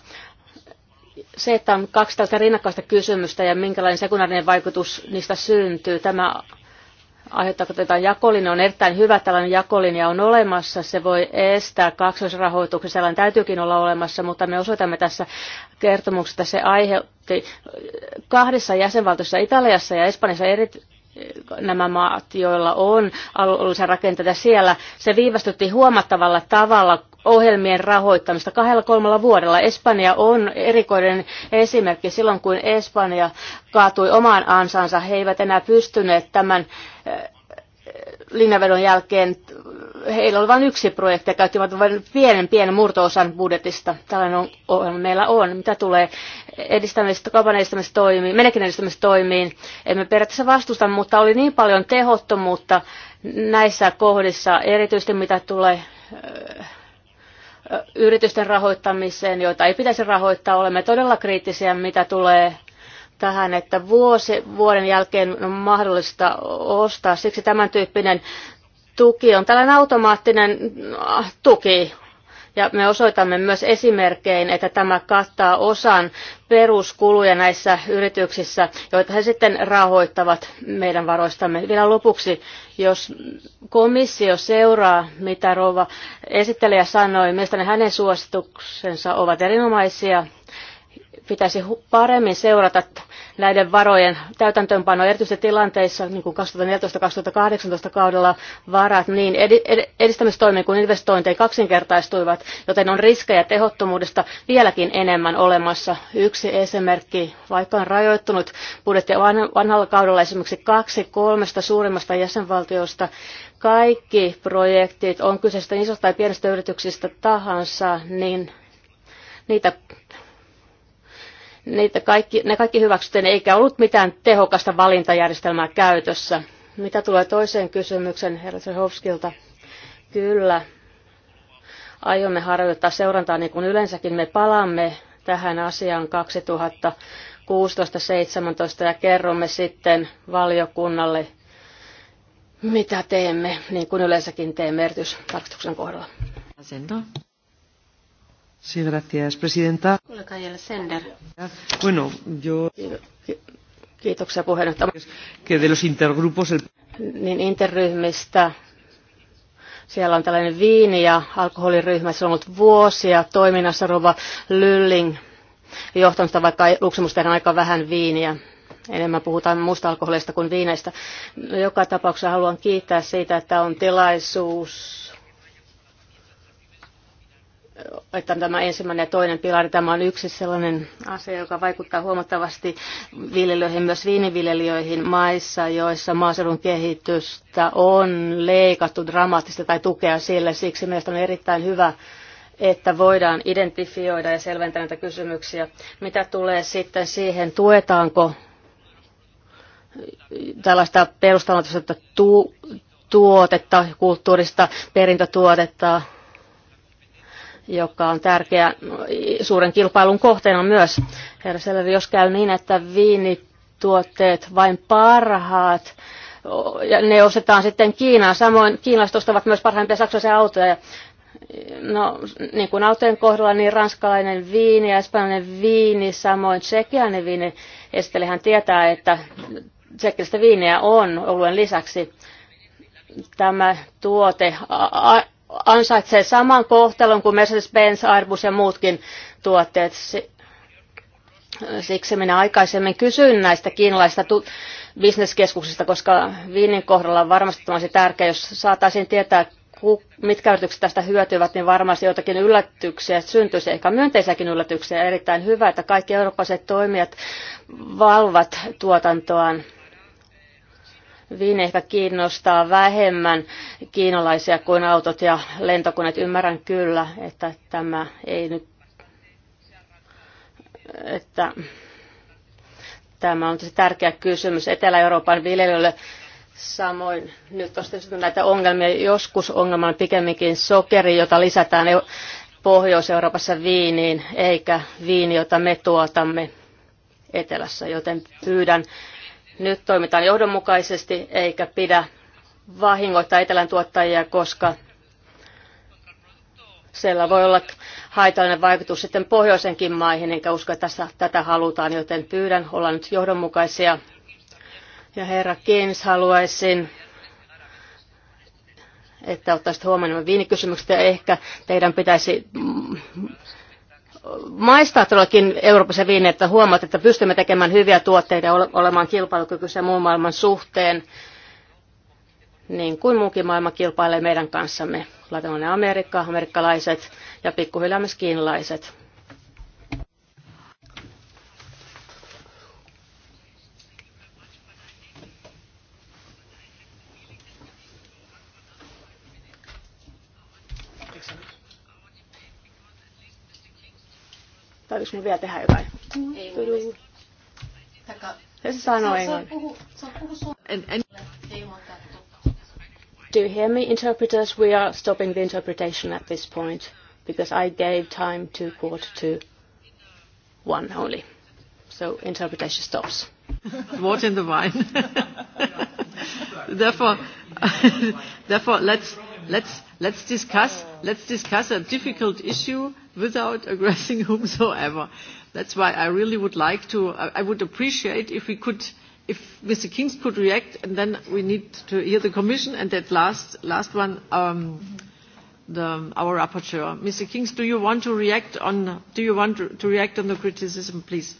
Se, että on kaksi tällaista rinnakkaista kysymystä ja minkälainen sekunnaarinen vaikutus niistä syntyy, tämä aiheuttaako tätä jakolinja, on erittäin hyvä, tällainen jakolinja on olemassa, se voi estää kaksoisrahoituksen, sellainen täytyykin olla olemassa, mutta me osoitamme tässä kertomuksessa, että se aiheutti kahdessa jäsenvaltiossa, Italiassa ja Espanjassa eri, nämä maat, joilla on alueellisia rakenteita siellä, se viivästytti huomattavalla tavalla ohjelmien rahoittamista kahdella kolmella vuodella. Espanja on erikoinen esimerkki. Silloin kun Espanja kaatui omaan ansansa, he eivät enää pystyneet tämän eh, linjavedon jälkeen, heillä oli vain yksi projekti ja käyttivät vain pienen pienen murtoosan budjetista. Tällainen ohjelma meillä on. Mitä tulee edistämistä, kaupan edistämistä toimiin, menekin edistämistä toimiin, emme periaatteessa vastusta, mutta oli niin paljon tehottomuutta näissä kohdissa, erityisesti mitä tulee eh, yritysten rahoittamiseen, joita ei pitäisi rahoittaa. Olemme todella kriittisiä, mitä tulee tähän, että vuosi vuoden jälkeen on mahdollista ostaa. Siksi tämän tyyppinen tuki on tällainen automaattinen äh, tuki ja me osoitamme myös esimerkkein, että tämä kattaa osan peruskuluja näissä yrityksissä, joita he sitten rahoittavat meidän varoistamme. Vielä lopuksi, jos komissio seuraa, mitä Rova esittelijä sanoi, mielestäni hänen suosituksensa ovat erinomaisia pitäisi paremmin seurata näiden varojen täytäntöönpanoa erityisesti tilanteissa, niin kuin 2014-2018 kaudella varat niin edistämistoimiin kuin investointeihin kaksinkertaistuivat, joten on riskejä tehottomuudesta vieläkin enemmän olemassa. Yksi esimerkki, vaikka on rajoittunut budjetti vanhalla kaudella esimerkiksi kaksi kolmesta suurimmasta jäsenvaltiosta, kaikki projektit, on kyseistä isosta tai pienestä yrityksistä tahansa, niin niitä niitä kaikki, ne kaikki hyväksyttiin, eikä ollut mitään tehokasta valintajärjestelmää käytössä. Mitä tulee toiseen kysymykseen herra Kyllä, aiomme harjoittaa seurantaa niin kuin yleensäkin. Me palaamme tähän asiaan 2016-2017 ja kerromme sitten valiokunnalle, mitä teemme, niin kuin yleensäkin teemme erityistarkastuksen kohdalla. Asento. Sí, presidenta. Bueno, yo... Kiitoksia puheenjohtaja. Que de los intergrupos... El... Niin interryhmistä siellä on tällainen viini- ja alkoholiryhmä. Se on ollut vuosia toiminnassa Rova Lylling johtamista, vaikka Luxemburgissa tehdään aika vähän viiniä. Enemmän puhutaan muusta alkoholista kuin viineistä. No, joka tapauksessa haluan kiittää siitä, että on tilaisuus että tämä ensimmäinen ja toinen pilari, tämä on yksi sellainen asia, joka vaikuttaa huomattavasti viljelijöihin, myös viiniviljelijöihin maissa, joissa maaseudun kehitystä on leikattu dramaattisesti tai tukea sille. Siksi mielestäni on erittäin hyvä että voidaan identifioida ja selventää näitä kysymyksiä. Mitä tulee sitten siihen, tuetaanko tällaista perustamatoista tu- tuotetta, kulttuurista perintötuotetta, joka on tärkeä suuren kilpailun kohteena myös. Herra Seller, jos käy niin, että viinituotteet vain parhaat, ja ne ostetaan sitten Kiinaan. Samoin kiinalaiset ostavat myös parhaimpia saksalaisia autoja. No, niin kuin autojen kohdalla, niin ranskalainen viini ja espanjalainen viini, samoin tsekialainen viini. Esteli hän tietää, että tsekkiläistä viiniä on oluen lisäksi. Tämä tuote ansaitsee saman kohtelun kuin Mercedes-Benz, Airbus ja muutkin tuotteet. Siksi minä aikaisemmin kysyin näistä kiinalaisista bisneskeskuksista, koska Viinin kohdalla varmasti olisi tärkeää, jos saataisiin tietää, mitkä yritykset tästä hyötyvät, niin varmasti jotakin yllätyksiä syntyisi, ehkä myönteisiäkin yllätyksiä. Erittäin hyvä, että kaikki eurooppalaiset toimijat valvovat tuotantoaan Viini ehkä kiinnostaa vähemmän kiinalaisia kuin autot ja lentokoneet. Ymmärrän kyllä, että tämä ei nyt, että tämä on tosi tärkeä kysymys Etelä-Euroopan viljelijöille. Samoin nyt on näitä ongelmia. Joskus ongelma on pikemminkin sokeri, jota lisätään Pohjois-Euroopassa viiniin, eikä viini, jota me tuotamme etelässä, joten pyydän nyt toimitaan johdonmukaisesti eikä pidä vahingoittaa etelän tuottajia, koska siellä voi olla haitallinen vaikutus sitten pohjoisenkin maihin, enkä usko, että tässä, tätä halutaan, joten pyydän olla nyt johdonmukaisia. Ja herra Kins, haluaisin, että ottaisit huomioon nämä viinikysymykset ja ehkä teidän pitäisi maista todellakin Euroopassa viin, että huomaat, että pystymme tekemään hyviä tuotteita ja olemaan kilpailukykyisiä muun maailman suhteen, niin kuin muukin maailma kilpailee meidän kanssamme. Latinalainen Amerikka, amerikkalaiset ja pikkuhiljaa myös kiinalaiset. Tarvitsis mun vielä tehdä jotain? Ei mun Se sanoo englannin. Do you hear me, interpreters? We are stopping the interpretation at this point because I gave time to quarter to one only so interpretation stops. what in the wine. therefore, therefore, let's let's let's discuss let's discuss a difficult issue without aggressing whomsoever. That's why I really would like to. I, I would appreciate if we could. If Mr. Kings could react, and then we need to hear the Commission, and that last, last one, um, the, our rapporteur, Mr. Kings, do you want to react on? Do you want to react on the criticism, please?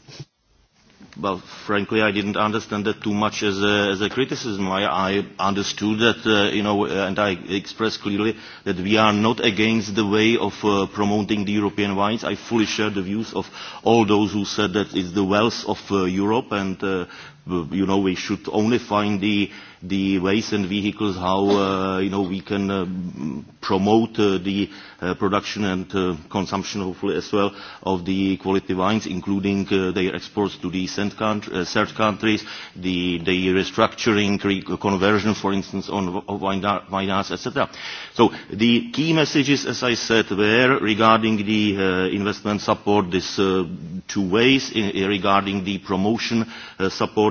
well, frankly, I didn't understand that too much as a, as a criticism. I, I understood that, uh, you know, uh, and I expressed clearly that we are not against the way of uh, promoting the European wines. I fully share the views of all those who said that it's the wealth of uh, Europe and uh, Uh, you know, we should only find the, the ways and vehicles how, uh, you know, we can uh, promote uh, the uh, production and uh, consumption, hopefully as well, of the quality wines, including uh, their exports to the third, country, uh, third countries, the, the restructuring, re conversion, for instance, on vineyards, etc. So the key messages, as I said, were regarding the uh, investment support, this uh, two ways in, regarding the promotion uh, support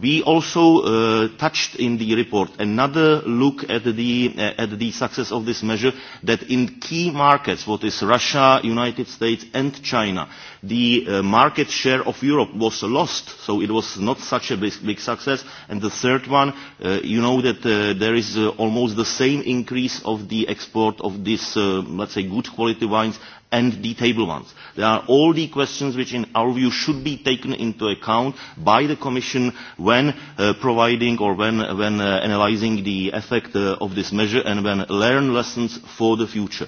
We also uh, touched in the report another look at the, uh, at the success of this measure that in key markets, what is Russia, United States and China, the uh, market share of Europe was lost, so it was not such a big, big success. And the third one, uh, you know that uh, there is uh, almost the same increase of the export of these, uh, let's say, good quality wines and the table ones. They are all the questions which, in our view, should be taken into account by the Commission when uh, providing or when, when uh, analyzing the effect uh, of this measure and when learn lessons for the future.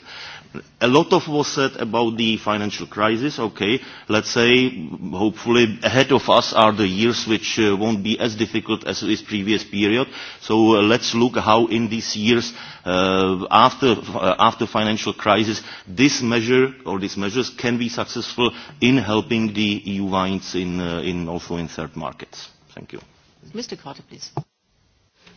A lot of was said about the financial crisis. Okay, let's say, hopefully, ahead of us are the years which uh, won't be as difficult as this previous period. So uh, let's look how in these years uh, after, uh, after financial crisis, this measure or these measures can be successful in helping the EU wines in, uh, in also in third markets. Thank you. Mr. Carter, please.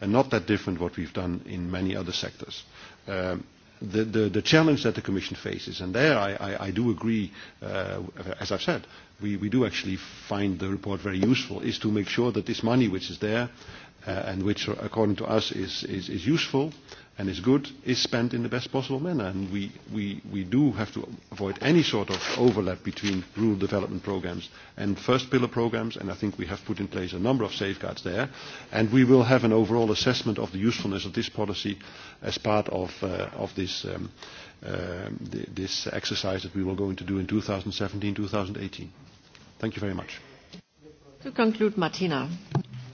and not that different what we've done in many other sectors. Um, the, the, the challenge that the Commission faces, and there I, I, I do agree, uh, as I've said, we, we do actually find the report very useful, is to make sure that this money which is there uh, and which, according to us, is, is, is useful, uh, and is good is spent in the best possible manner. And we, we, we do have to avoid any sort of overlap between rural development programs and first pillar programs, and I think we have put in place a number of safeguards there. And we will have an overall assessment of the usefulness of this policy as part of, uh, of this, um, uh, th this exercise that we will going to do in 2017-2018. Thank you very much. To conclude, Martina.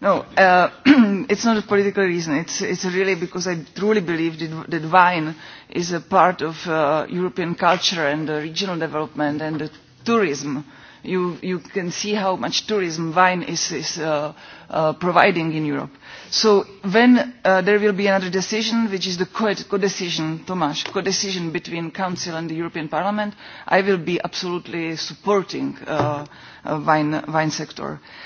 No, uh, it's not a political reason. It's, it's really because I truly believe that, that wine is a part of uh, European culture and uh, regional development and uh, tourism. You, you can see how much tourism wine is, is uh, uh, providing in Europe. So when uh, there will be another decision, which is the co-decision, co Tomáš, co-decision between Council and the European Parliament, I will be absolutely supporting uh, uh, wine, wine sector. Uh,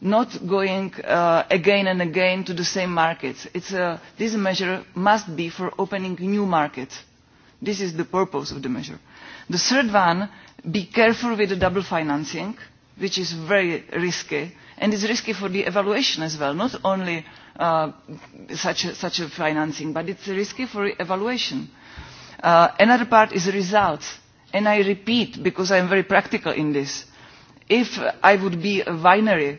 not going uh, again and again to the same markets. It's a, uh, this measure must be for opening new markets. This is the purpose of the measure. The third one, be careful with the double financing, which is very risky, and it's risky for the evaluation as well, not only uh, such, a, such a financing, but it's risky for evaluation. Uh, another part is results, and I repeat because I'm very practical in this. If I would be a winery